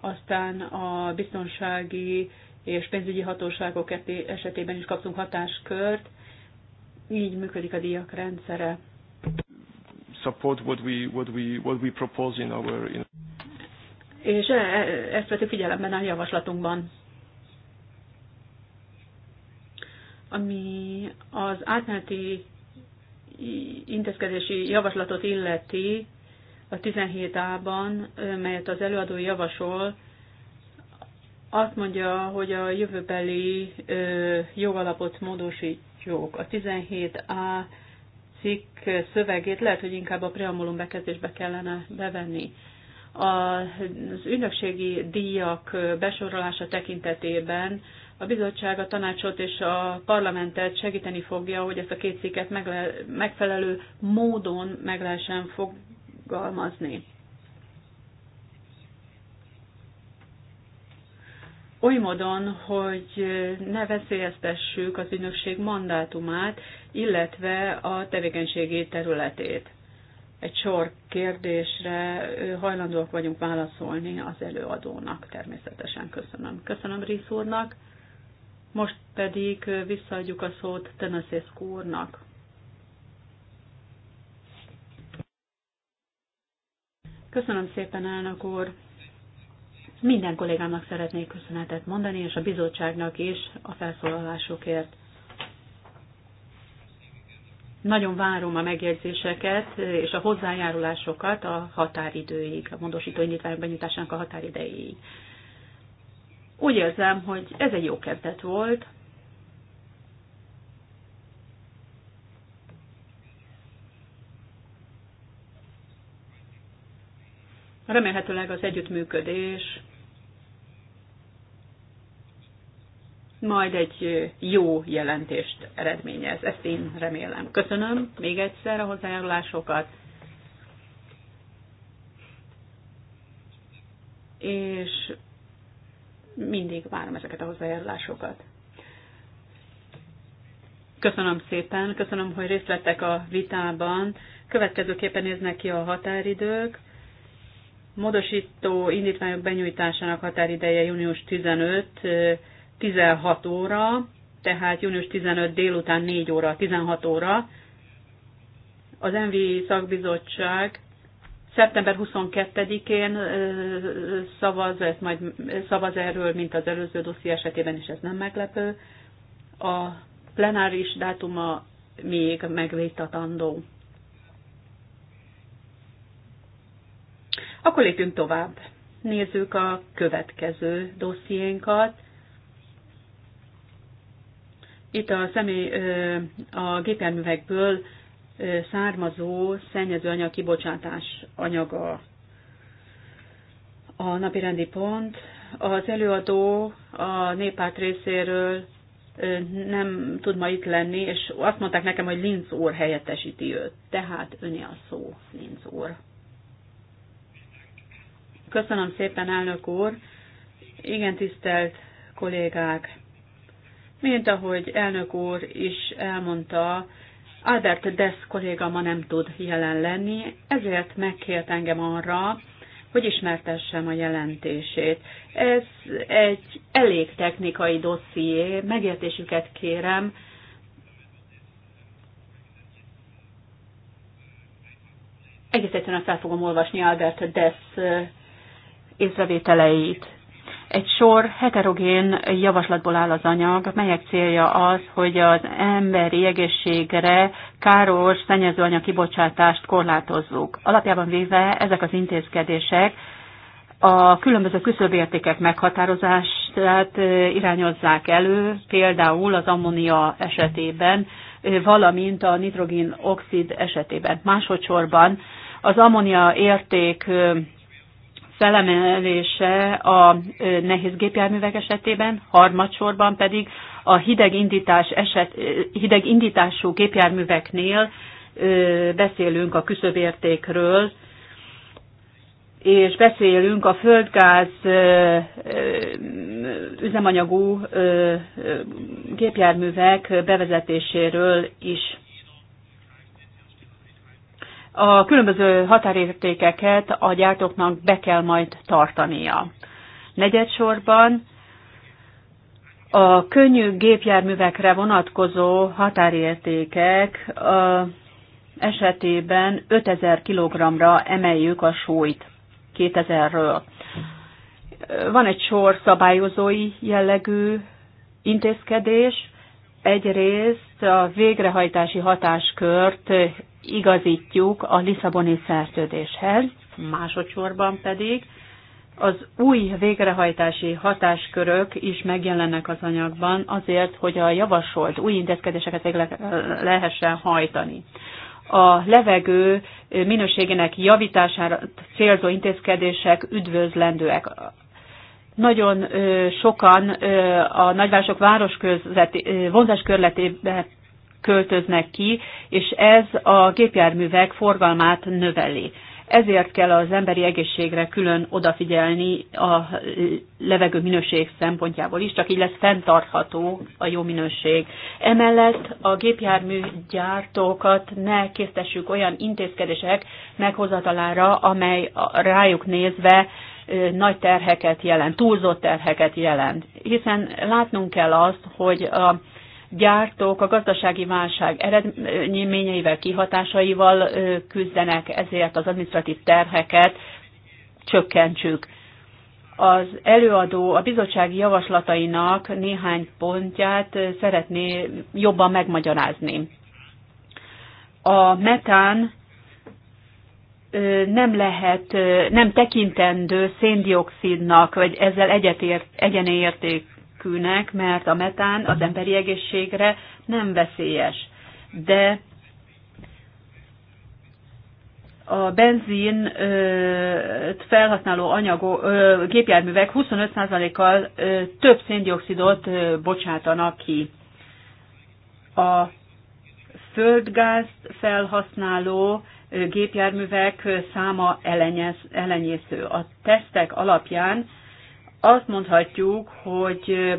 Speaker 2: aztán a biztonsági és pénzügyi hatóságok esetében is kaptunk hatáskört, így működik a díjak rendszere support what we, what we, what we propose in our... In és e, e, ezt vettük figyelemben a javaslatunkban. Ami az átmeneti intézkedési javaslatot illeti a 17-ában, melyet az előadó javasol, azt mondja, hogy a jövőbeli jogalapot módosítjuk. A 17A cikk szövegét lehet, hogy inkább a preambulum bekezdésbe kellene bevenni. Az ügynökségi díjak besorolása tekintetében a bizottság a tanácsot és a parlamentet segíteni fogja, hogy ezt a két cikket megfelelő módon meg lehessen fogalmazni. oly módon, hogy ne veszélyeztessük az ügynökség mandátumát, illetve a tevékenységi területét. Egy sor kérdésre hajlandóak vagyunk válaszolni az előadónak természetesen. Köszönöm. Köszönöm Rész úrnak. Most pedig visszaadjuk a szót Teneszész úrnak. Köszönöm szépen, elnök úr. Minden kollégámnak szeretnék köszönetet mondani, és a bizottságnak is a felszólalásokért. Nagyon várom a megjegyzéseket és a hozzájárulásokat a határidőig, a módosító indítvány benyújtásának a határidejéig. Úgy érzem, hogy ez egy jó kezdet volt. Remélhetőleg az együttműködés majd egy jó jelentést eredményez. Ezt én remélem. Köszönöm még egyszer a hozzájárulásokat. És mindig várom ezeket a hozzájárulásokat. Köszönöm szépen, köszönöm, hogy részt vettek a vitában. Következőképpen néznek ki a határidők. Módosító indítványok benyújtásának határideje június 15 16 óra, tehát június 15 délután 4 óra, 16 óra, az MVI szakbizottság szeptember 22-én szavaz, ez majd szavaz erről, mint az előző dosszi esetében is, ez nem meglepő. A plenáris dátuma még megvétatandó. Akkor lépjünk tovább. Nézzük a következő dossziénkat. Itt a személy a gépjárművekből származó szennyezőanyag kibocsátás anyaga a napirendi pont. Az előadó a néppárt részéről nem tud ma itt lenni, és azt mondták nekem, hogy Linz úr helyettesíti őt. Tehát öné a szó, Linz úr. Köszönöm szépen, elnök úr. Igen, tisztelt kollégák. Mint ahogy elnök úr is elmondta, Albert Dess kolléga ma nem tud jelen lenni, ezért megkért engem arra, hogy ismertessem a jelentését. Ez egy elég technikai dosszié, megértésüket kérem. Egész egyszerűen fel fogom olvasni Albert Dess észrevételeit. Egy sor heterogén javaslatból áll az anyag, melyek célja az, hogy az emberi egészségre káros szennyezőanyag kibocsátást korlátozzuk. Alapjában véve ezek az intézkedések a különböző küszöbértékek meghatározását irányozzák elő, például az ammonia esetében, valamint a nitrogén oxid esetében. Másodszorban az ammonia érték felemelése a nehéz gépjárművek esetében, harmadsorban pedig a hideg, indítás eset, hideg indítású gépjárműveknél beszélünk a küszöbértékről, és beszélünk a földgáz üzemanyagú gépjárművek bevezetéséről is a különböző határértékeket a gyártóknak be kell majd tartania. Negyedsorban a könnyű gépjárművekre vonatkozó határértékek esetében 5000 kg-ra emeljük a súlyt 2000-ről. Van egy sor szabályozói jellegű intézkedés, egyrészt a végrehajtási hatáskört igazítjuk a Lisszaboni szerződéshez, másodszorban pedig az új végrehajtási hatáskörök is megjelennek az anyagban azért, hogy a javasolt új intézkedéseket végre lehessen hajtani. A levegő minőségének javítására célzó intézkedések üdvözlendőek. Nagyon sokan a nagyvárosok városközleti vonzáskörletébe költöznek ki, és ez a gépjárművek forgalmát növeli. Ezért kell az emberi egészségre külön odafigyelni a levegő minőség szempontjából is, csak így lesz fenntartható a jó minőség. Emellett a gépjármű gyártókat ne késztessük olyan intézkedések meghozatalára, amely rájuk nézve nagy terheket jelent, túlzott terheket jelent. Hiszen látnunk kell azt, hogy a gyártók a gazdasági válság eredményeivel, kihatásaival küzdenek, ezért az administratív terheket csökkentsük. Az előadó a bizottsági javaslatainak néhány pontját szeretné jobban megmagyarázni. A metán nem lehet, nem tekintendő széndiokszidnak, vagy ezzel egyetért, egyenérték kőnek, mert a metán az mhm. emberi egészségre nem veszélyes. De a benzin felhasználó anyagok, gépjárművek 25%-kal több széndiokszidot bocsátanak ki. A földgázt felhasználó gépjárművek száma elenyésző. A tesztek alapján azt mondhatjuk, hogy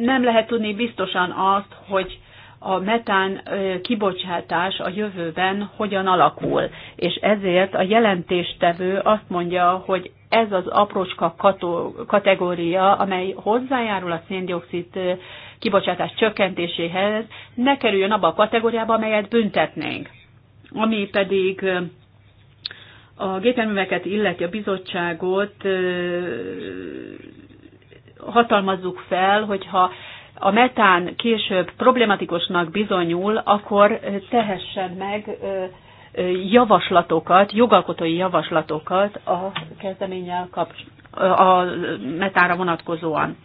Speaker 2: nem lehet tudni biztosan azt, hogy a metán kibocsátás a jövőben hogyan alakul. És ezért a jelentéstevő azt mondja, hogy ez az aprócska kategória, amely hozzájárul a széndiokszid kibocsátás csökkentéséhez, ne kerüljön abba a kategóriába, amelyet büntetnénk. Ami pedig a gépjárműveket illeti a bizottságot hatalmazzuk fel, hogyha a metán később problematikusnak bizonyul, akkor tehessen meg javaslatokat, jogalkotói javaslatokat a kezdeménnyel kap, a metára vonatkozóan.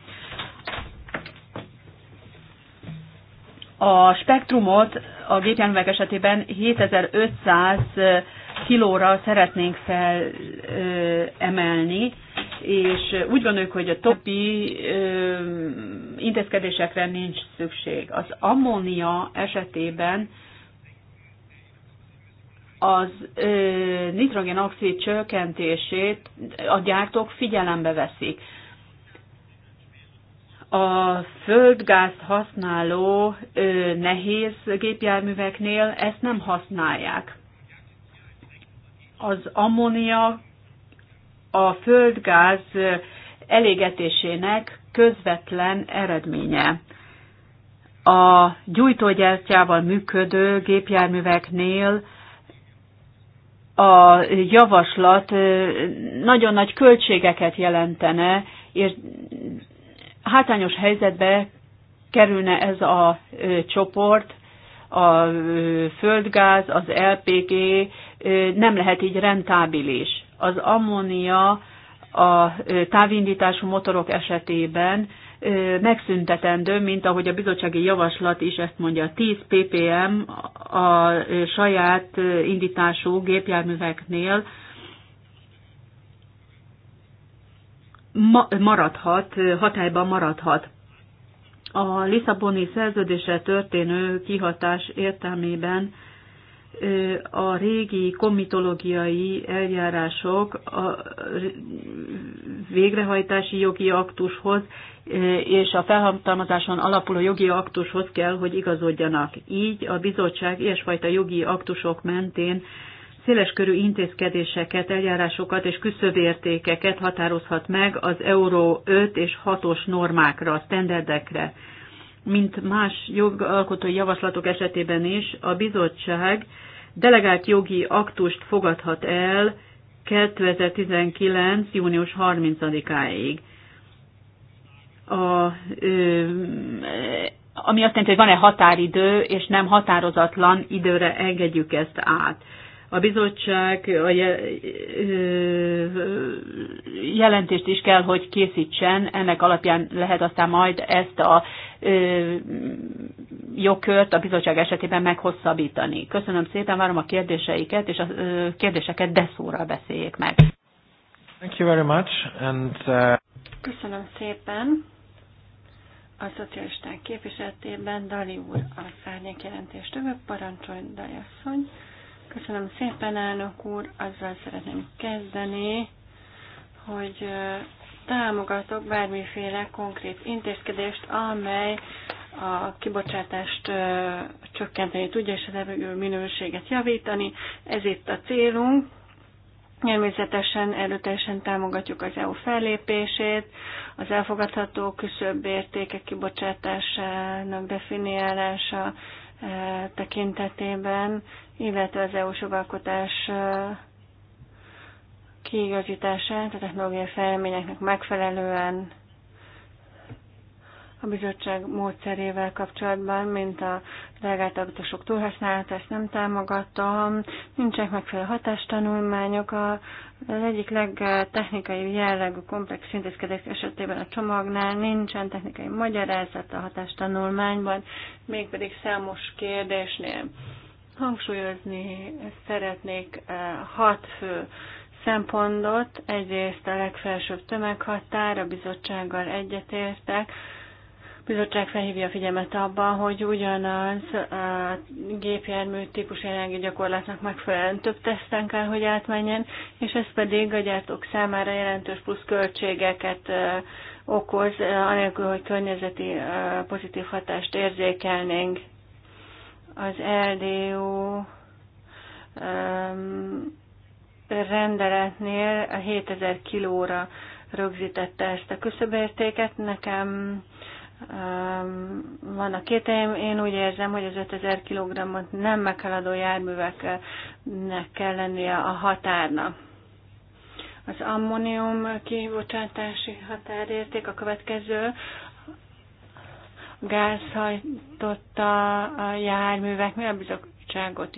Speaker 2: A spektrumot a gépjárművek esetében 7500 kilóra szeretnénk felemelni, és úgy gondoljuk, hogy a topi intézkedésekre nincs szükség. Az ammónia esetében az nitrogénoxid csökkentését a gyártók figyelembe veszik. A földgázt használó ö, nehéz gépjárműveknél ezt nem használják. Az ammónia a földgáz elégetésének közvetlen eredménye. A gyújtógyártyával működő gépjárműveknél a javaslat nagyon nagy költségeket jelentene, és hátrányos helyzetbe kerülne ez a csoport, a földgáz, az LPG nem lehet így rentábilis. Az ammónia a távindítású motorok esetében megszüntetendő, mint ahogy a bizottsági javaslat is ezt mondja, 10 ppm a saját indítású gépjárműveknél maradhat, hatályban maradhat a Lisszaboni szerződésre történő kihatás értelmében a régi komitológiai eljárások a végrehajtási jogi aktushoz és a felhatalmazáson alapuló jogi aktushoz kell, hogy igazodjanak. Így a bizottság ilyesfajta jogi aktusok mentén széleskörű intézkedéseket, eljárásokat és küszöbértékeket határozhat meg az euró 5 és 6-os normákra, a standardekre. Mint más jogalkotói javaslatok esetében is, a bizottság delegált jogi aktust fogadhat el 2019. június 30-áig. A, ö, ami azt jelenti, hogy van-e határidő, és nem határozatlan időre engedjük ezt át a bizottság a jelentést is kell, hogy készítsen, ennek alapján lehet aztán majd ezt a jogkört a bizottság esetében meghosszabbítani. Köszönöm szépen, várom a kérdéseiket, és a kérdéseket deszóra beszéljék meg.
Speaker 1: Thank you very much. And, uh...
Speaker 2: Köszönöm szépen.
Speaker 1: A szocialisták képviseletében Dali úr a szárnyék jelentéstövő parancsolj, Dali asszony. Köszönöm szépen, elnök úr. Azzal szeretném kezdeni, hogy támogatok bármiféle konkrét intézkedést, amely a kibocsátást csökkenteni tudja, és a levegő minőséget javítani. Ez itt a célunk. Természetesen erőteljesen támogatjuk az EU fellépését, az elfogadható küszöbb értékek kibocsátásának definiálása, E, tekintetében, illetve az EU-s jogalkotás e, kiigazítását a technológiai fejleményeknek megfelelően a bizottság módszerével kapcsolatban, mint a delegáltagatosok túlhasználata, ezt nem támogatom, nincsenek megfelelő hatástanulmányok. Az egyik legtechnikai jellegű komplex intézkedés esetében a csomagnál nincsen technikai magyarázat a hatástanulmányban, mégpedig számos kérdésnél. Hangsúlyozni szeretnék eh, hat fő szempontot. Egyrészt a legfelsőbb tömeghatár, a bizottsággal egyetértek, bizottság felhívja a figyelmet abban, hogy ugyanaz a gépjármű típus jelenlegi gyakorlatnak megfelelően több teszten kell, hogy átmenjen, és ez pedig a gyártók számára jelentős plusz költségeket okoz, anélkül, hogy környezeti pozitív hatást érzékelnénk. Az LDU rendeletnél a 7000 kilóra rögzítette ezt a küszöbértéket. Nekem vannak kételjeim. Én úgy érzem, hogy az 5000 kg-ot nem meghaladó járműveknek kell lennie a határnak. Az ammónium kibocsátási határérték a következő. Gázhajtotta a járművek. Mi a bizottságot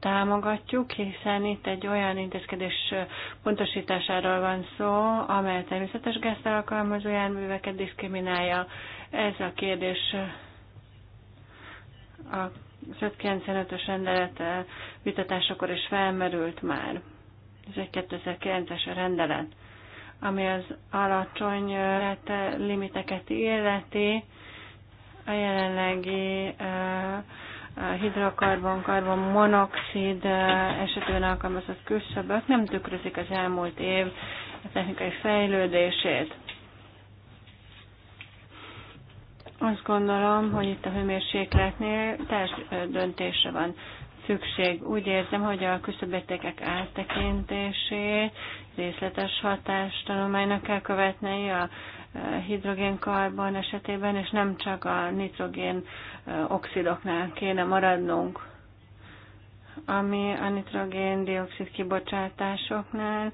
Speaker 1: támogatjuk, hiszen itt egy olyan intézkedés pontosításáról van szó, amely természetes gázzal alkalmazó járműveket diszkriminálja. Ez a kérdés a 595-ös rendelet vitatásakor is felmerült már. Ez egy 2009-es rendelet, ami az alacsony limiteket illeti, a jelenlegi uh, hidrokarbon, karbon monoxid esetében alkalmazott küszöbök nem tükrözik az elmúlt év a technikai fejlődését. Azt gondolom, hogy itt a hőmérsékletnél társ döntése van szükség. Úgy érzem, hogy a küszöbértékek áttekintését részletes hatástanulmánynak kell követni a hidrogénkarbon esetében, és nem csak a nitrogén oxidoknál kéne maradnunk, ami a nitrogén-dioxid kibocsátásoknál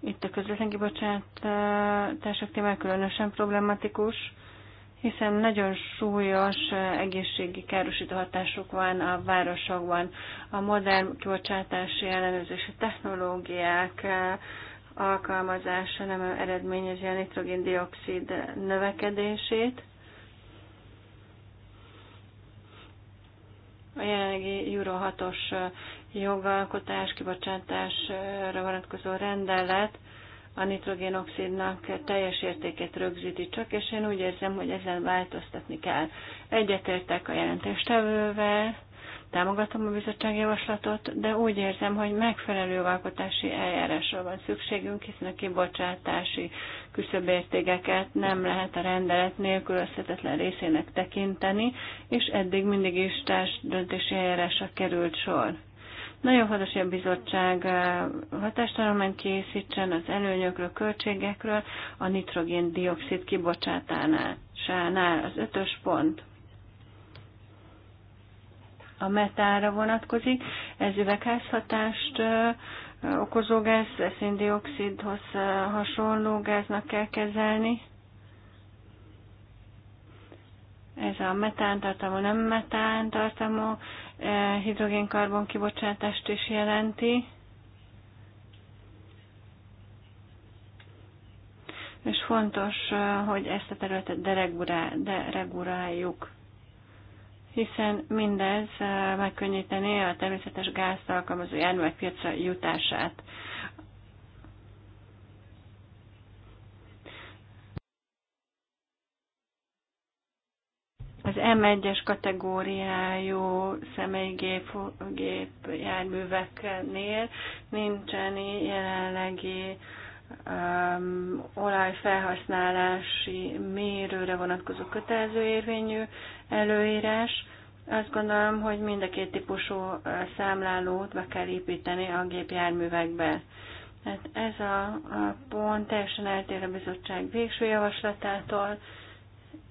Speaker 1: itt a közvetlen kibocsátások témája különösen problematikus, hiszen nagyon súlyos egészségi károsító hatásuk van a városokban. A modern kibocsátási ellenőrzési technológiák alkalmazása nem eredményezi a nitrogén-dioxid növekedését. A jelenlegi Euro 6-os jogalkotás, kibocsátásra vonatkozó rendelet a nitrogénoxidnak teljes értékét rögzíti csak, és én úgy érzem, hogy ezzel változtatni kell. Egyetértek a jelentéstevővel, Támogatom a bizottság javaslatot, de úgy érzem, hogy megfelelő alkotási eljárásra van szükségünk, hiszen a kibocsátási küszöbértégeket nem lehet a rendelet nélkül összetetlen részének tekinteni, és eddig mindig is társ döntési eljárásra került sor. Nagyon fontos, hogy a bizottság eh, hatástanulmányt készítsen az előnyökről, költségekről a nitrogén-dioxid kibocsátásánál. Az ötös pont a metára vonatkozik. Ez üvegházhatást okozó gáz, szindioxidhoz hasonló gáznak kell kezelni. Ez a metántartalma, nem metántartalma, hidrogénkarbon kibocsátást is jelenti. És fontos, hogy ezt a területet dereguráljuk hiszen mindez megkönnyítené a természetes gáz alkalmazó piacra jutását. Az M1-es kategóriájú személygép járműveknél nincsen jelenlegi um, olaj felhasználási mérőre vonatkozó kötelező érvényű előírás. Azt gondolom, hogy mind a két típusú uh, számlálót be kell építeni a gépjárművekbe. Hát ez a, a pont teljesen eltér a bizottság végső javaslatától,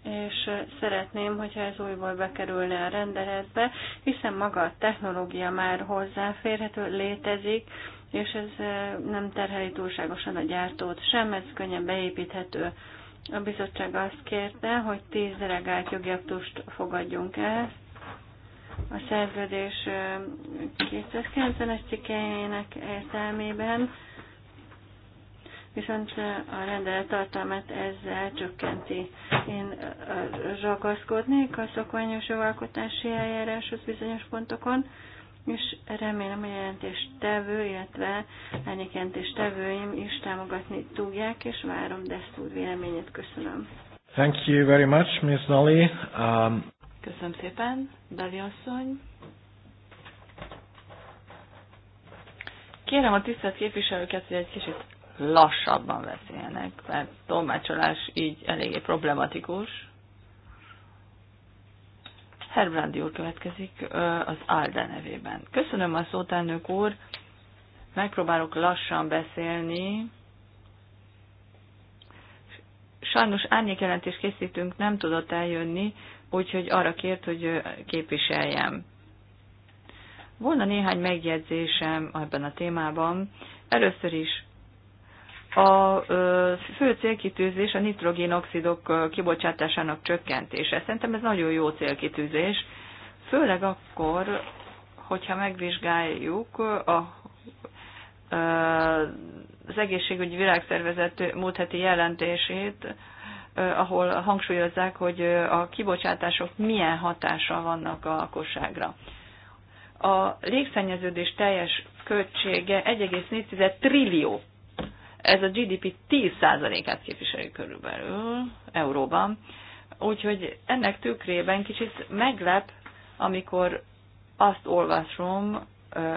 Speaker 1: és uh, szeretném, hogyha ez újból bekerülne a rendeletbe, hiszen maga a technológia már hozzáférhető, létezik, és ez nem terheli túlságosan a gyártót sem, ez könnyen beépíthető. A bizottság azt kérte, hogy tíz delegált jogi aktust fogadjunk el. A szerződés 290-es cikkeinek értelmében, viszont a rendelet tartalmát ezzel csökkenti. Én ragaszkodnék a szokványos jogalkotási eljáráshoz bizonyos pontokon, és remélem a jelentéstevő, illetve árnyékjelentéstevőim is támogatni tudják, és várom Desztúr véleményét. Köszönöm. Thank you very much, Ms. Dali. Um... Köszönöm szépen, Dali asszony. Kérem a tisztelt képviselőket, hogy egy kicsit lassabban beszélnek, mert tolmácsolás így eléggé problematikus. Herbrandi úr következik az ALDE nevében. Köszönöm a szót, elnök úr. Megpróbálok lassan beszélni. Sajnos árnyékjelentést készítünk, nem tudott eljönni, úgyhogy arra kért, hogy képviseljem. Volna néhány megjegyzésem ebben a témában. Először is a fő célkitűzés a nitrogénoxidok kibocsátásának csökkentése. Szerintem ez nagyon jó célkitűzés, főleg akkor, hogyha megvizsgáljuk a, az egészségügyi világszervezet múlt heti jelentését, ahol hangsúlyozzák, hogy a kibocsátások milyen hatással vannak a lakosságra. A légszennyeződés teljes költsége 1,4 trillió ez a GDP 10%-át képviseli körülbelül euróban. Úgyhogy ennek tükrében kicsit meglep, amikor azt olvasom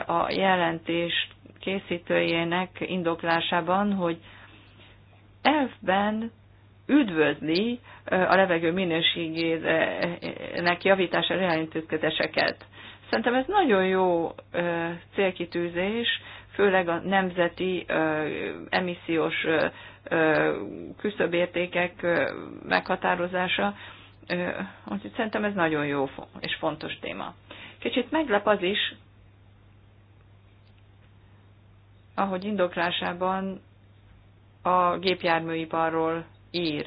Speaker 1: a jelentés készítőjének indoklásában, hogy elfben üdvözli a levegő minőségének javítására irányítózkedéseket. Szerintem ez nagyon jó célkitűzés, főleg a nemzeti emissziós küszöbértékek meghatározása, úgyhogy szerintem ez nagyon jó és fontos téma. Kicsit meglep az is, ahogy indoklásában a gépjárműiparról ír.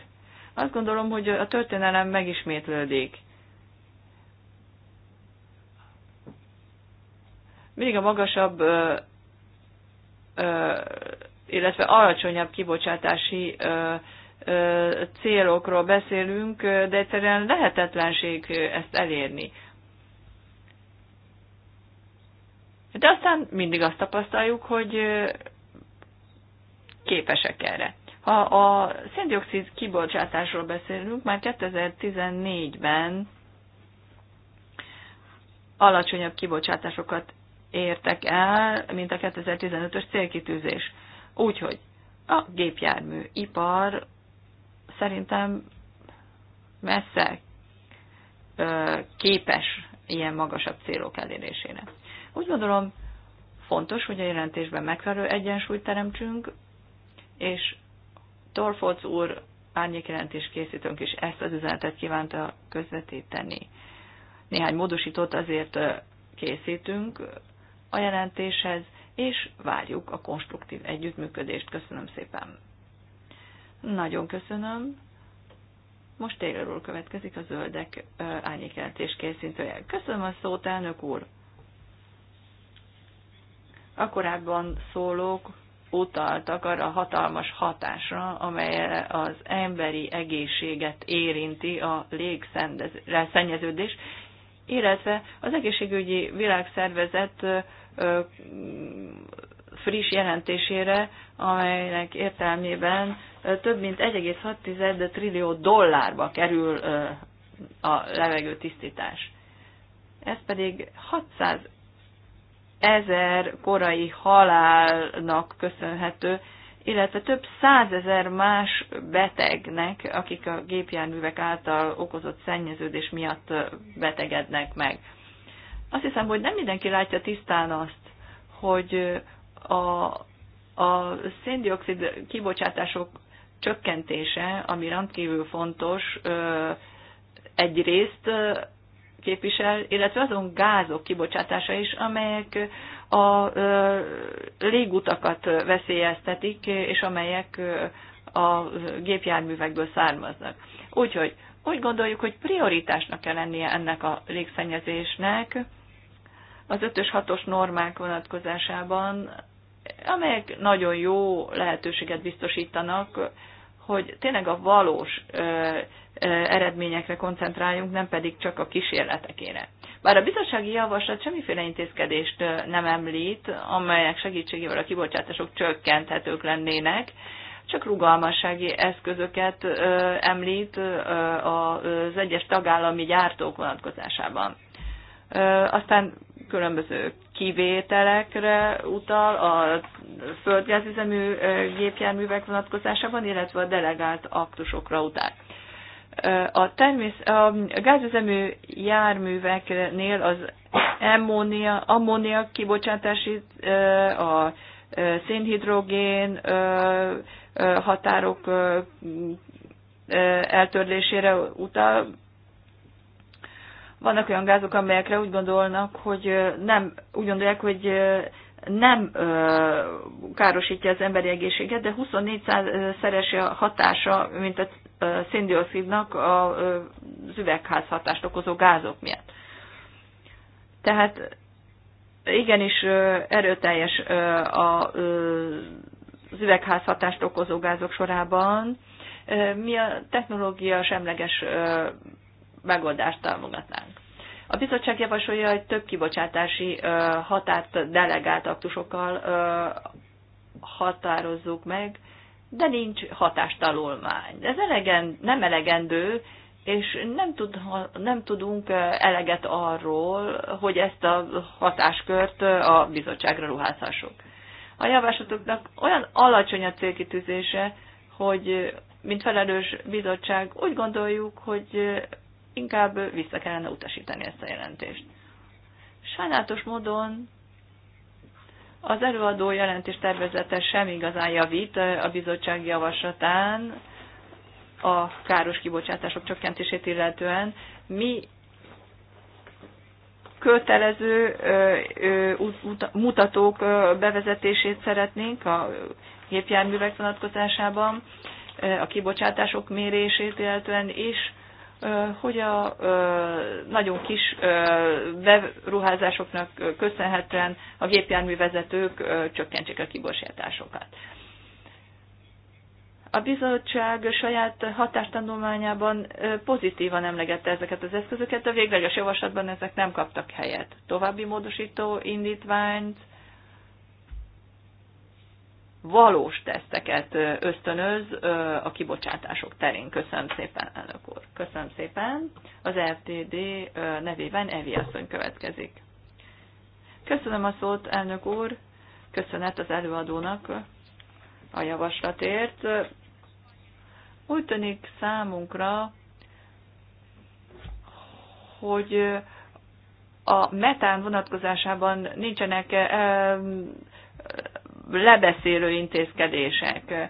Speaker 1: Azt gondolom, hogy a történelem megismétlődik. Még a magasabb illetve alacsonyabb kibocsátási célokról beszélünk, de egyszerűen lehetetlenség ezt elérni. De aztán mindig azt tapasztaljuk, hogy képesek erre. Ha a széndiokszid kibocsátásról beszélünk, már 2014-ben alacsonyabb kibocsátásokat értek el, mint a 2015-ös célkitűzés. Úgyhogy a gépjármű ipar szerintem messze képes ilyen magasabb célok elérésére. Úgy gondolom, fontos, hogy a jelentésben megfelelő egyensúlyt teremtsünk, és Torfolc úr árnyékjelentés készítőnk is ezt az üzenetet kívánta közvetíteni. Néhány módosítót azért készítünk, a jelentéshez, és várjuk a konstruktív együttműködést. Köszönöm szépen. Nagyon köszönöm. Most Taylor következik a zöldek árnyékjelentés készítője. Köszönöm a szót, elnök úr. A korábban szólók utaltak arra a hatalmas hatásra, amely az emberi egészséget érinti a légszennyeződés, illetve az egészségügyi világszervezet friss jelentésére, amelynek értelmében több mint 1,6 trillió dollárba kerül a levegő tisztítás. Ez pedig 600 ezer korai halálnak köszönhető, illetve több százezer más betegnek, akik a gépjárművek által okozott szennyeződés miatt betegednek meg. Azt hiszem, hogy nem mindenki látja tisztán azt, hogy a, a széndiokszid kibocsátások csökkentése, ami rendkívül fontos, egyrészt képvisel, illetve azon gázok kibocsátása is, amelyek a légutakat veszélyeztetik, és amelyek a gépjárművekből származnak. Úgyhogy úgy gondoljuk, hogy prioritásnak kell lennie ennek a légszennyezésnek, az 5-ös 6-os normák vonatkozásában, amelyek nagyon jó lehetőséget biztosítanak, hogy tényleg a valós eredményekre koncentráljunk, nem pedig csak a kísérletekére. Bár a bizottsági javaslat semmiféle intézkedést nem említ, amelyek segítségével a kibocsátások csökkenthetők lennének, csak rugalmassági eszközöket ö, említ ö, az egyes tagállami gyártók vonatkozásában. Ö, aztán különböző kivételekre utal a földgázüzemű gépjárművek vonatkozásában, illetve a delegált aktusokra utal. A, termész, a gázüzemű járműveknél az ammónia, ammónia kibocsátási, a szénhidrogén határok eltörlésére utal, vannak olyan gázok, amelyekre úgy gondolnak, hogy nem, úgy gondolják, hogy nem ö, károsítja az emberi egészséget, de 24 szerese a hatása, mint a széndiokszidnak az üvegház hatást okozó gázok miatt. Tehát igenis erőteljes az üvegház hatást okozó gázok sorában. Mi a technológia semleges megoldást támogatnánk. A bizottság javasolja, hogy több kibocsátási határt delegált aktusokkal határozzuk meg, de nincs hatástanulmány. Ez elegen, nem elegendő, és nem, tud, nem tudunk eleget arról, hogy ezt a hatáskört a bizottságra ruházhassuk. A javaslatoknak olyan alacsony a célkitűzése, hogy mint felelős bizottság úgy gondoljuk, hogy inkább vissza kellene utasítani ezt a jelentést. Sajnálatos módon az előadó jelentés tervezete sem igazán javít a bizottság javaslatán a káros kibocsátások csökkentését illetően. Mi kötelező mutatók bevezetését szeretnénk a gépjárművek vonatkozásában, a kibocsátások mérését illetően is, hogy a nagyon kis beruházásoknak köszönhetően a gépjárművezetők csökkentsék a kibocsátásokat. A bizottság saját hatástanulmányában pozitívan emlegette ezeket az eszközöket, de végleges javaslatban ezek nem kaptak helyet. További módosító indítványt valós teszteket ösztönöz a kibocsátások terén. Köszönöm szépen, elnök úr. Köszönöm szépen. Az RTD nevében Evi asszony következik. Köszönöm a szót, elnök úr. Köszönet az előadónak a javaslatért. Úgy tűnik számunkra, hogy a metán vonatkozásában nincsenek lebeszélő intézkedések.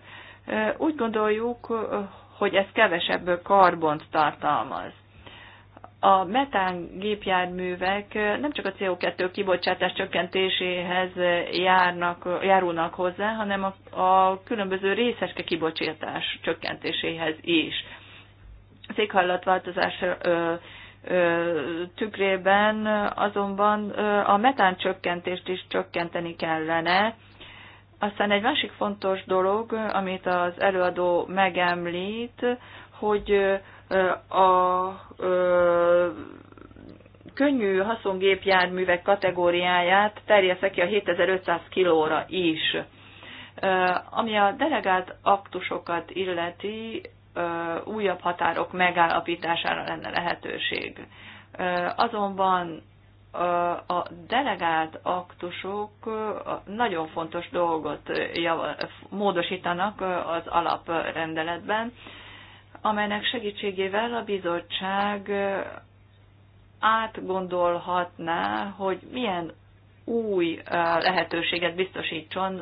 Speaker 1: Úgy gondoljuk, hogy ez kevesebb karbont tartalmaz. A metán gépjárművek nem csak a CO2 kibocsátás csökkentéséhez járnak, járulnak hozzá, hanem a, a különböző részeske kibocsátás csökkentéséhez is. Az éghajlatváltozás tükrében azonban a metán csökkentést is csökkenteni kellene, aztán egy másik fontos dolog, amit az előadó megemlít, hogy a könnyű haszongépjárművek kategóriáját terjesz ki a 7500 kilóra is. Ami a delegált aktusokat illeti, újabb határok megállapítására lenne lehetőség. Azonban a delegált aktusok nagyon fontos dolgot módosítanak az alaprendeletben, amelynek segítségével a bizottság átgondolhatná, hogy milyen új lehetőséget biztosítson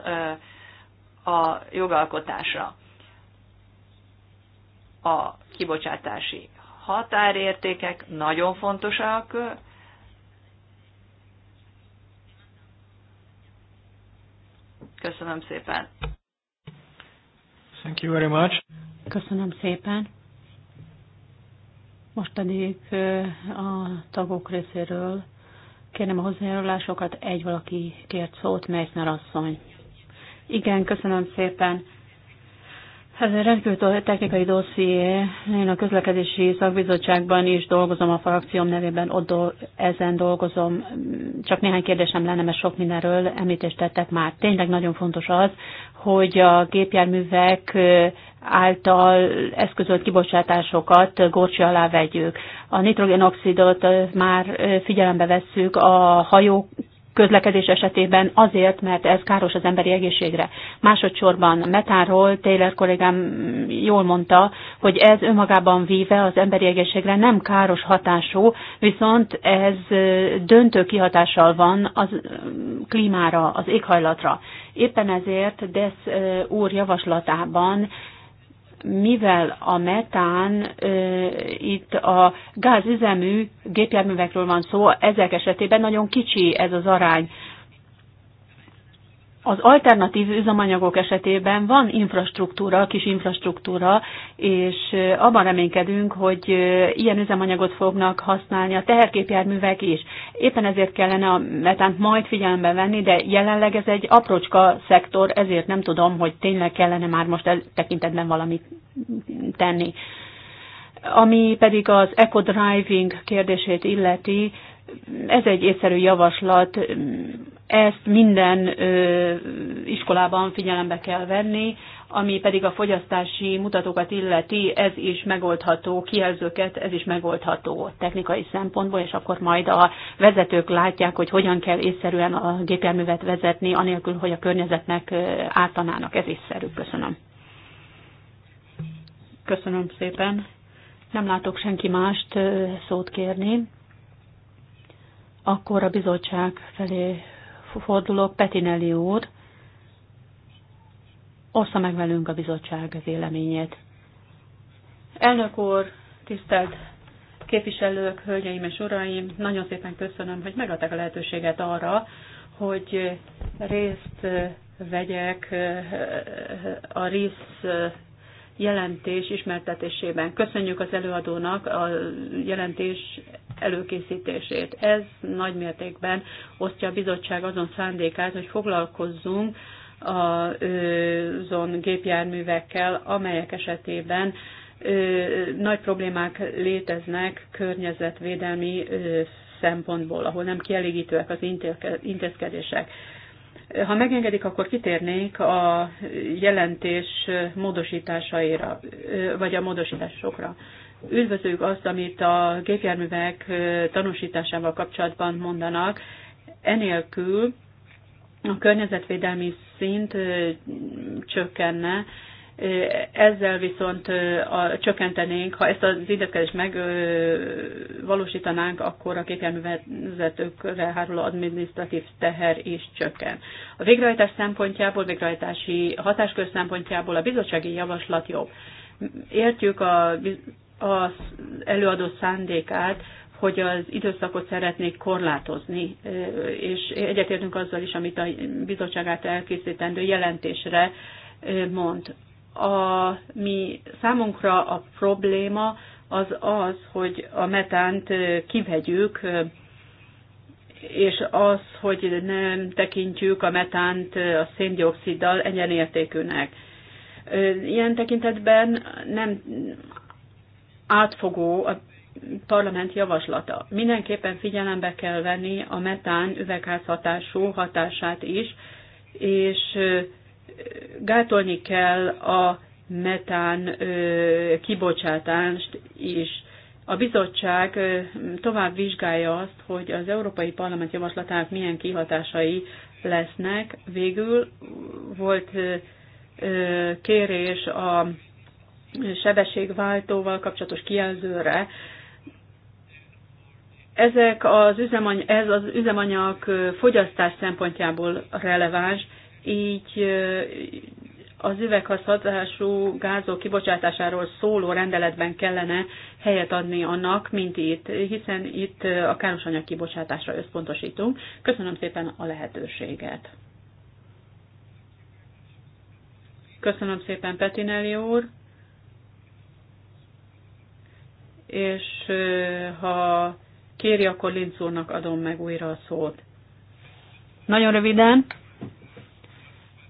Speaker 1: a jogalkotásra a kibocsátási határértékek nagyon fontosak, Köszönöm szépen.
Speaker 2: Thank you very much. Köszönöm szépen. Most pedig a tagok részéről kérem a hozzájárulásokat. Egy valaki kért szót, Meissner asszony. Igen, köszönöm szépen. Hát ez egy rendkívül technikai dosszié. Én a közlekedési szakbizottságban is dolgozom a frakcióm nevében, ott do- ezen dolgozom. Csak néhány kérdésem lenne, mert sok mindenről említést tettek már. Tényleg nagyon fontos az, hogy a gépjárművek által eszközölt kibocsátásokat gorcsi alá vegyük. A nitrogénoxidot már figyelembe vesszük a hajók közlekedés esetében azért, mert ez káros az emberi egészségre. Másodszorban metánról Taylor kollégám jól mondta, hogy ez önmagában víve az emberi egészségre nem káros hatású, viszont ez döntő kihatással van az klímára, az éghajlatra. Éppen ezért Desz úr javaslatában mivel a metán ö, itt a gázüzemű gépjárművekről van szó, ezek esetében nagyon kicsi ez az arány az alternatív üzemanyagok esetében van infrastruktúra, kis infrastruktúra, és abban reménykedünk, hogy ilyen üzemanyagot fognak használni a teherképjárművek is. Éppen ezért kellene a metánt majd figyelembe venni, de jelenleg ez egy aprócska szektor, ezért nem tudom, hogy tényleg kellene már most e tekintetben valamit tenni. Ami pedig az eco-driving kérdését illeti, ez egy észszerű javaslat, ezt minden ö, iskolában figyelembe kell venni, ami pedig a fogyasztási mutatókat illeti, ez is megoldható, kijelzőket, ez is megoldható technikai szempontból, és akkor majd a vezetők látják, hogy hogyan kell észszerűen a gépjárművet vezetni, anélkül, hogy a környezetnek ártanának. Ez is szerű. Köszönöm. Köszönöm szépen. Nem látok senki mást szót kérni akkor a bizottság felé fordulok. Petinelli úr, ossza meg velünk a bizottság véleményét. Elnök úr, tisztelt képviselők, hölgyeim és uraim, nagyon szépen köszönöm, hogy megadták a lehetőséget arra, hogy részt vegyek a RISZ jelentés ismertetésében. Köszönjük az előadónak a jelentés előkészítését. Ez nagy mértékben osztja a bizottság azon szándékát, hogy foglalkozzunk azon gépjárművekkel, amelyek esetében nagy problémák léteznek környezetvédelmi szempontból, ahol nem kielégítőek az intézkedések. Ha megengedik, akkor kitérnék a jelentés módosításaira, vagy a módosításokra. Üdvözlők azt, amit a gépjárművek tanúsításával kapcsolatban mondanak. Enélkül a környezetvédelmi szint csökkenne, ezzel viszont a, csökkentenénk, ha ezt az intézkedést megvalósítanánk, akkor a képjárművezetőkre háruló adminisztratív teher is csökken. A végrehajtás szempontjából, végrehajtási hatáskör szempontjából a bizottsági javaslat jobb. Értjük a, az előadó szándékát, hogy az időszakot szeretnék korlátozni, és egyetértünk azzal is, amit a bizottság által elkészítendő jelentésre mond a, mi számunkra a probléma az az, hogy a metánt kivegyük, és az, hogy nem tekintjük a metánt a széndioksziddal egyenértékűnek. Ilyen tekintetben nem átfogó a parlament javaslata. Mindenképpen figyelembe kell venni a metán üvegházhatású hatását is, és gátolni kell a metán kibocsátást is. A bizottság tovább vizsgálja azt, hogy az Európai Parlament javaslatának milyen kihatásai lesznek. Végül volt kérés a sebességváltóval kapcsolatos kijelzőre. Ezek az üzemanyag, ez az üzemanyag fogyasztás szempontjából releváns, így az üveghaszhatású gázok kibocsátásáról szóló rendeletben kellene helyet adni annak, mint itt, hiszen itt a károsanyag kibocsátásra összpontosítunk. Köszönöm szépen a lehetőséget. Köszönöm szépen Petinelli úr, és ha kéri, akkor Linz úrnak adom meg újra a szót. Nagyon röviden.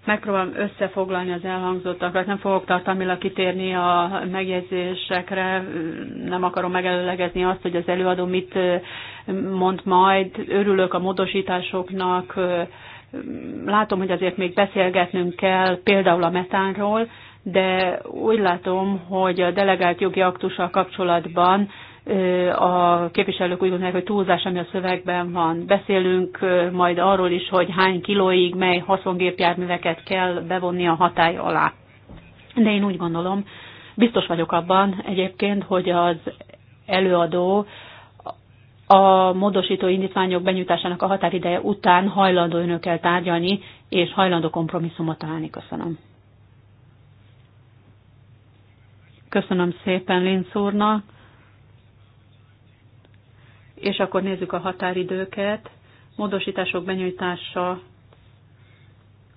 Speaker 2: Megpróbálom összefoglalni az elhangzottakat, nem fogok tartalmilag kitérni a megjegyzésekre, nem akarom megelőlegezni azt, hogy az előadó mit mond majd, örülök a módosításoknak, látom, hogy azért még beszélgetnünk kell például a metánról, de úgy látom, hogy a delegált jogi aktussal kapcsolatban a képviselők úgy gondolják, hogy túlzás, ami a szövegben van. Beszélünk majd arról is, hogy hány kilóig mely haszongépjárműveket kell bevonni a hatály alá. De én úgy gondolom, biztos vagyok abban egyébként, hogy az előadó a módosító indítványok benyújtásának a határideje után hajlandó önökkel tárgyalni, és hajlandó kompromisszumot találni. Köszönöm. Köszönöm szépen Linz úrnak. És akkor nézzük a határidőket. Módosítások benyújtása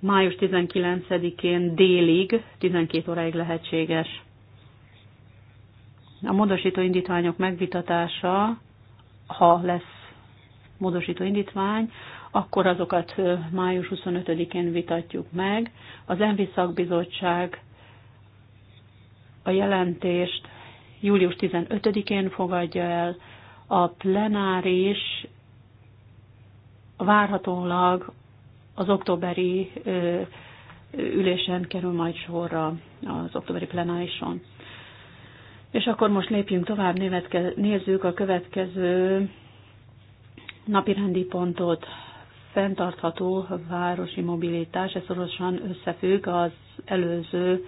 Speaker 2: május 19-én délig, 12 óráig lehetséges. A módosító indítványok megvitatása, ha lesz módosító indítvány, akkor azokat május 25-én vitatjuk meg. Az ENVI szakbizottság a jelentést július 15-én fogadja el, a plenáris várhatólag az októberi ülésen kerül majd sorra, az októberi plenárison. És akkor most lépjünk tovább, nézzük a következő napirendi pontot. Fentartható városi mobilitás, ez szorosan összefügg az előző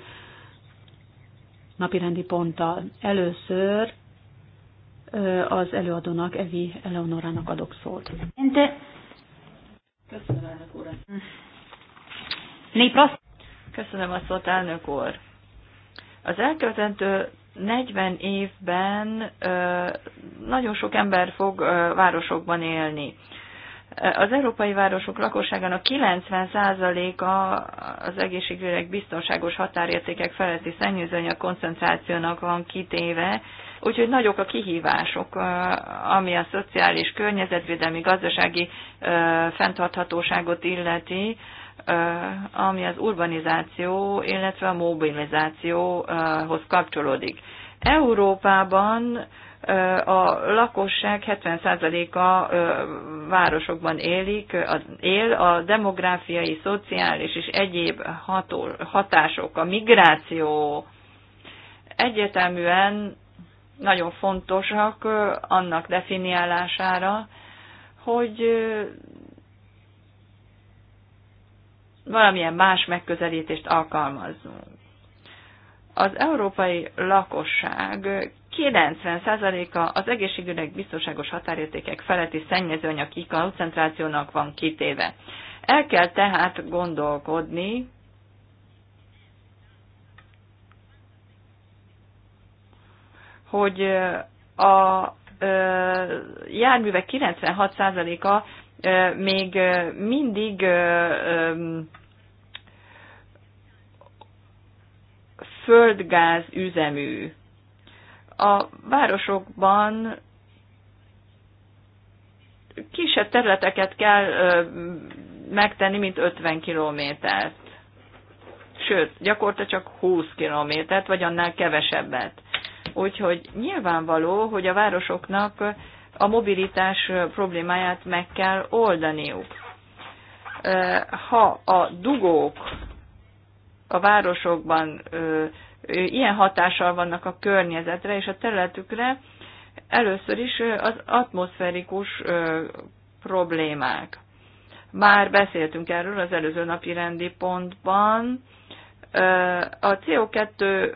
Speaker 2: napirendi ponttal. Először az előadónak, Evi Eleonorának adok szót.
Speaker 1: Köszönöm, elnök úr. Köszönöm a szót, elnök úr. Az elkövetendő 40 évben nagyon sok ember fog városokban élni. Az európai városok lakosságának 90%-a az egészségügyek biztonságos határértékek feletti szennyezőanyag koncentrációnak van kitéve, úgyhogy nagyok a kihívások, ami a szociális, környezetvédelmi, gazdasági fenntarthatóságot illeti, ami az urbanizáció, illetve a mobilizációhoz kapcsolódik. Európában a lakosság 70%-a városokban élik, él, a demográfiai, szociális és egyéb hatások, a migráció egyeteműen nagyon fontosak annak definiálására, hogy valamilyen más megközelítést alkalmazzunk. Az európai lakosság 90%-a az egészségügynek biztonságos határértékek feletti szennyezőanyag koncentrációnak van kitéve. El kell tehát gondolkodni, hogy a járművek 96%-a még mindig földgáz üzemű a városokban kisebb területeket kell megtenni, mint 50 kilométert. Sőt, gyakorta csak 20 kilométert, vagy annál kevesebbet. Úgyhogy nyilvánvaló, hogy a városoknak a mobilitás problémáját meg kell oldaniuk. Ha a dugók a városokban ilyen hatással vannak a környezetre és a területükre, először is az atmoszferikus problémák. Már beszéltünk erről az előző napi rendi pontban. A CO2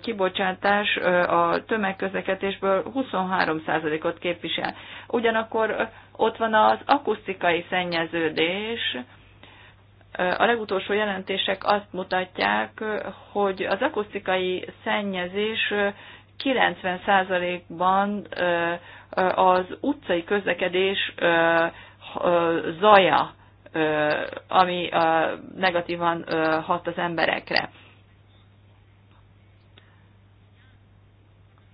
Speaker 1: kibocsátás a tömegközlekedésből 23%-ot képvisel. Ugyanakkor ott van az akusztikai szennyeződés, a legutolsó jelentések azt mutatják, hogy az akusztikai szennyezés 90%-ban az utcai közlekedés zaja, ami negatívan hat az emberekre.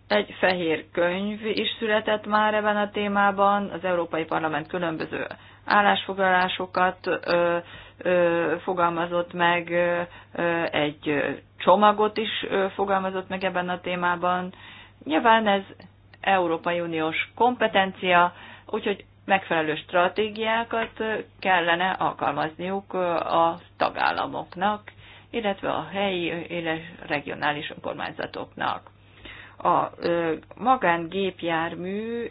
Speaker 1: Egy fehér könyv is született már ebben a témában, az Európai Parlament különböző állásfoglalásokat fogalmazott meg, egy csomagot is fogalmazott meg ebben a témában. Nyilván ez Európai Uniós kompetencia, úgyhogy megfelelő stratégiákat kellene alkalmazniuk a tagállamoknak, illetve a helyi, és regionális önkormányzatoknak. A magángépjármű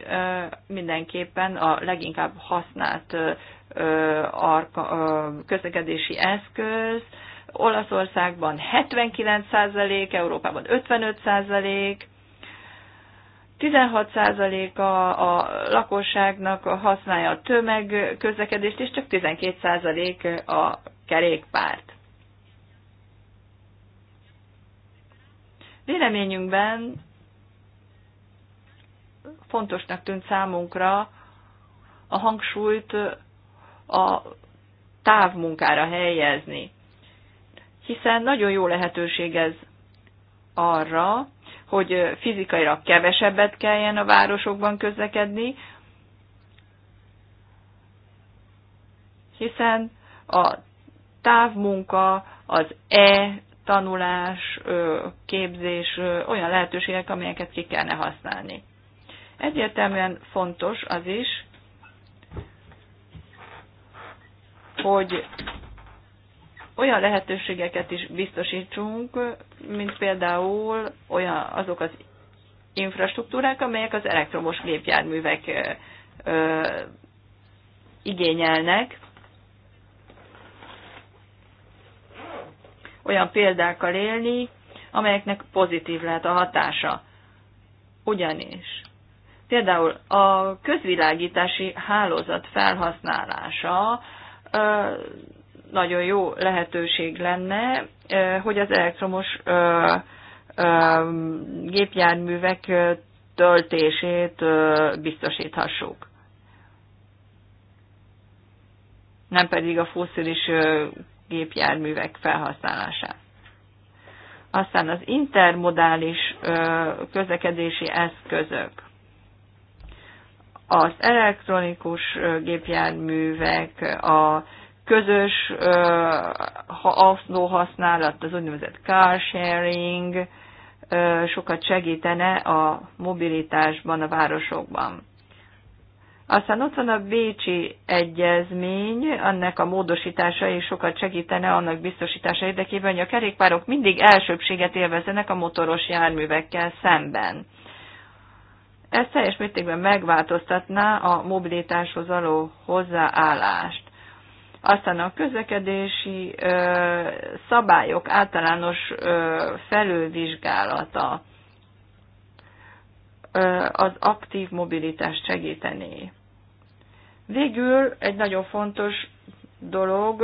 Speaker 1: mindenképpen a leginkább használt közlekedési eszköz, Olaszországban 79%, Európában 55%, 16%-a a lakosságnak használja a tömegközlekedést, és csak 12% a kerékpárt. Véleményünkben fontosnak tűnt számunkra a hangsúlyt a távmunkára helyezni. Hiszen nagyon jó lehetőség ez arra, hogy fizikailag kevesebbet kelljen a városokban közlekedni, hiszen a távmunka, az e-tanulás, képzés olyan lehetőségek, amelyeket ki kellene használni. Egyértelműen fontos az is, hogy olyan lehetőségeket is biztosítsunk, mint például olyan azok az infrastruktúrák, amelyek az elektromos gépjárművek ö, igényelnek. Olyan példákkal élni, amelyeknek pozitív lehet a hatása. Ugyanis például a közvilágítási hálózat felhasználása nagyon jó lehetőség lenne, hogy az elektromos gépjárművek töltését biztosíthassuk. Nem pedig a foszilis gépjárművek felhasználását. Aztán az intermodális közlekedési eszközök az elektronikus gépjárművek, a közös használat, az úgynevezett car sharing sokat segítene a mobilitásban a városokban. Aztán ott van a Bécsi Egyezmény, annak a módosítása is sokat segítene annak biztosítása érdekében, hogy a kerékpárok mindig elsőbséget élvezenek a motoros járművekkel szemben. Ez teljes mértékben megváltoztatná a mobilitáshoz való hozzáállást. Aztán a közlekedési ö, szabályok általános ö, felülvizsgálata ö, az aktív mobilitást segítené. Végül egy nagyon fontos dolog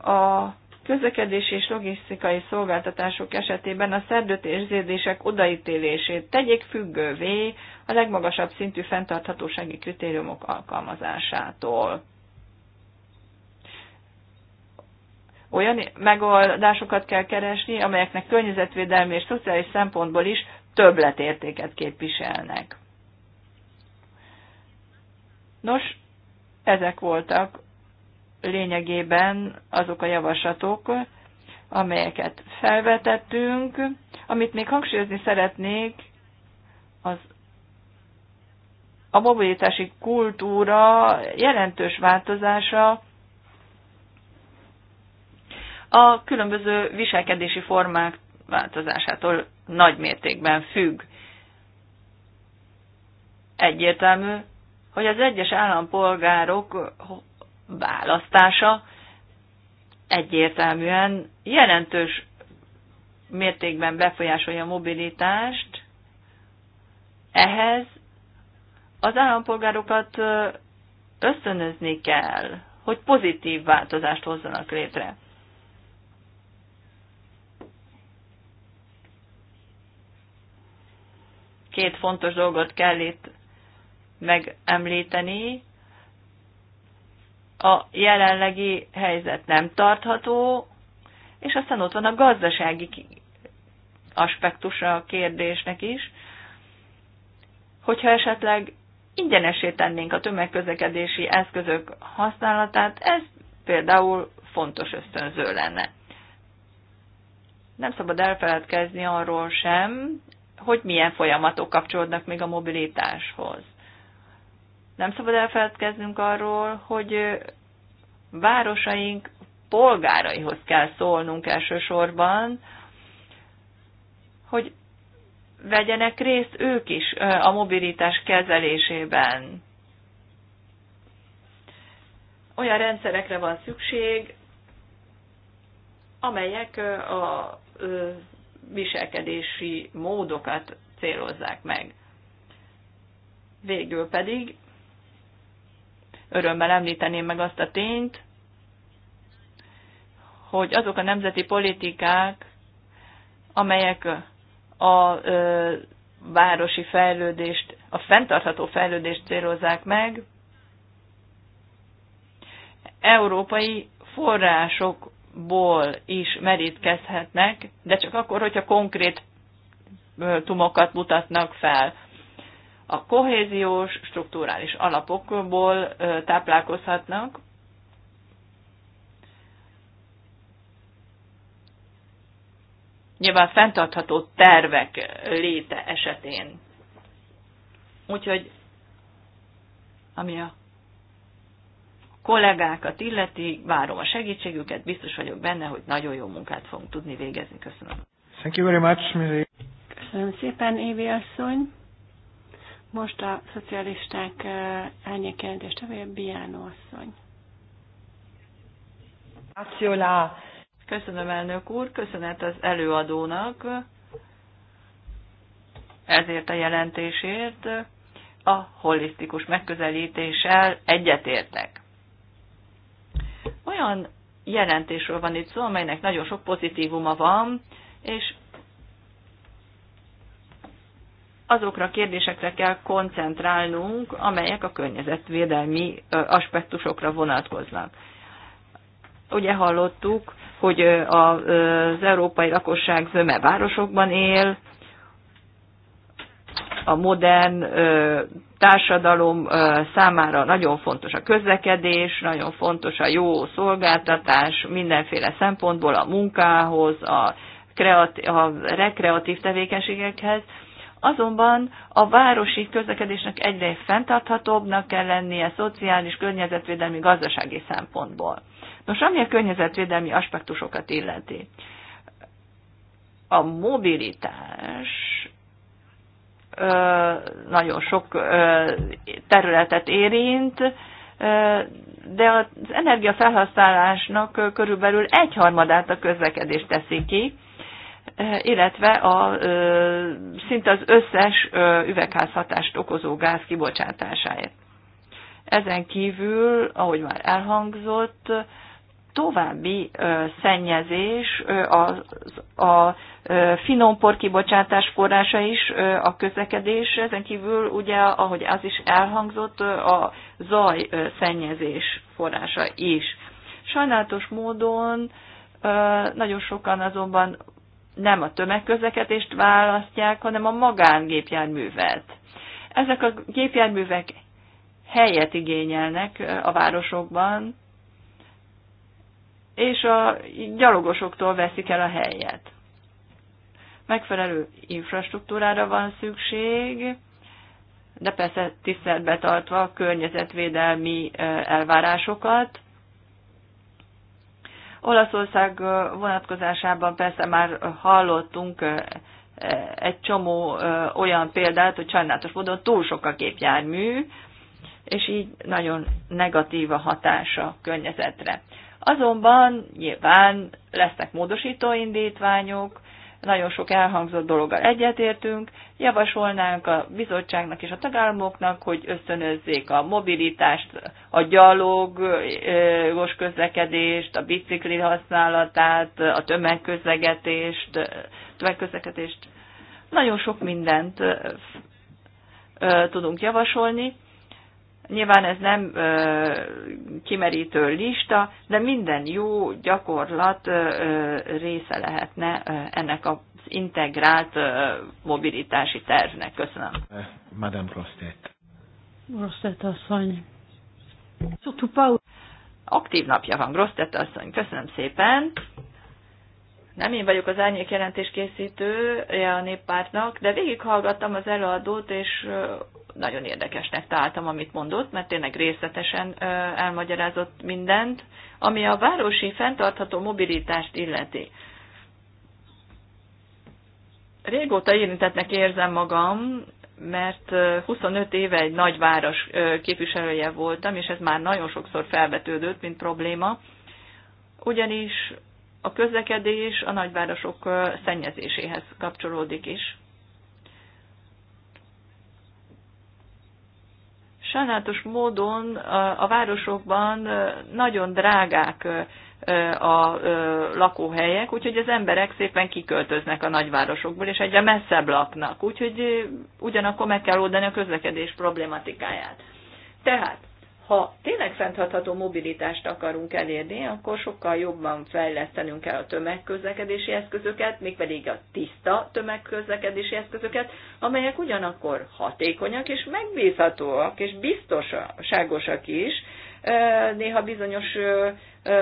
Speaker 1: a közlekedési és logisztikai szolgáltatások esetében a szerdőtérződések odaítélését tegyék függővé a legmagasabb szintű fenntarthatósági kritériumok alkalmazásától. Olyan megoldásokat kell keresni, amelyeknek környezetvédelmi és szociális szempontból is többletértéket képviselnek. Nos, ezek voltak lényegében azok a javaslatok, amelyeket felvetettünk. Amit még hangsúlyozni szeretnék, az a mobilitási kultúra jelentős változása a különböző viselkedési formák változásától nagy mértékben függ. Egyértelmű, hogy az egyes állampolgárok választása egyértelműen jelentős mértékben befolyásolja a mobilitást, ehhez az állampolgárokat ösztönözni kell, hogy pozitív változást hozzanak létre. Két fontos dolgot kell itt megemlíteni a jelenlegi helyzet nem tartható, és aztán ott van a gazdasági aspektusa a kérdésnek is, hogyha esetleg ingyenesé tennénk a tömegközlekedési eszközök használatát, ez például fontos ösztönző lenne. Nem szabad elfeledkezni arról sem, hogy milyen folyamatok kapcsolódnak még a mobilitáshoz. Nem szabad elfeledkeznünk arról, hogy városaink polgáraihoz kell szólnunk elsősorban, hogy vegyenek részt ők is a mobilitás kezelésében. Olyan rendszerekre van szükség, amelyek a viselkedési módokat célozzák meg. Végül pedig örömmel említeném meg azt a tényt, hogy azok a nemzeti politikák, amelyek a ö, városi fejlődést, a fenntartható fejlődést célozzák meg, európai forrásokból is merítkezhetnek, de csak akkor, hogyha konkrét tumokat mutatnak fel a kohéziós, strukturális alapokból táplálkozhatnak, nyilván fenntartható tervek léte esetén. Úgyhogy, ami a kollégákat illeti, várom a segítségüket, biztos vagyok benne, hogy nagyon jó munkát fogunk tudni végezni. Köszönöm.
Speaker 2: Thank you very much, Mary.
Speaker 1: Köszönöm szépen, Évi asszony. Most a szocialisták jelentést, a Biánó asszony. Köszönöm, elnök úr, köszönet az előadónak ezért a jelentésért. A holisztikus megközelítéssel egyetértek. Olyan jelentésről van itt szó, amelynek nagyon sok pozitívuma van, és azokra a kérdésekre kell koncentrálnunk, amelyek a környezetvédelmi aspektusokra vonatkoznak. Ugye hallottuk, hogy az európai lakosság zöme városokban él, a modern társadalom számára nagyon fontos a közlekedés, nagyon fontos a jó szolgáltatás mindenféle szempontból a munkához, a, kreatív, a rekreatív tevékenységekhez, Azonban a városi közlekedésnek egyre fenntarthatóbbnak kell lennie szociális, környezetvédelmi, gazdasági szempontból. Nos, ami a környezetvédelmi aspektusokat illeti, a mobilitás ö, nagyon sok ö, területet érint, ö, de az energiafelhasználásnak körülbelül egyharmadát a közlekedés teszi ki, illetve a, szinte az összes üvegházhatást okozó gáz kibocsátásáért. Ezen kívül, ahogy már elhangzott, további szennyezés az, a finompor kibocsátás forrása is a közlekedés, ezen kívül ugye, ahogy az is elhangzott, a zaj szennyezés forrása is. Sajnálatos módon nagyon sokan azonban nem a tömegközlekedést választják, hanem a magángépjárművet. Ezek a gépjárművek helyet igényelnek a városokban, és a gyalogosoktól veszik el a helyet. Megfelelő infrastruktúrára van szükség, de persze tiszteletbe tartva a környezetvédelmi elvárásokat, Olaszország vonatkozásában persze már hallottunk egy csomó olyan példát, hogy sajnálatos módon túl sok a gépjármű, és így nagyon negatív a hatása környezetre. Azonban nyilván lesznek módosító indítványok, nagyon sok elhangzott dologgal egyetértünk, javasolnánk a bizottságnak és a tagállamoknak, hogy ösztönözzék a mobilitást, a gyalogos közlekedést, a bicikli használatát, a tömegközlekedést, tömegközlekedést. Nagyon sok mindent tudunk javasolni, Nyilván ez nem ö, kimerítő lista, de minden jó gyakorlat ö, része lehetne ö, ennek az integrált ö, mobilitási tervnek. Köszönöm. Eh,
Speaker 2: Madame Rostet. Rostet asszony.
Speaker 1: Aktív napja van, Grosztett asszony. Köszönöm szépen. Nem én vagyok az árnyék jelentés készítője a néppártnak, de végighallgattam az előadót, és nagyon érdekesnek találtam, amit mondott, mert tényleg részletesen elmagyarázott mindent, ami a városi fenntartható mobilitást illeti. Régóta érintetnek érzem magam, mert 25 éve egy nagyváros képviselője voltam, és ez már nagyon sokszor felvetődött, mint probléma, ugyanis a közlekedés a nagyvárosok szennyezéséhez kapcsolódik is. Sajnálatos módon a városokban nagyon drágák a lakóhelyek, úgyhogy az emberek szépen kiköltöznek a nagyvárosokból, és egyre messzebb laknak. Úgyhogy ugyanakkor meg kell oldani a közlekedés problématikáját. Tehát ha tényleg fenntartható mobilitást akarunk elérni, akkor sokkal jobban fejlesztenünk kell a tömegközlekedési eszközöket, mégpedig a tiszta tömegközlekedési eszközöket, amelyek ugyanakkor hatékonyak és megbízhatóak és biztonságosak is, néha bizonyos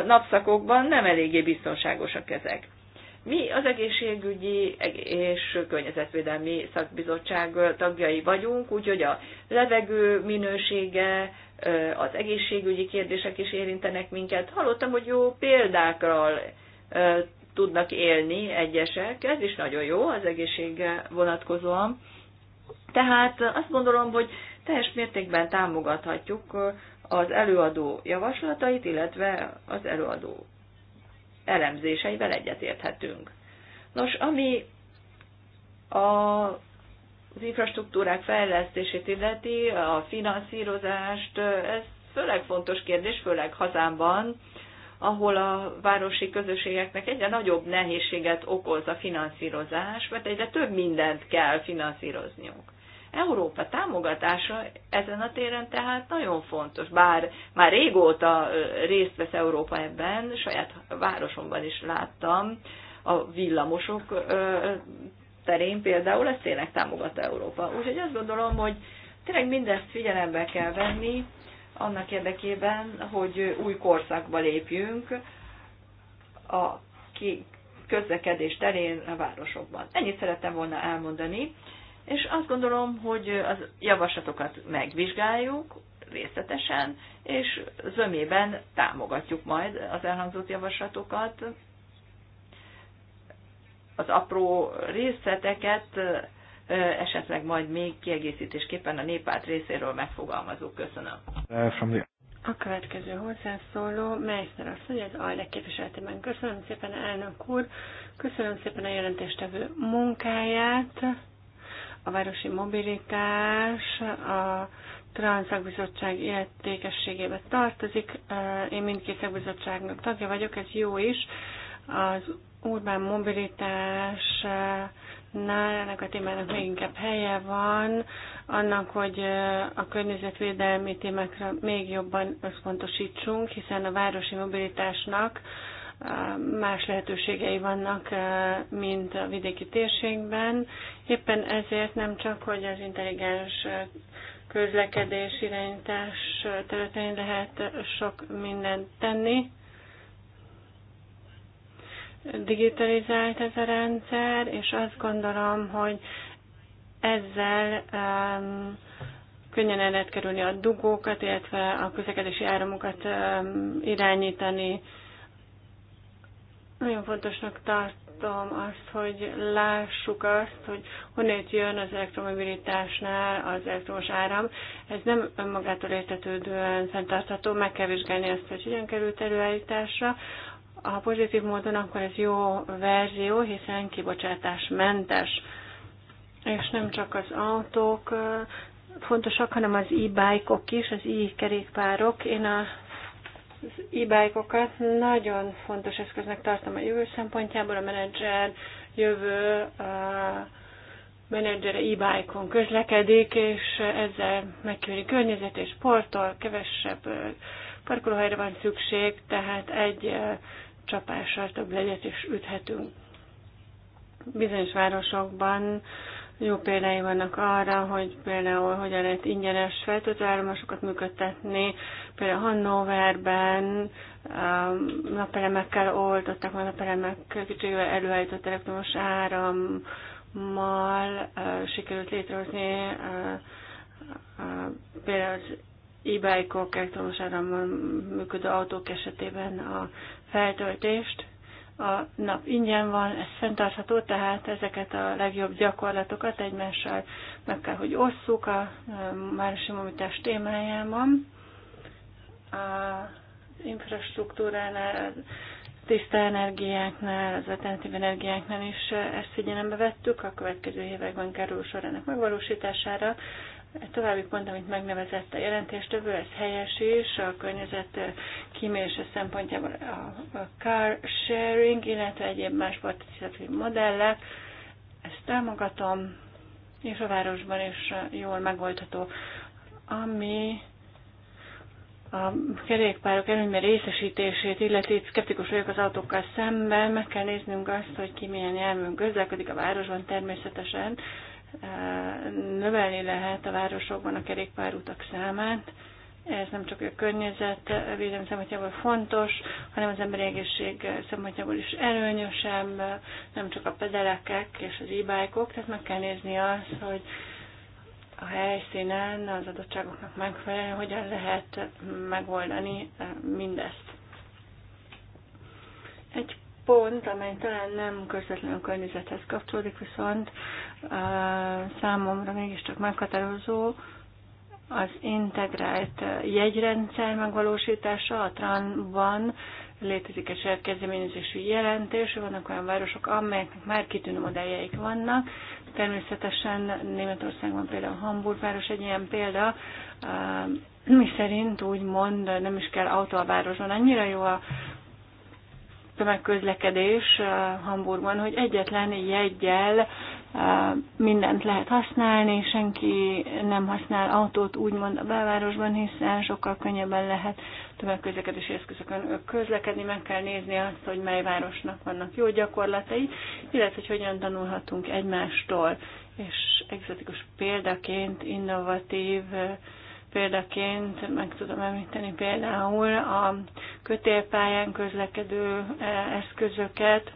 Speaker 1: napszakokban nem eléggé biztonságosak ezek. Mi az egészségügyi és környezetvédelmi szakbizottság tagjai vagyunk, úgyhogy a levegő minősége, az egészségügyi kérdések is érintenek minket. Hallottam, hogy jó példákról tudnak élni egyesek, ez is nagyon jó az egészségre vonatkozóan. Tehát azt gondolom, hogy teljes mértékben támogathatjuk az előadó javaslatait, illetve az előadó elemzéseivel egyetérthetünk. Nos, ami a, az infrastruktúrák fejlesztését illeti, a finanszírozást, ez főleg fontos kérdés, főleg hazámban, ahol a városi közösségeknek egyre nagyobb nehézséget okoz a finanszírozás, mert egyre több mindent kell finanszírozniuk. Európa támogatása ezen a téren tehát nagyon fontos, bár már régóta részt vesz Európa ebben, saját városomban is láttam, a villamosok terén például ezt tényleg támogat Európa. Úgyhogy azt gondolom, hogy tényleg mindezt figyelembe kell venni, annak érdekében, hogy új korszakba lépjünk a közlekedés terén a városokban. Ennyit szerettem volna elmondani, és azt gondolom, hogy az javaslatokat megvizsgáljuk részletesen, és zömében támogatjuk majd az elhangzott javaslatokat. Az apró részleteket esetleg majd még kiegészítésképpen a népát részéről megfogalmazunk. Köszönöm. A következő hozzászóló, Meissner asszony, az ALDE képviseletében. Köszönöm szépen, elnök úr, köszönöm szépen a jelentéstevő munkáját a városi mobilitás a Transzakbizottság illetékességébe tartozik. Én mindkét szakbizottságnak tagja vagyok, ez jó is. Az urbán mobilitás ennek a témának még inkább helye van, annak, hogy a környezetvédelmi témákra még jobban összpontosítsunk, hiszen a városi mobilitásnak más lehetőségei vannak, eh, mint a vidéki térségben. Éppen ezért nem csak, hogy az intelligens eh, közlekedés irányítás eh, területén lehet sok mindent tenni, digitalizált ez a rendszer, és azt gondolom, hogy ezzel um, könnyen el lehet kerülni a dugókat, illetve a közlekedési áramokat um, irányítani, nagyon fontosnak tartom azt, hogy lássuk azt, hogy honnét jön az elektromobilitásnál az elektromos áram. Ez nem önmagától értetődően fenntartható, meg kell vizsgálni azt, hogy hogyan került előállításra. Ha pozitív módon, akkor ez jó verzió, hiszen kibocsátásmentes. És nem csak az autók fontosak, hanem az e-bike-ok -ok is, az e-kerékpárok. Én a az e-bike-okat nagyon fontos eszköznek tartom a jövő szempontjából, a menedzser jövő a menedzsere e-bike-on közlekedik, és ezzel megkívüli környezet és sporttól kevesebb parkolóhelyre van szükség, tehát egy csapással több legyet is üthetünk. Bizonyos városokban jó példái vannak arra, hogy például hogyan lehet ingyenes feltöltőállomásokat működtetni, például Hannoverben um, napelemekkel oltottak, már napelemek kicsivel előállított elektromos árammal uh, sikerült létrehozni uh, uh, például az e-bike-ok elektromos árammal működő autók esetében a feltöltést, a nap ingyen van, ez fenntartható, tehát ezeket a legjobb gyakorlatokat egymással meg kell, hogy osszuk a városi mobilitás témájában. A infrastruktúránál, a tiszta energiáknál, az alternatív energiáknál is ezt figyelembe vettük, a következő években kerül sor ennek megvalósítására. Egy további pont, amit megnevezett a jelentéstevő, ez helyes is, a környezet kímélése szempontjából a car sharing, illetve egyéb más participatív modellek, ezt támogatom, és a városban is jól megoldható. Ami a kerékpárok előnyben részesítését, illeti szkeptikus vagyok az autókkal szemben, meg kell néznünk azt, hogy ki milyen nyelvűn közlekedik a városban természetesen, növelni lehet a városokban a kerékpárutak számát. Ez nem csak a környezet védelmi szempontjából fontos, hanem az emberi egészség szempontjából is előnyösebb, nem csak a pedelekek és az e -ok, tehát meg kell nézni azt, hogy a helyszínen az adottságoknak megfelelően hogyan lehet megoldani mindezt. Egy pont, amely talán nem közvetlenül a környezethez kapcsolódik, viszont uh, számomra mégiscsak meghatározó, az integrált jegyrendszer megvalósítása a TRAN-ban létezik egy saját kezdeményezésű jelentés, vannak olyan városok, amelyeknek már kitűnő modelljeik vannak. Természetesen Németországban például Hamburg város egy ilyen példa, mi szerint úgymond nem is kell autó a városban, annyira jó a tömegközlekedés eh, Hamburgban, hogy egyetlen jegyel eh, mindent lehet használni, senki nem használ autót úgymond a belvárosban, hiszen sokkal könnyebben lehet tömegközlekedési eszközökön közlekedni, meg kell nézni azt, hogy mely városnak vannak jó gyakorlatai, illetve hogy hogyan tanulhatunk egymástól, és egzotikus példaként innovatív uh, Példaként meg tudom említeni például a kötélpályán közlekedő eh, eszközöket,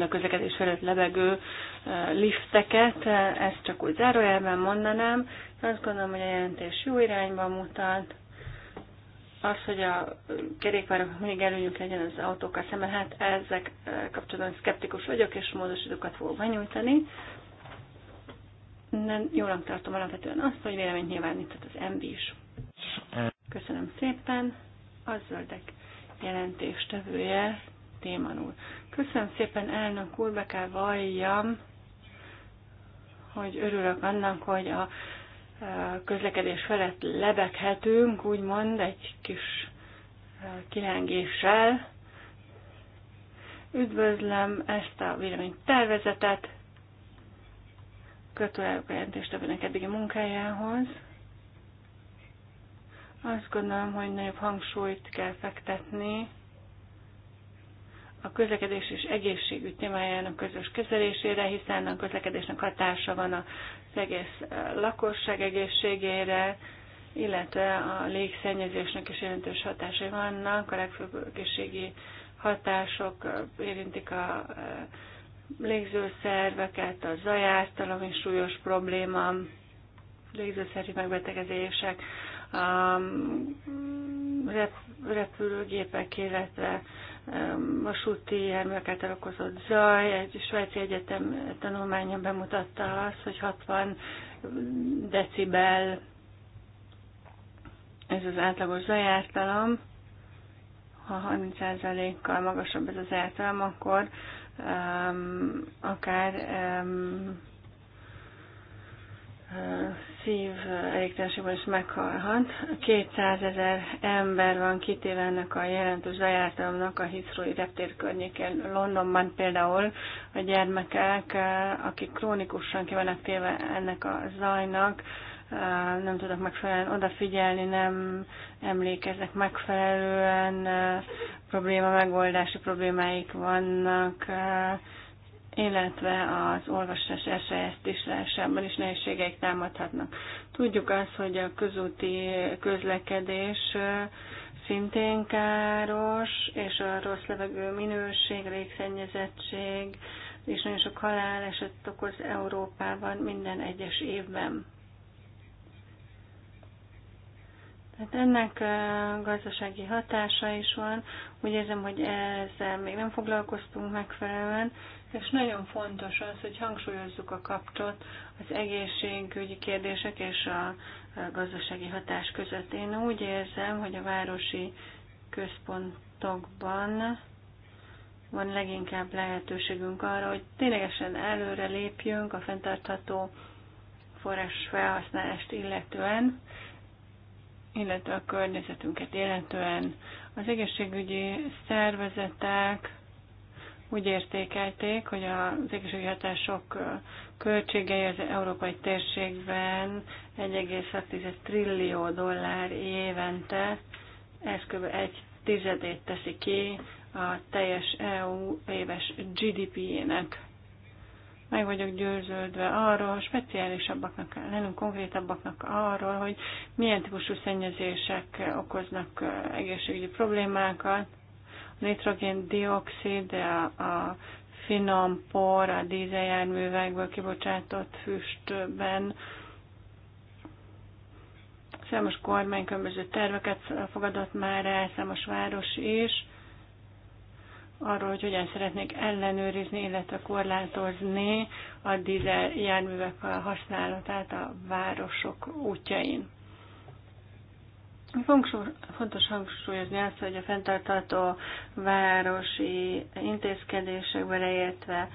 Speaker 1: a közlekedés felett lebegő eh, lifteket, eh, ezt csak úgy zárójelben mondanám. Azt gondolom, hogy a jelentés jó irányba mutat. Az, hogy a kerékpárok még előnyük legyen az autókkal szemben, hát ezek kapcsolatban szkeptikus vagyok, és módosítókat fogok benyújtani nem jónak tartom alapvetően azt, hogy véleményt nyilvánított az MB is. Köszönöm szépen. A zöldek jelentéstevője témanul. Köszönöm szépen, elnök úr, be kell valljam, hogy örülök annak, hogy a közlekedés felett lebeghetünk, úgymond egy kis kilengéssel. Üdvözlöm ezt a véleménytervezetet, Gratulálok a jelentéstevőnek eddigi munkájához. Azt gondolom, hogy nagyobb hangsúlyt kell fektetni a közlekedés és egészségügy témájának közös kezelésére, hiszen a közlekedésnek hatása van az egész lakosság egészségére, illetve a légszennyezésnek is jelentős hatásai vannak, a legfőbb egészségi hatások érintik a légzőszerveket, a zajártalom és súlyos probléma, légzőszervi megbetegezések, a mm, repülőgépek, illetve mm, vasúti járműveket okozott zaj. Egy svájci egyetem tanulmánya bemutatta azt, hogy 60 decibel ez az átlagos zajártalom, ha 30%-kal magasabb ez az ártalom, akkor um, akár um, szív elégtelenségben eh, is meghalhat. 200 ezer ember van kitéve ennek a jelentős lejártalomnak a heathrow reptér környékén. Londonban például a gyermekek, eh, akik krónikusan kivannak téve ennek a zajnak, nem tudok megfelelően odafigyelni, nem emlékeznek megfelelően, probléma megoldási problémáik vannak, illetve az olvasás elsajátításában is nehézségeik támadhatnak. Tudjuk azt, hogy a közúti közlekedés szintén káros, és a rossz levegő minőség, légszennyezettség, és nagyon sok haláleset okoz Európában minden egyes évben. Hát ennek gazdasági hatása is van. Úgy érzem, hogy ezzel még nem foglalkoztunk megfelelően, és nagyon fontos az, hogy hangsúlyozzuk a kapcsot az egészségügyi kérdések és a gazdasági hatás között. Én úgy érzem, hogy a városi központokban van leginkább lehetőségünk arra, hogy ténylegesen előre lépjünk a fenntartható forrás felhasználást illetően, illetve a környezetünket illetően. Az egészségügyi szervezetek úgy értékelték, hogy az egészségügyi hatások költségei az európai térségben 1,6 trillió dollár évente, ez kb. egy tizedét teszi ki a teljes EU éves GDP-jének meg vagyok győződve arról, speciálisabbaknak kell lennünk, konkrétabbaknak arról, hogy milyen típusú szennyezések okoznak egészségügyi problémákat, a nitrogén-dioxid, a, a finom por, a dízeljárművekből kibocsátott füstben, számos kormány különböző terveket fogadott már el, számos város is, arról, hogy hogyan szeretnék ellenőrizni, illetve korlátozni a dízel járművek használatát a városok útjain. Fontos hangsúlyozni azt, hogy a fenntartató városi intézkedések beleértve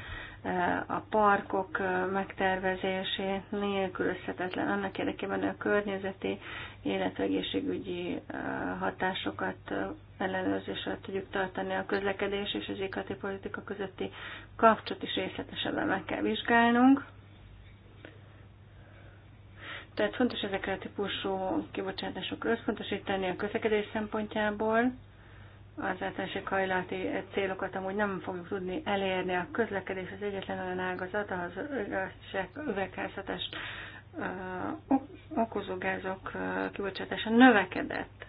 Speaker 1: eh, a parkok eh, megtervezését nélkülözhetetlen annak érdekében, hogy a környezeti, életegészségügyi eh, hatásokat ellenőrzésre tudjuk tartani a közlekedés és az IKT politika közötti kapcsot is részletesebben meg kell vizsgálnunk. Tehát fontos ezekre a típusú kibocsátásokra összpontosítani a közlekedés szempontjából. Az általánosik hajlati célokat amúgy nem fogjuk tudni elérni. A közlekedés az egyetlen olyan ágazat, az üvegházhatást okozó gázok kibocsátása növekedett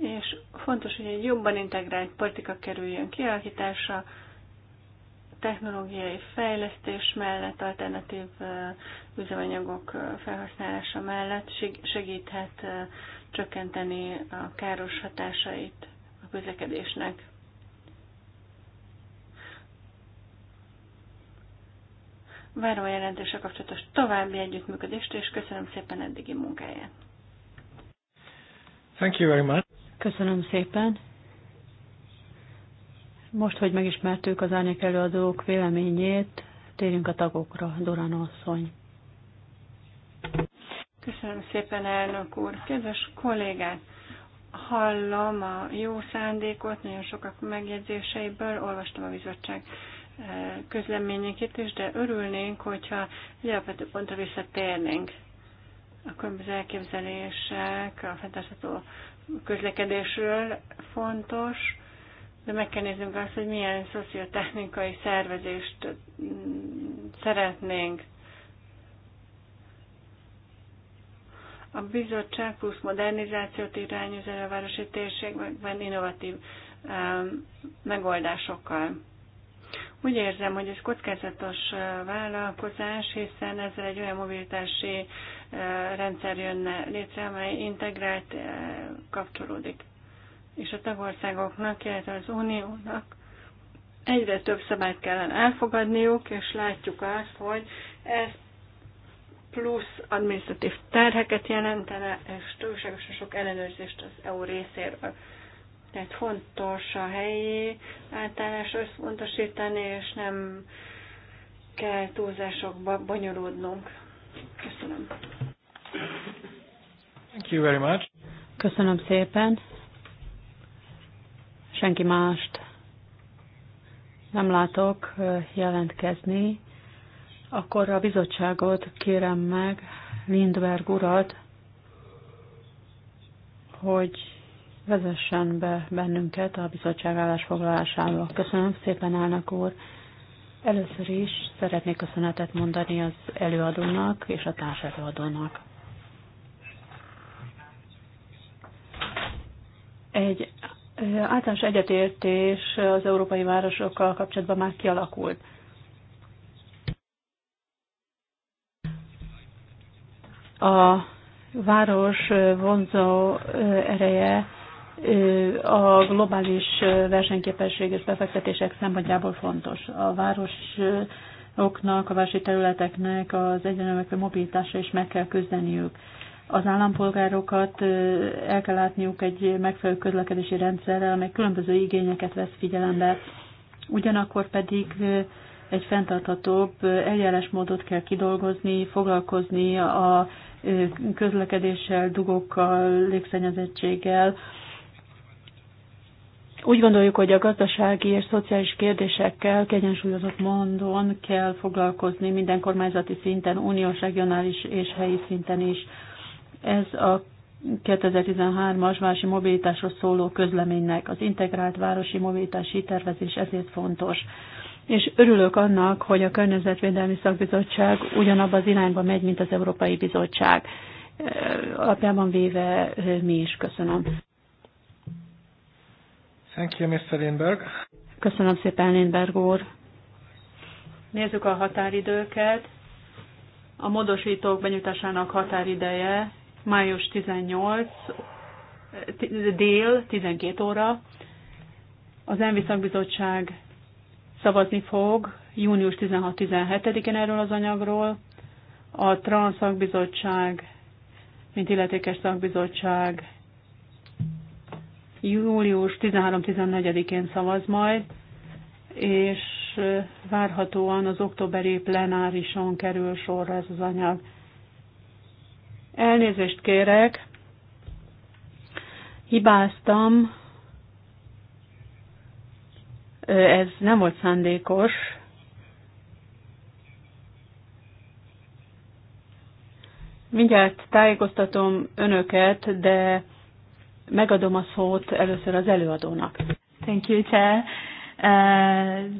Speaker 1: és fontos, hogy egy jobban integrált politika kerüljön kialakításra, technológiai fejlesztés mellett, alternatív üzemanyagok felhasználása mellett segíthet csökkenteni a káros hatásait a közlekedésnek. Várom a jelentése kapcsolatos további együttműködést, és köszönöm szépen eddigi
Speaker 2: munkáját. Thank you very much. Köszönöm szépen. Most, hogy megismertük az árnyék előadók véleményét, térjünk a tagokra, Dorán asszony.
Speaker 1: Köszönöm szépen, elnök úr. Kedves kollégák, hallom a jó szándékot, nagyon sokak megjegyzéseiből, olvastam a bizottság eh, közleményeket is, de örülnénk, hogyha egy alapvető pontra visszatérnénk. A különböző elképzelések, a fenntartható közlekedésről fontos, de meg kell néznünk azt, hogy milyen szociotechnikai szervezést mm, szeretnénk. A bizottság plusz modernizációt irányoz a városi térségben innovatív megoldásokkal. Úgy érzem, hogy ez kockázatos vállalkozás, hiszen ezzel egy olyan mobilitási rendszer jönne létre, amely integrált kapcsolódik. És a tagországoknak, illetve az uniónak egyre több szabályt kellene elfogadniuk, és látjuk azt, hogy ez plusz administratív terheket jelentene, és túlságosan sok ellenőrzést az EU részéről. Tehát fontos a helyi átállás összpontosítani, és nem kell túlzásokba bonyolódnunk. Köszönöm.
Speaker 2: Thank you very much. Köszönöm szépen. Senki mást nem látok jelentkezni. Akkor a bizottságot kérem meg, Lindberg urat, hogy vezessen be bennünket a bizottság állásfoglalásába. Köszönöm szépen, állnak úr! Először is szeretnék köszönetet mondani az előadónak és a társelőadónak. Egy általános egyetértés az európai városokkal kapcsolatban már kialakult. A város vonzó ereje a globális versenyképesség és befektetések szempontjából fontos. A városoknak, a városi területeknek az egyenlőmekre mobilitásra is meg kell küzdeniük. Az állampolgárokat el kell látniuk egy megfelelő közlekedési rendszerrel, amely különböző igényeket vesz figyelembe. Ugyanakkor pedig egy fenntarthatóbb eljárásmódot kell kidolgozni, foglalkozni a közlekedéssel, dugokkal, légszennyezettséggel, úgy gondoljuk, hogy a gazdasági és szociális kérdésekkel kegyensúlyozott módon kell foglalkozni minden kormányzati szinten, uniós, regionális és helyi szinten is. Ez a 2013-as városi mobilitásról szóló közleménynek az integrált városi mobilitási tervezés ezért fontos. És örülök annak, hogy a Környezetvédelmi Szakbizottság ugyanabba az irányba megy, mint az Európai Bizottság. Alapjában véve mi is köszönöm. Thank you, Mr. Lindberg. Köszönöm szépen, Lindberg úr. Nézzük a határidőket. A módosítók benyújtásának határideje május 18, dél 12 óra. Az ENVI szakbizottság szavazni fog június 16-17-én erről az anyagról. A transz szakbizottság, mint illetékes szakbizottság július 13-14-én szavaz majd, és várhatóan az októberi plenárison kerül sorra ez az anyag. Elnézést kérek, hibáztam, ez nem volt szándékos. Mindjárt tájékoztatom önöket, de Megadom a szót először az előadónak. Thank you, Chair. Uh...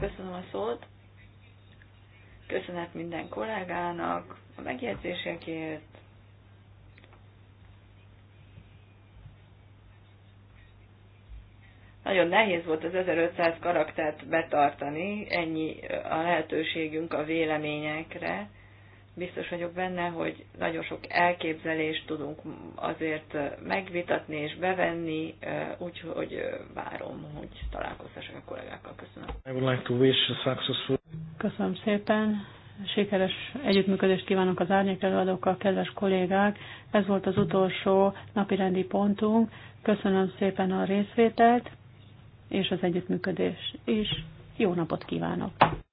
Speaker 1: Köszönöm a szót. Köszönet minden kollégának a megjegyzésekért. Nagyon nehéz volt az 1500 karaktert betartani, ennyi a lehetőségünk a véleményekre biztos vagyok benne, hogy nagyon sok elképzelést tudunk azért megvitatni és bevenni, úgyhogy
Speaker 2: várom, hogy találkozhassak a kollégákkal. Köszönöm. I would like to wish a successful... Köszönöm szépen. Sikeres együttműködést kívánok az árnyék előadókkal, kedves kollégák. Ez volt az utolsó napirendi pontunk. Köszönöm szépen a részvételt és az együttműködést is. Jó napot kívánok!